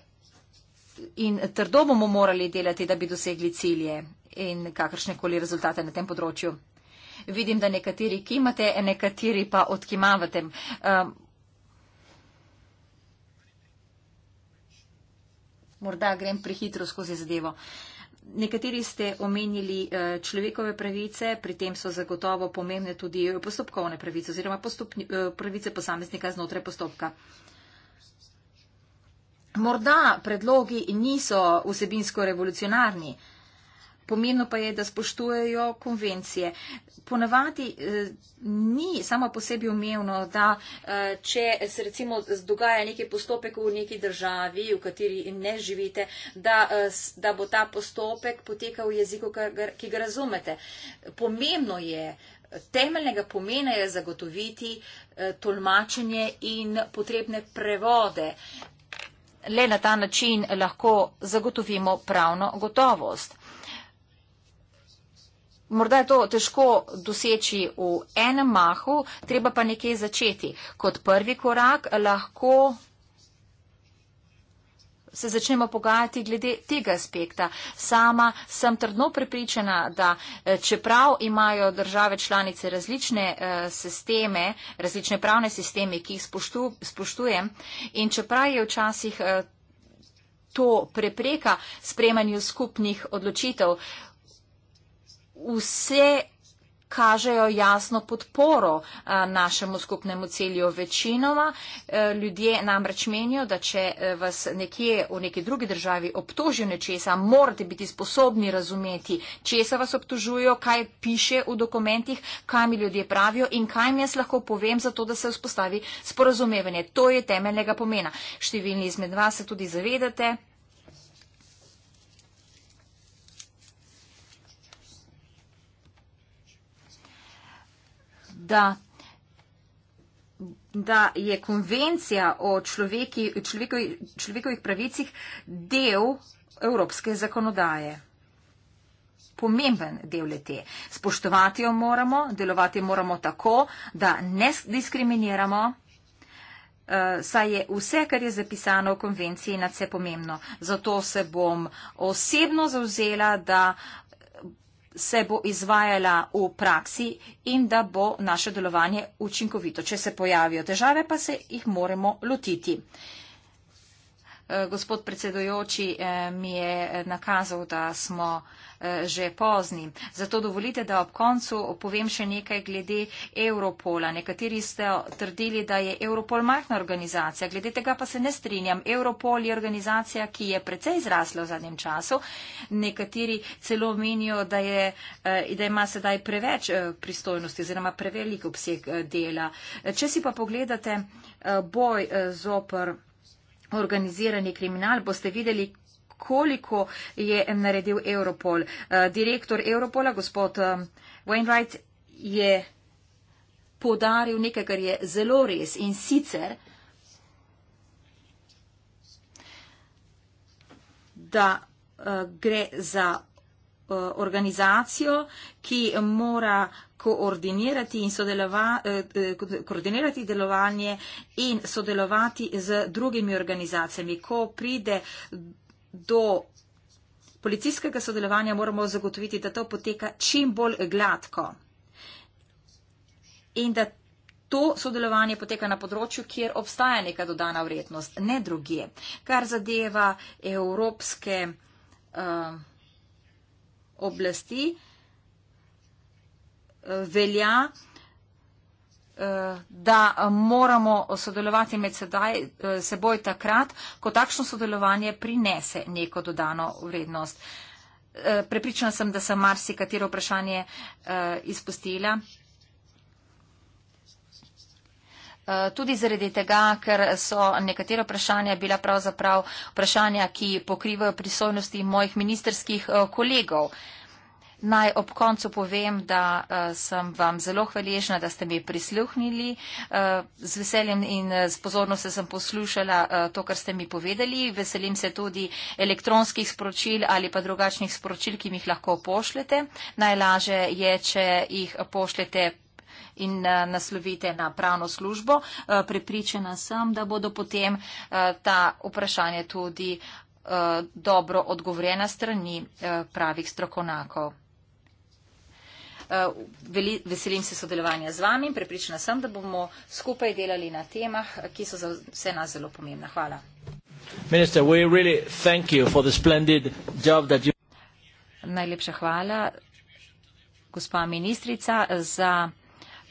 in trdo bomo morali delati, da bi dosegli cilje in kakršne koli rezultate na tem področju. Vidim, da nekateri kimate, nekateri pa odkimavate. Morda grem prehitro skozi zadevo. Uh, Nekateri ste omenili eh, človekove pravice, pri tem so zagotovo pomembne tudi eh, postopkovne pravice oziroma postupni, eh, pravice posameznika znotraj postopka. Morda predlogi niso vsebinsko revolucionarni, Pomembno pa je, da spoštujejo konvencije. Ponavadi eh, ni samo po sebi umevno, da eh, če se recimo dogaja neki postopek v neki državi, v kateri ne živite, da, eh, da bo ta postopek potekal v jeziku, ki ga razumete. Pomembno je, temeljnega pomena je zagotoviti tolmačenje in potrebne prevode. Le na ta način lahko zagotovimo pravno gotovost. Morda je to težko doseči v enem mahu, treba pa nekje začeti. Kot prvi korak lahko se začnemo pogajati glede tega aspekta. Sama sem trdno prepričana, da eh, čeprav imajo države članice različne eh, sisteme, različne pravne sisteme, ki jih spoštujem in čeprav je včasih eh, to prepreka sprejmanju skupnih odločitev, vse kažejo jasno podporo eh, našemu skupnemu celju večinoma. Eh, ljudje namreč menijo, da če eh, vas nekje v neki drugi državi obtožijo nečesa, morate biti sposobni razumeti, česa vas obtožujo, kaj piše v dokumentih, kaj mi ljudje pravijo in kaj mi jaz lahko povem za to, da se vzpostavi sporazumevanje. To je temeljnega pomena. Številni izmed vas se tudi zavedate da, da je konvencija o človeki, človekovi, človekovih pravicih del evropske zakonodaje. Pomemben del lete. Spoštovati jo moramo, delovati moramo tako, da ne diskriminiramo, eh, saj je vse, kar je zapisano v konvenciji, nadse pomembno. Zato se bom osebno zauzela, da se bo izvajala v praksi in da bo naše delovanje učinkovito. Če se pojavijo težave, pa se jih moramo lotiti. Eh, gospod predsedojoči eh, mi je nakazal, da smo Eh, že pozni. Zato dovolite, da ob koncu povem še nekaj glede Europola. Nekateri ste trdili, da je Europol majhna organizacija. Glede tega pa se ne strinjam. Europol je organizacija, ki je precej zrasla v zadnjem času. Nekateri celo menijo, da, je, eh, da ima sedaj preveč eh, pristojnosti oziroma prevelik obseg dela. Če si pa pogledate boj zopr organizirani kriminal, boste videli, koliko je naredil Europol. Uh, direktor Europola, gospod uh, Wainwright, je podaril nekaj, kar je zelo res in sicer, da uh, gre za uh, organizacijo, ki mora koordinirati in sodelova, uh, koordinirati delovanje in sodelovati z drugimi organizacijami. Ko pride do policijskega sodelovanja moramo zagotoviti, da to poteka čim bolj gladko in da to sodelovanje poteka na področju, kjer obstaja neka dodana vrednost, ne druge. Kar zadeva evropske uh, oblasti, uh, velja, Eh, da moramo sodelovati med sedaj, eh, seboj takrat, ko takšno sodelovanje prinese neko dodano vrednost. Eh, prepričana sem, da sem marsikatero vprašanje izpustila. Tudi zaradi tega, ker so nekatera vprašanja bila pravzaprav vprašanja, ki pokrivajo prisojnosti mojih ministerskih kolegov. Naj ob koncu povem, da uh, sem vam zelo hvaležna, da ste mi prisluhnili. Uh, z veseljem in z eh, pozornostjo sem poslušala uh, to, kar ste mi povedali. Veselim se tudi elektronskih sporočil ali pa drugačnih sporočil, ki mi jih lahko pošljete. Najlaže je, če jih pošljete in naslovite na pravno službo. Pripričana sem, da bodo potem ta vprašanja tudi dobro odgovorjena strani pravih strokovnakov. Eh, veselim se sodelovanja z vami in prepričana sem, da bomo skupaj delali na temah, ki so za vse nas zelo pomembna. Hvala. Minister, really you... Najlepša hvala, gospa ministrica, za.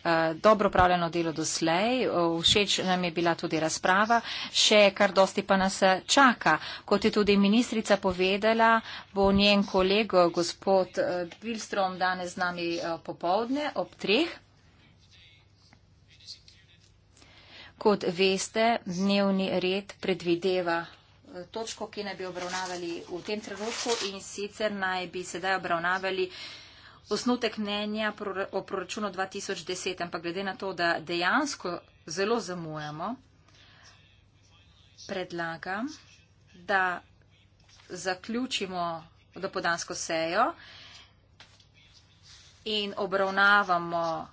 Eh, dobro upravljeno delo doslej. Všeč nam je bila tudi razprava. Še kar dosti pa nas čaka. Kot je tudi ministrica povedala, bo njen koleg gospod eh, Bilstrom danes z nami eh, popovdne ob treh. Kot veste, dnevni red predvideva točko, ki naj bi obravnavali v tem trenutku in sicer naj bi sedaj obravnavali osnutek mnenja o proračunu 2010, ampak glede na to, da dejansko zelo zamujamo, predlagam, da zaključimo dopodansko sejo in obravnavamo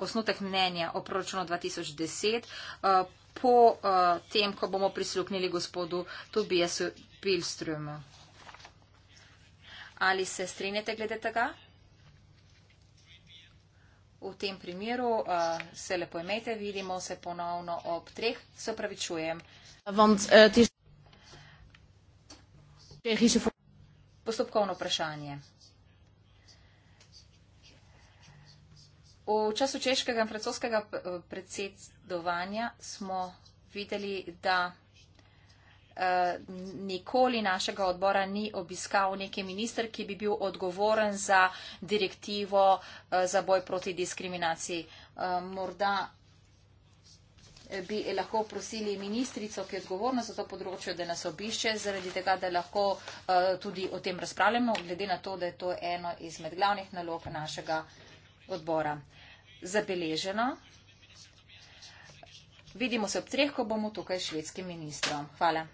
osnutek mnenja o proračunu 2010 eh, po eh, tem, ko bomo prisluhnili gospodu Tobiasu Pilstrumu. Ali se strinjate glede tega? v tem primeru uh, se lepo imejte, vidimo se ponovno ob treh, se opravičujem. Eh, Postopkovno vprašanje. V času češkega in francoskega eh, predsedovanja smo videli, da nikoli našega odbora ni obiskal neki minister, ki bi bil odgovoren za direktivo eh, za boj proti diskriminaciji. Eh, morda eh, bi lahko prosili ministrico, ki je odgovorna za to področje, da nas obišče, zaradi tega, da lahko tudi o tem razpravljamo, glede na to, da je to eno izmed glavnih nalog našega odbora. Zabeleženo. Vidimo se ob treh, ko bomo tukaj švedskim ministrom. Hvala.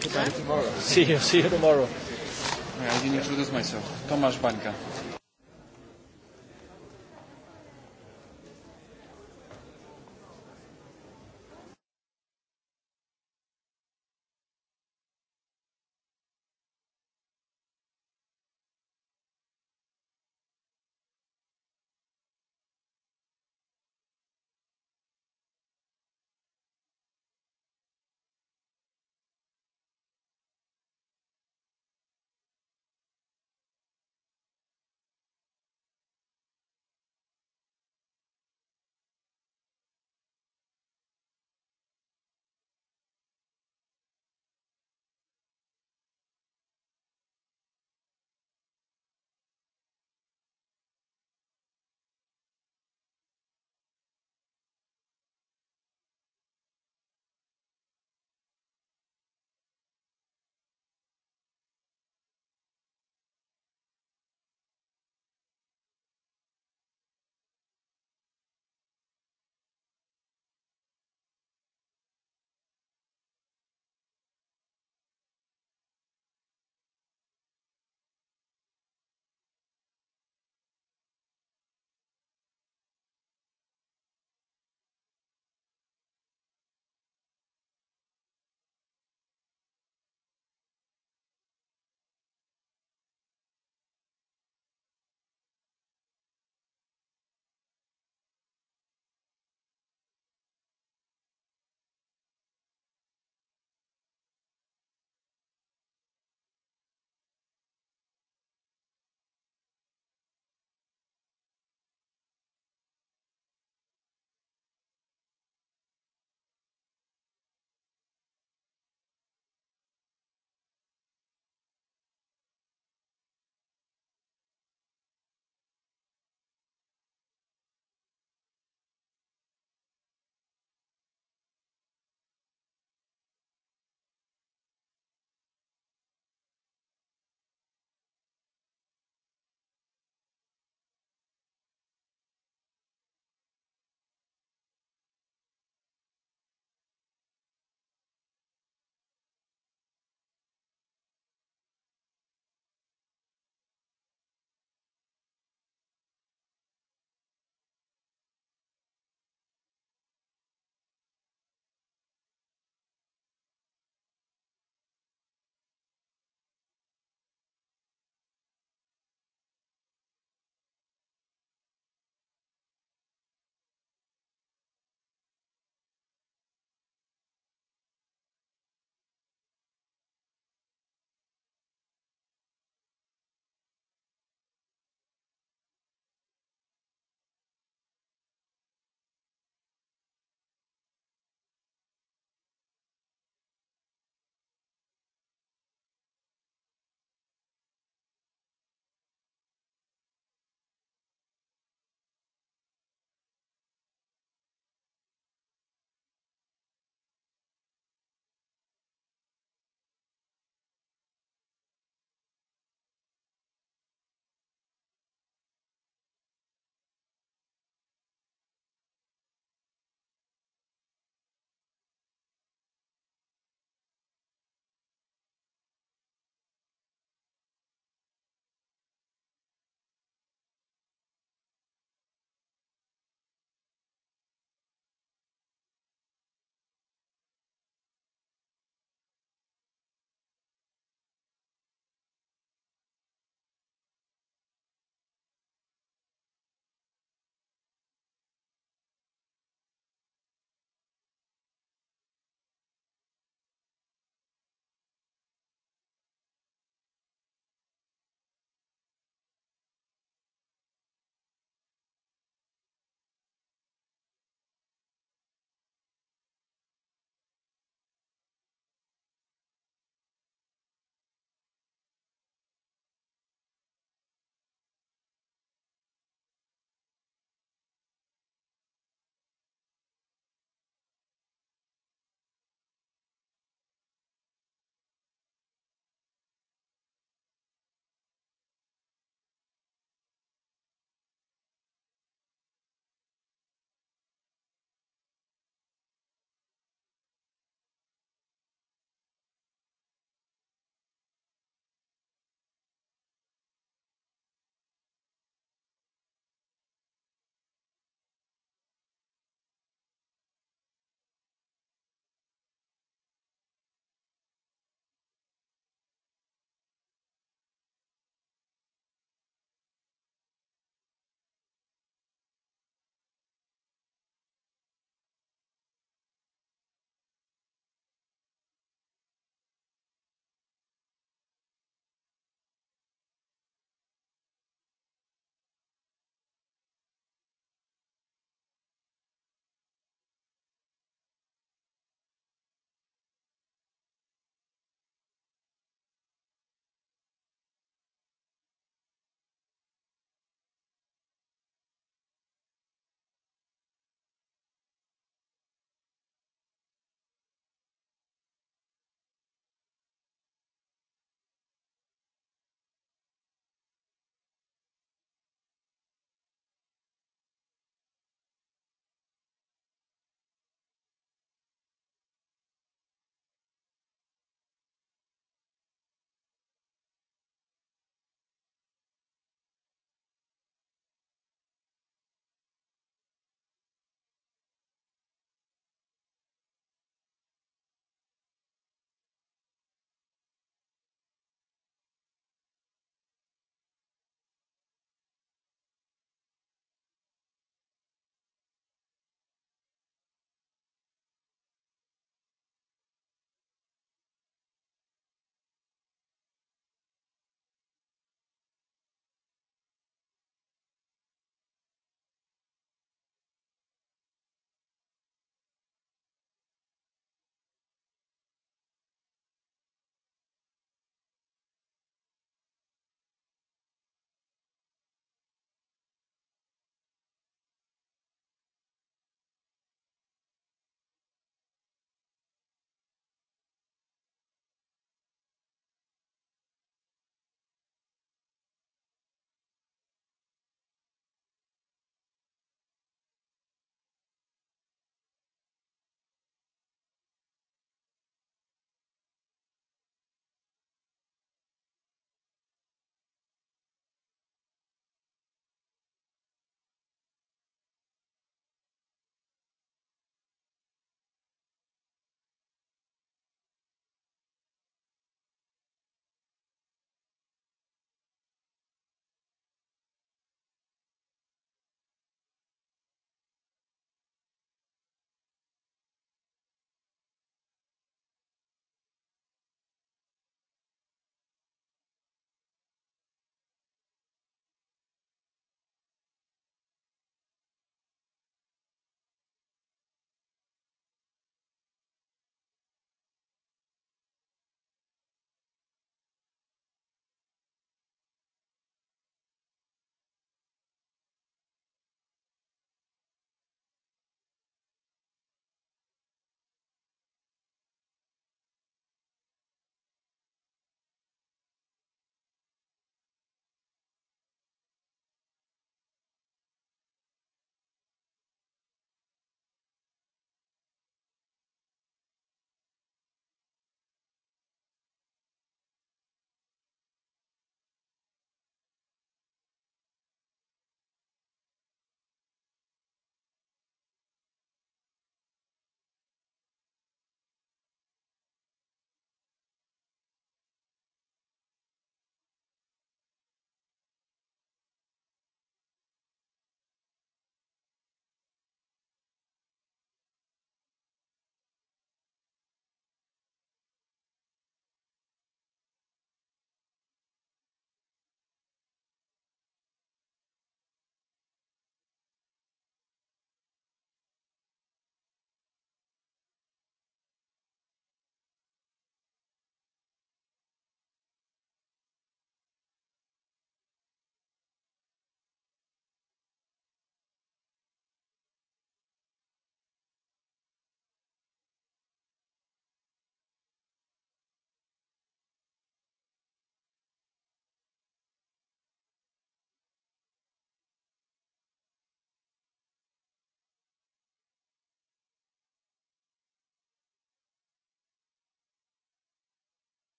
Goodbye tomorrow. See you, see you tomorrow. Yeah, ja, I didn't introduce myself. Tomasz Bańka.